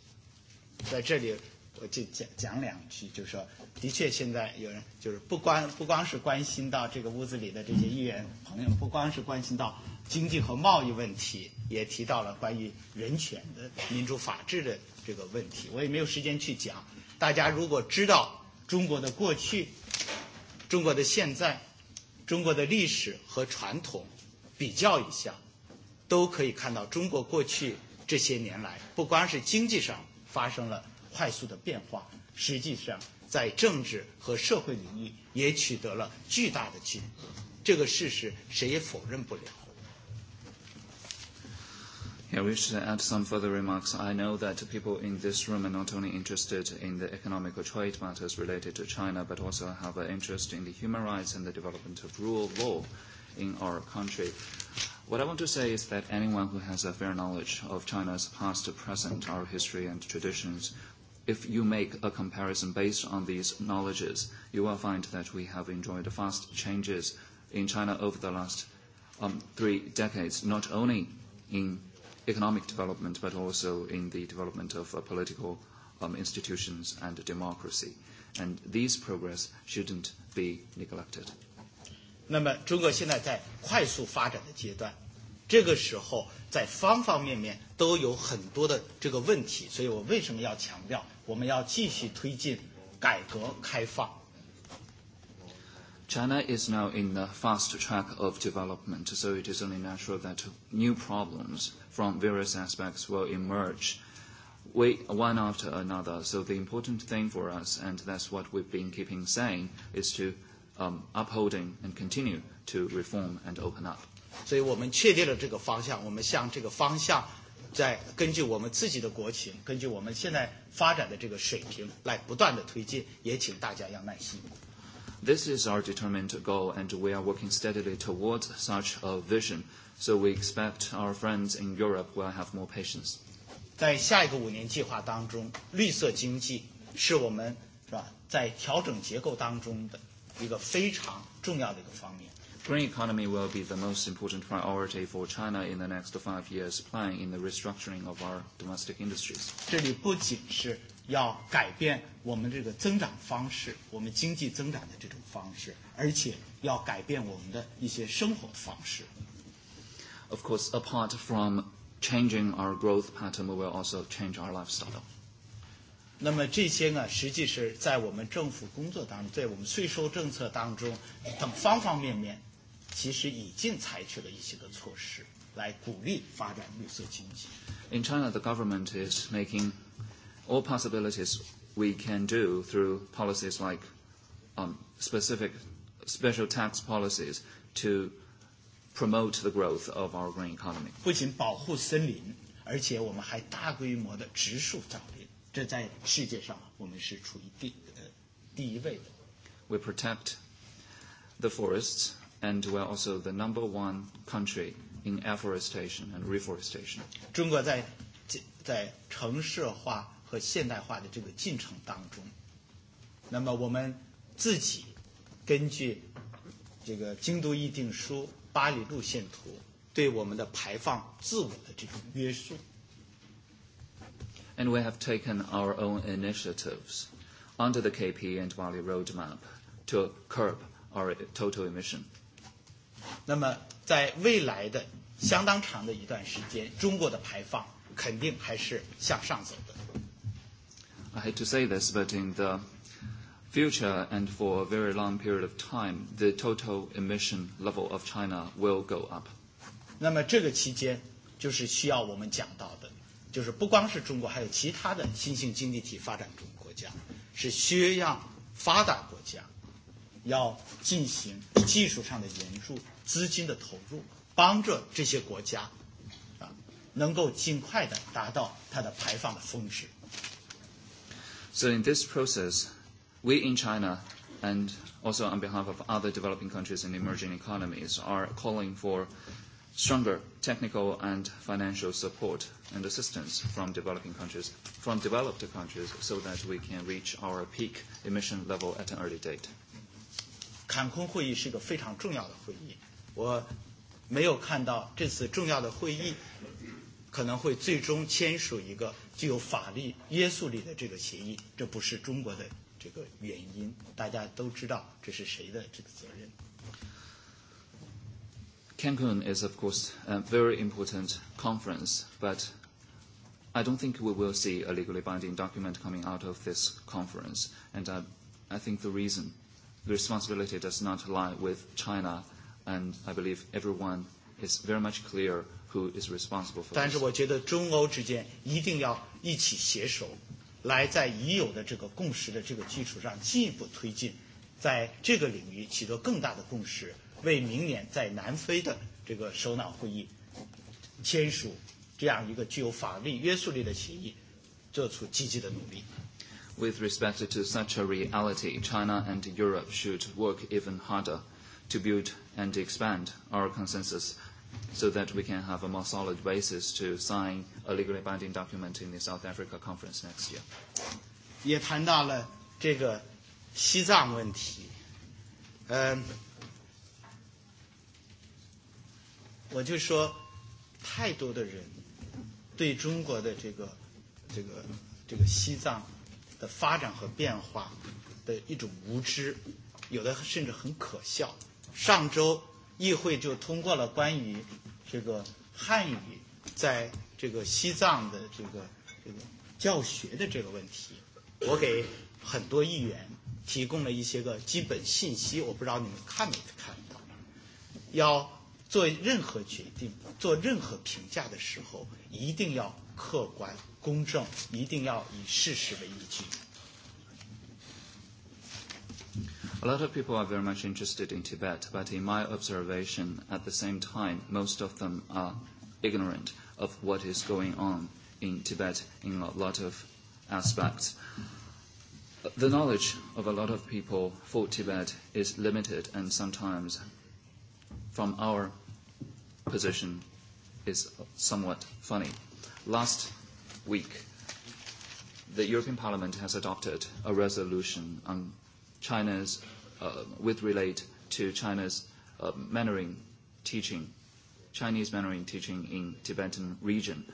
在这里，我就讲讲两句，就是说，的确现在有人就是不光不光是关心到这个屋子里的这些议员朋友，不光是关心到经济和贸易问题，也提到了关于人权的民主法治的这个问题。我也没有时间去讲，大家如果知道中国的过去、中国的现在、中国的历史和传统，比较一下，都可以看到中国过去这些年来，不光是经济上发生了。快速的变化，实际上在政治和社会领域也取得了巨大的进步。这个事实谁也否认不了。Yeah, we should add some further remarks. I know that people in this room are not only interested in the economic or trade matters related to China, but also have an interest in the human rights and the development of rule of law in our country. What I want to say is that anyone who has a fair knowledge of China's past, present, our history and traditions If you make a comparison based on these knowledges, you will find that we have enjoyed fast changes in China over the last um, three decades, not only in economic development, but also in the development of uh, political um, institutions and democracy. And these progress shouldn't be neglected. 那么，中国现在在快速发展的阶段，这个时候在方方面面都有很多的这个问题，所以我为什么要强调我们要继续推进改革开放。China is now in the fast track of development, so it is only natural that new problems from various aspects will emerge we, one after another. So the important thing for us, and that's what we've been keeping saying, is to um, upholding and continue to reform and open up. 所以我们确定了这个方向，我们向这个方向在根据我们自己的国情，根据我们现在发展的这个水平来不断的推进，也请大家要耐心。This is our determined goal, and we are working steadily towards such a vision. So we expect our friends in Europe will have more patience. 在下一个五年计划当中，绿色经济是我们是吧在调整结构当中的一个非常重要的一个方面。green economy will be the most important priority for China in the next five years playing in the restructuring of our domestic industries. 这里不仅是要改变我们这个增长方式，我们经济增长的这种方式，而且要改变我们的一些生活方式。Of course, apart from changing our growth pattern, we will also change our lifestyle. 那么这些呢，实际是在我们政府工作当中，在我们税收政策当中等方方面面其实已经采取了一些的措施，来鼓励发展绿色经济。In China, the government is making all possibilities we can do through policies like um, specific special tax policies to promote the growth of our green economy. 不仅保护森林，而且我们还大规模的植树造林，这在世界上我们是处于第呃第一位的。We protect the forests and we're also the number one country in afforestation and reforestation. 中国在在城市化和现代化的这个进程当中，那么我们自己根据这个京都议定书、巴黎路线图对我们的排放自我的这种约束。And we have taken our own initiatives under the KP and Bali roadmap to curb our total emission. 那么在未来的相当长的一段时间，中国的排放肯定还是向上走的。I hate to say this, but in the future and for a very long period of time, the total emission level of China will go up. 那么这个期间，就是需要我们讲到的，就是不光是中国，还有其他的新兴经济体发展中国家，是需要发达国家要进行技术上的援助，资金的投入，帮助这些国家啊能够尽快的达到它的排放的峰值。So in this process, we in China and also on behalf of other developing countries and emerging economies are calling for stronger technical and financial support and assistance from developing countries, from developed countries, so that we can reach our peak emission level at an early date. 坎昆会议是一个非常重要的会议，我没有看到这次重要的会议可能会最终签署一个具有法律约束力的这个协议，这不是中国的这个原因，大家都知道这是谁的这个责任。Cancun is, of course, a very important conference, but I don't think we will see a legally binding document coming out of this conference. And I, uh, I think the reason, the responsibility does not lie with China and I believe everyone is very much clear who is responsible for this. 但是我觉得中欧之间一定要一起携手，来在已有的这个共识的这个基础上进一步推进，在这个领域取得更大的共识，为明年在南非的这个首脑会议签署这样一个具有法律约束力的协议做出积极的努力。With respect to such a reality, China and Europe should work even harder to build and expand our consensus so that we can have a more solid basis to sign a legally binding document in the South Africa conference next year. 也谈到了这个西藏问题，嗯，我就说，太多的人对中国的这个、这个、这个西藏的发展和变化的一种无知，有的甚至很可笑。呃，上周议会就通过了关于这个汉语在这个西藏的这个这个教学的这个问题，我给很多议员提供了一些个基本信息，我不知道你们看没看到。要做任何决定、做任何评价的时候，一定要客观公正，一定要以事实为依据。A lot of people are very much interested in Tibet, but in my observation, at the same time, most of them are ignorant of what is going on in Tibet in a lot of aspects. The knowledge of a lot of people for Tibet is limited and sometimes from our position is somewhat funny. Last week, the European Parliament has adopted a resolution on China's, uh, with relate to China's uh, Mandarin teaching, Chinese Mandarin teaching in Tibetan region.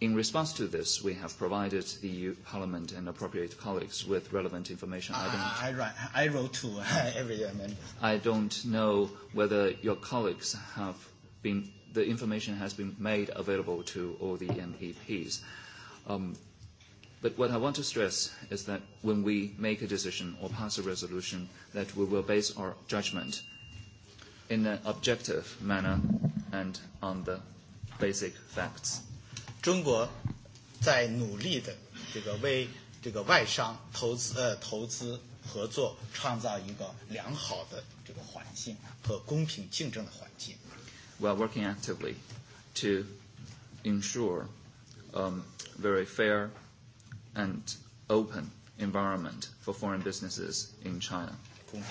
In response to this, we have provided the EU Parliament and appropriate colleagues with relevant information. Uh, I, don't, I, I wrote to every amendment. I don't know whether your colleagues have been, the information has been made available to all the MEPs. Um, But what I want to stress is that when we make a decision or pass a resolution, that we will base our judgment in an objective manner and on the basic facts. 中国在努力的这个为这个外商投资呃投资合作创造一个良好的这个环境和公平竞争的环境。We are working actively to ensure um, very fair and open environment for foreign businesses in China. 公平。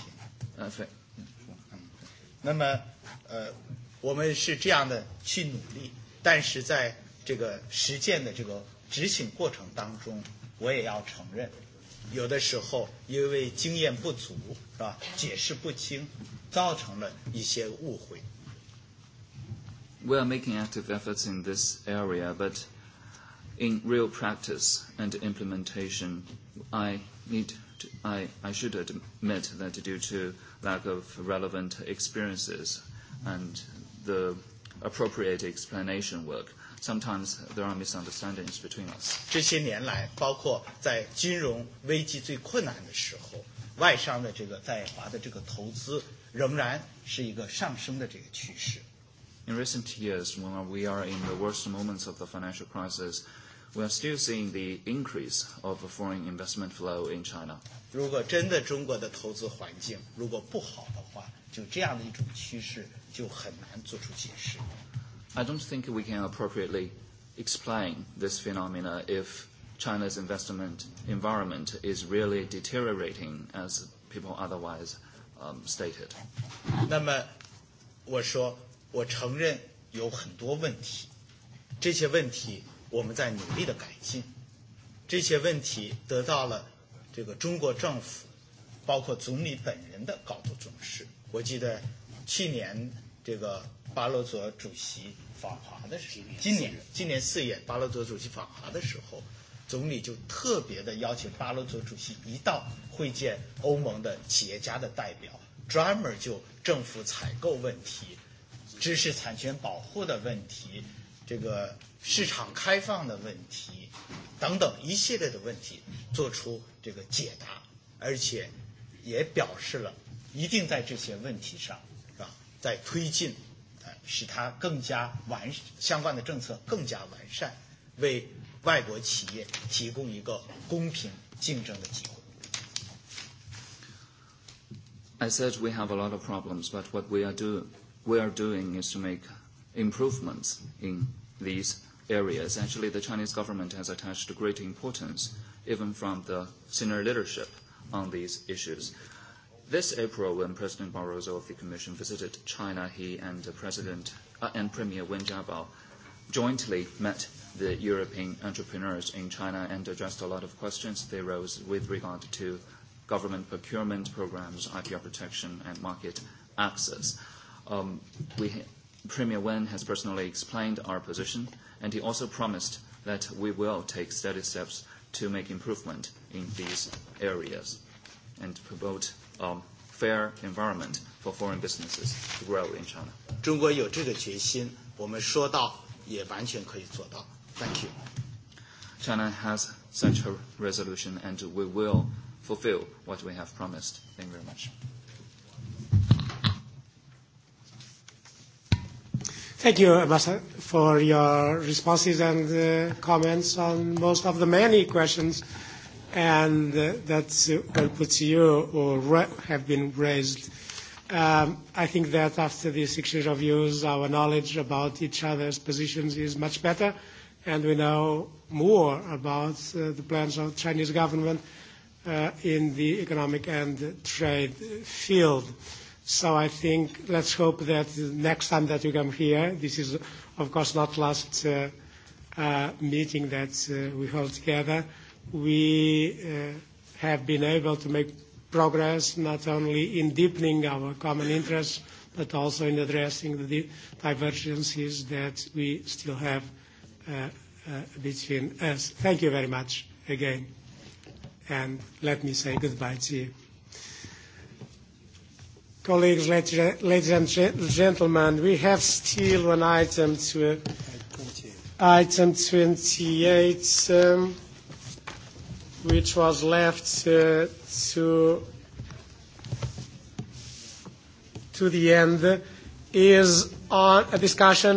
呃，对。那么，呃，我们是这样的去努力，但是在这个实践的这个执行过程当中，我也要承认，有的时候因为经验不足，是吧？解释不清，造成了一些误会。We uh, are making active efforts in this area, but in real practice and implementation, I need to, I, I should admit that due to lack of relevant experiences and the appropriate explanation work, sometimes there are misunderstandings between us. 这些年来，包括在金融危机最困难的时候，外商的这个在华的这个投资仍然是一个上升的这个趋势。In recent years, when we are in the worst moments of the financial crisis, we are still seeing the increase of foreign investment flow in China. I don't think we can appropriately explain this phenomena if China's investment environment is really deteriorating as people otherwise um, stated. 那么我说，我承认有很多问题，这些问题我们在努力的改进。这些问题得到了这个中国政府，包括总理本人的高度重视。我记得去年这个巴洛佐主席访华的时候，今年今年四月巴洛佐主席访华的时候，总理就特别的邀请巴洛佐主席一道会见欧盟的企业家的代表，专门就政府采购问题、知识产权保护的问题、这个市场开放的问题等等一系列的问题做出这个解答，而且也表示了一定在这些问题上啊在推进，呃，使它更加完相关的政策更加完善，为外国企业提供一个公平竞争的机会。I said we have a lot of problems, but what we are, do, we are doing is to make improvements in these areas. Actually, the Chinese government has attached great importance, even from the senior leadership, on these issues. This April, when President Barroso of the Commission visited China, he and President uh, and Premier Wen Jiabao jointly met the European entrepreneurs in China and addressed a lot of questions they rose with regard to government procurement programs, IPR protection, and market access. Um, we Premier Wen has personally explained our position, and he also promised that we will take steady steps to make improvement in these areas and promote a fair environment for foreign businesses to grow in China. you. China has such a resolution, and we will fulfill what we have promised. Thank you very much. Thank you, Ambassador, for your responses and uh, comments on most of the many questions and uh, that uh, put to you or have been raised. Um, I think that after this exchange of views, our knowledge about each other's positions is much better, and we know more about uh, the plans of the Chinese government uh, in the economic and trade field. Uh, So I think let's hope that next time that you come here, this is of course not last uh, uh, meeting that uh, we hold together. We have been able to make progress not only in deepening our common interests, but also in addressing the divergences that we still have between us. Thank you very much again, and let me say goodbye to you. Colleagues, ladies and gentlemen, we have still an item to item 28, um, which was left uh, to to the end, is on a discussion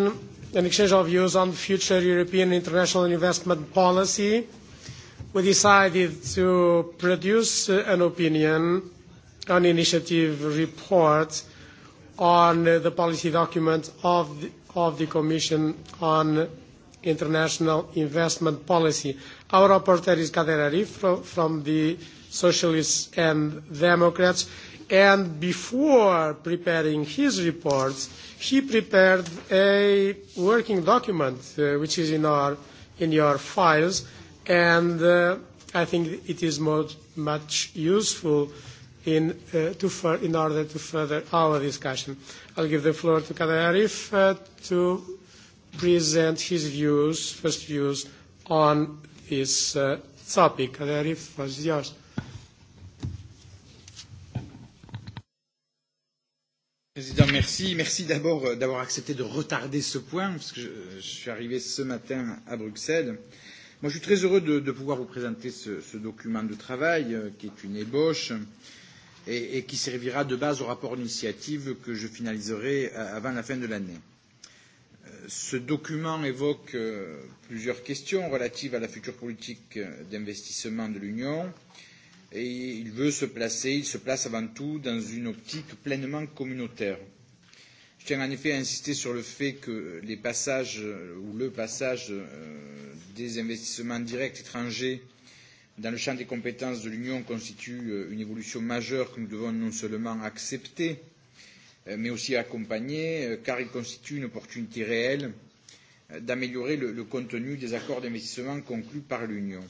an exchange of views on future European international investment policy. We decided to produce an opinion an initiative report on the policy document of the, of the Commission on international investment policy. Our rapporteur is Kader Arif from, from the Socialists and Democrats. And before preparing his report, he prepared a working document, uh, which is in, our, in your files. And uh, I think it is most, much useful uh, in, uh, to fur in order to further our discussion. I'll give the floor to Kader Arif uh, to present his views, first views, on this uh, topic. Kader Arif, was yours. Président, merci. Merci d'abord euh, d'avoir accepté de retarder ce point, parce que je, je suis arrivé ce matin à Bruxelles. Moi, je suis très heureux de, de pouvoir vous présenter ce, ce document de travail, euh, qui est une ébauche. Euh, et, et qui servira de base au rapport d'initiative que je finaliserai euh, avant la fin de l'année. Euh, ce document évoque euh, plusieurs questions relatives à la future politique d'investissement de l'Union et il veut se placer, il se place avant tout dans une optique pleinement communautaire. Je tiens en effet à insister sur le fait que les passages ou le passage des investissements directs étrangers dans le champ des compétences de l'Union constitue euh, une évolution majeure que nous devons non seulement accepter, euh, mais aussi accompagner, euh, car il constitue une opportunité réelle d'améliorer le, le contenu des accords d'investissement conclus par l'Union.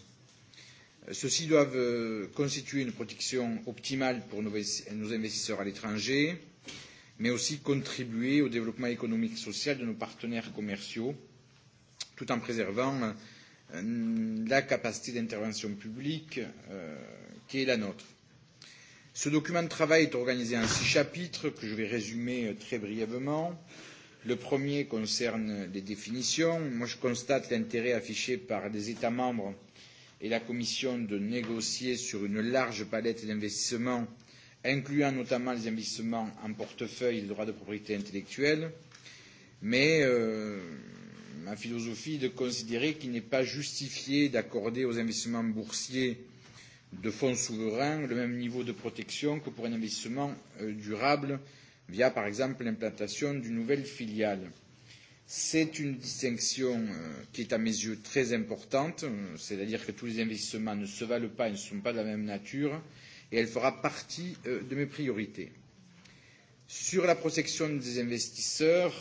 Ceux-ci doivent constituer une protection optimale pour nos, investisseurs à l'étranger, mais aussi contribuer au développement économique et social de nos partenaires commerciaux, tout en préservant Euh, la capacité d'intervention publique euh, qui est la nôtre. Ce document de travail est organisé en six chapitres que je vais résumer euh, très brièvement. Le premier concerne les définitions. Moi, je constate l'intérêt affiché par les États membres et la Commission de négocier sur une large palette d'investissements, incluant notamment les investissements en portefeuille et les droits de propriété intellectuelle. Mais euh, ma philosophie de considérer qu'il n'est pas justifié d'accorder aux investissements boursiers de fonds souverains le même niveau de protection que pour un investissement euh, durable via par exemple l'implantation d'une nouvelle filiale. C'est une distinction euh, qui est à mes yeux très importante, euh, c'est-à-dire que tous les investissements ne se valent pas et ne sont pas de la même nature, et elle fera partie de mes priorités. Sur la protection des investisseurs,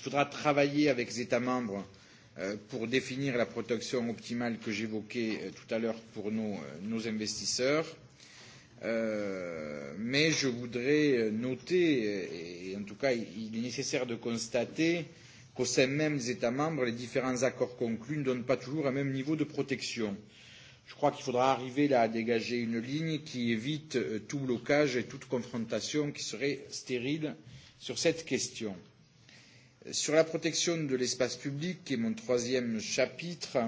Il faudra travailler avec les États membres euh, pour définir la protection optimale que j'évoquais euh, tout à l'heure pour nos, euh, nos investisseurs. Euh, mais je voudrais noter, et en tout cas il est nécessaire de constater, qu'au sein même des États membres, les différents accords conclus ne donnent pas toujours un même niveau de protection. Je crois qu'il faudra arriver là à dégager une ligne qui évite tout blocage et toute confrontation qui serait stérile sur cette question. Sur la protection de l'espace public, qui est mon troisième chapitre,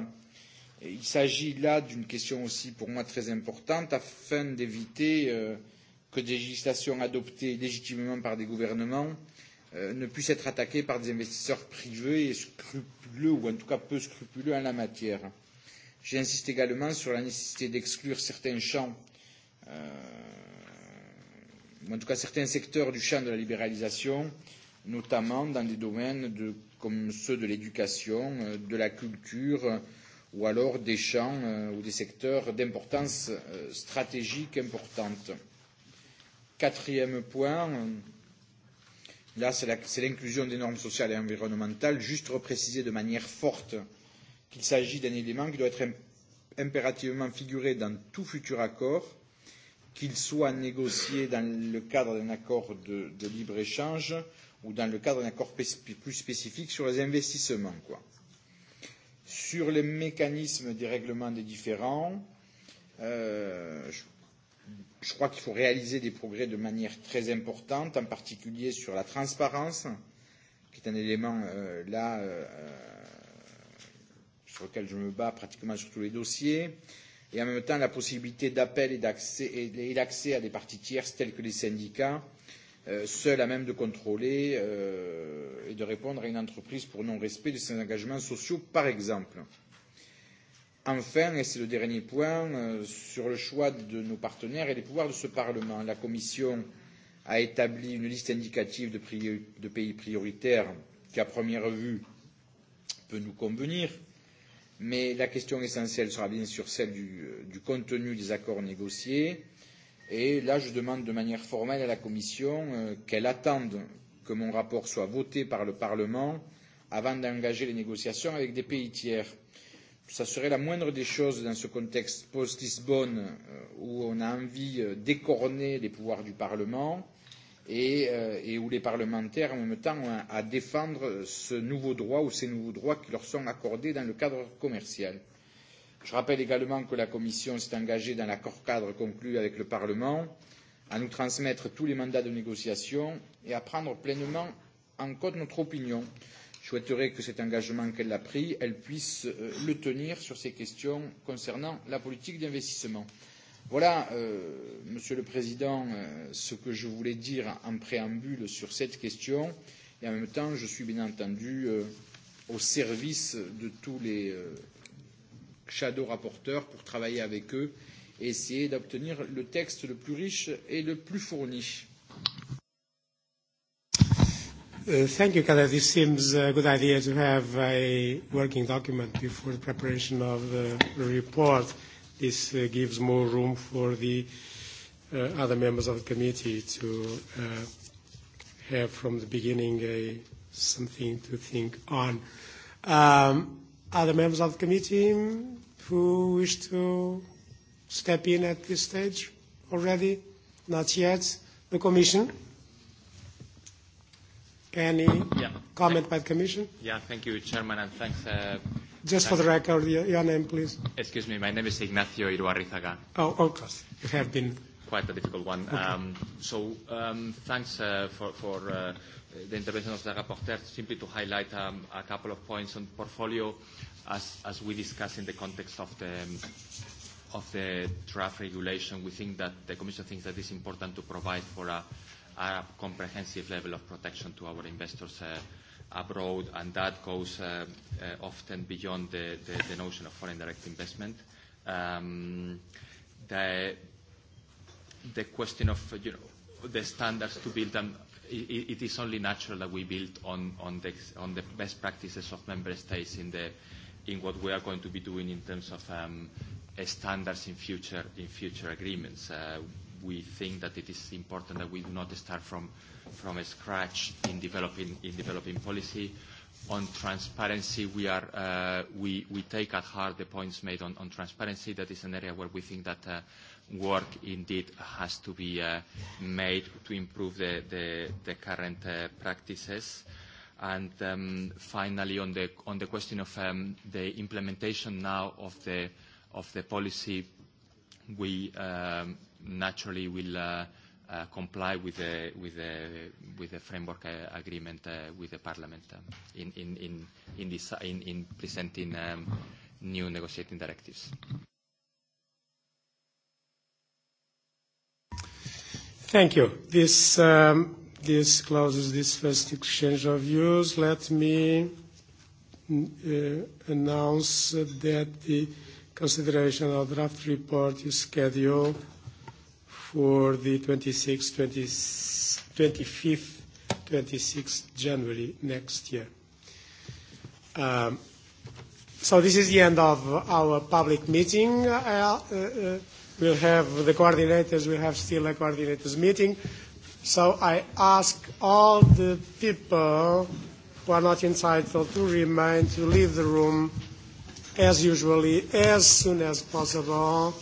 il s'agit là d'une question aussi pour moi très importante afin d'éviter euh, que des législations adoptées légitimement par des gouvernements euh, ne puissent être attaquées par des investisseurs privés et scrupuleux ou en tout cas peu scrupuleux en la matière. J'insiste également sur la nécessité d'exclure certains champs euh, ou en tout cas certains secteurs du champ de la libéralisation euh, notamment dans des domaines de, comme ceux de l'éducation, euh, de la culture euh, ou alors des champs euh, ou des secteurs d'importance stratégique importante. Quatrième point, là c'est l'inclusion des normes sociales et environnementales, juste repréciser de manière forte qu'il s'agit d'un élément qui doit être impérativement figuré dans tout futur accord, qu'il soit négocié dans le cadre d'un accord de, de libre-échange ou dans le cadre d'un accord plus spécifique sur les investissements. Quoi. Sur les mécanismes des règlements des différends, euh, je, je crois qu'il faut réaliser des progrès de manière très importante, en particulier sur la transparence, qui est un élément euh, là euh, euh sur lequel je me bats pratiquement sur tous les dossiers, et en même temps la possibilité d'appel et d'accès à des parties tierces telles que les syndicats, euh, Euh, seul à même de contrôler euh, et de répondre à une entreprise pour non-respect de ses engagements sociaux, par exemple. Enfin, et c'est le dernier point, euh, sur le choix de nos partenaires et les pouvoirs de ce Parlement, la Commission a établi une liste indicative de, priori de pays prioritaires qui, à première vue, peut nous convenir, mais la question essentielle sera bien sûr celle du, euh, du contenu des accords négociés, euh, Et là, je demande de manière formelle à la Commission euh, qu'elle attende que mon rapport soit voté par le Parlement avant d'engager les négociations avec des pays tiers. Ça serait la moindre des choses dans ce contexte post-Lisbonne euh, où on a envie euh, d'écorner les pouvoirs du Parlement et, euh, et où les parlementaires en même temps ont à défendre ce nouveau droit ou ces nouveaux droits qui leur sont accordés dans le cadre commercial. Je rappelle également que la Commission s'est engagée dans l'accord cadre conclu avec le Parlement à nous transmettre tous les mandats de négociation et à prendre pleinement en compte notre opinion. Je souhaiterais que cet engagement qu'elle a pris, elle puisse euh, le tenir sur ces questions concernant la politique d'investissement. Voilà, euh, Monsieur le Président, euh, ce que je voulais dire en préambule sur cette question. Et en même temps, je suis bien entendu euh, au service de tous les. Euh, shadow rapporteurs pour travailler avec eux et essayer d'obtenir le texte le plus riche et le plus fourni. Uh, thank you, Kada. This seems a good idea to have a working document before the preparation of the report. This uh, gives more room for the uh, other members of the committee to uh, have from the beginning a, something to think on. Um, other members of the committee who wish to step in at this stage already? Not yet. The Commission? Any yeah. comment by the Commission? Yeah, thank you, Chairman, and thanks. Uh, Just for the record, your, your name, please. Excuse me, my name is Ignacio Iruarrizaga. Oh, of course. You have been quite a difficult one. Okay. Um, so um, thanks uh, for, for uh, the intervention of the rapporteur. Simply to highlight um, a couple of points on portfolio as, as we discussed in the context of the, of the draft regulation, we think that the Commission thinks that it's important to provide for a, a comprehensive level of protection to our investors uh, abroad, and that goes uh, uh, often beyond the, the, the notion of foreign direct investment. Um, the, the question of you know, the standards to build them, it, it is only natural that we build on, on, the, on the best practices of member states in the in what we are going to be doing in terms of um, eh, standards in future, in future agreements. Uh, we think that it is important that we do not start from, from scratch in developing, in developing policy. On transparency, we, are, uh, we, we take at heart the points made on, on transparency. That is an area where we think that uh, work indeed has to be uh, made to improve the, the, the current uh, practices. And um, finally, on the, on the question of um, the implementation now of the, of the policy, we um, naturally will uh, uh, comply with the, with the, with the framework uh, agreement uh, with the parliament um, in, in, in, in, this, in, in presenting um, new negotiating directives. Thank you. This um, this closes this first exchange of views. Let me uh, announce that the consideration of draft report is scheduled for the 26th, 20, 25th, 26th January next year. Um, so this is the end of our public meeting. Uh, uh, uh, we'll have the coordinators, we'll have still a coordinators meeting. So I ask all the people who are not entitled to remain to leave the room as usually, as soon as possible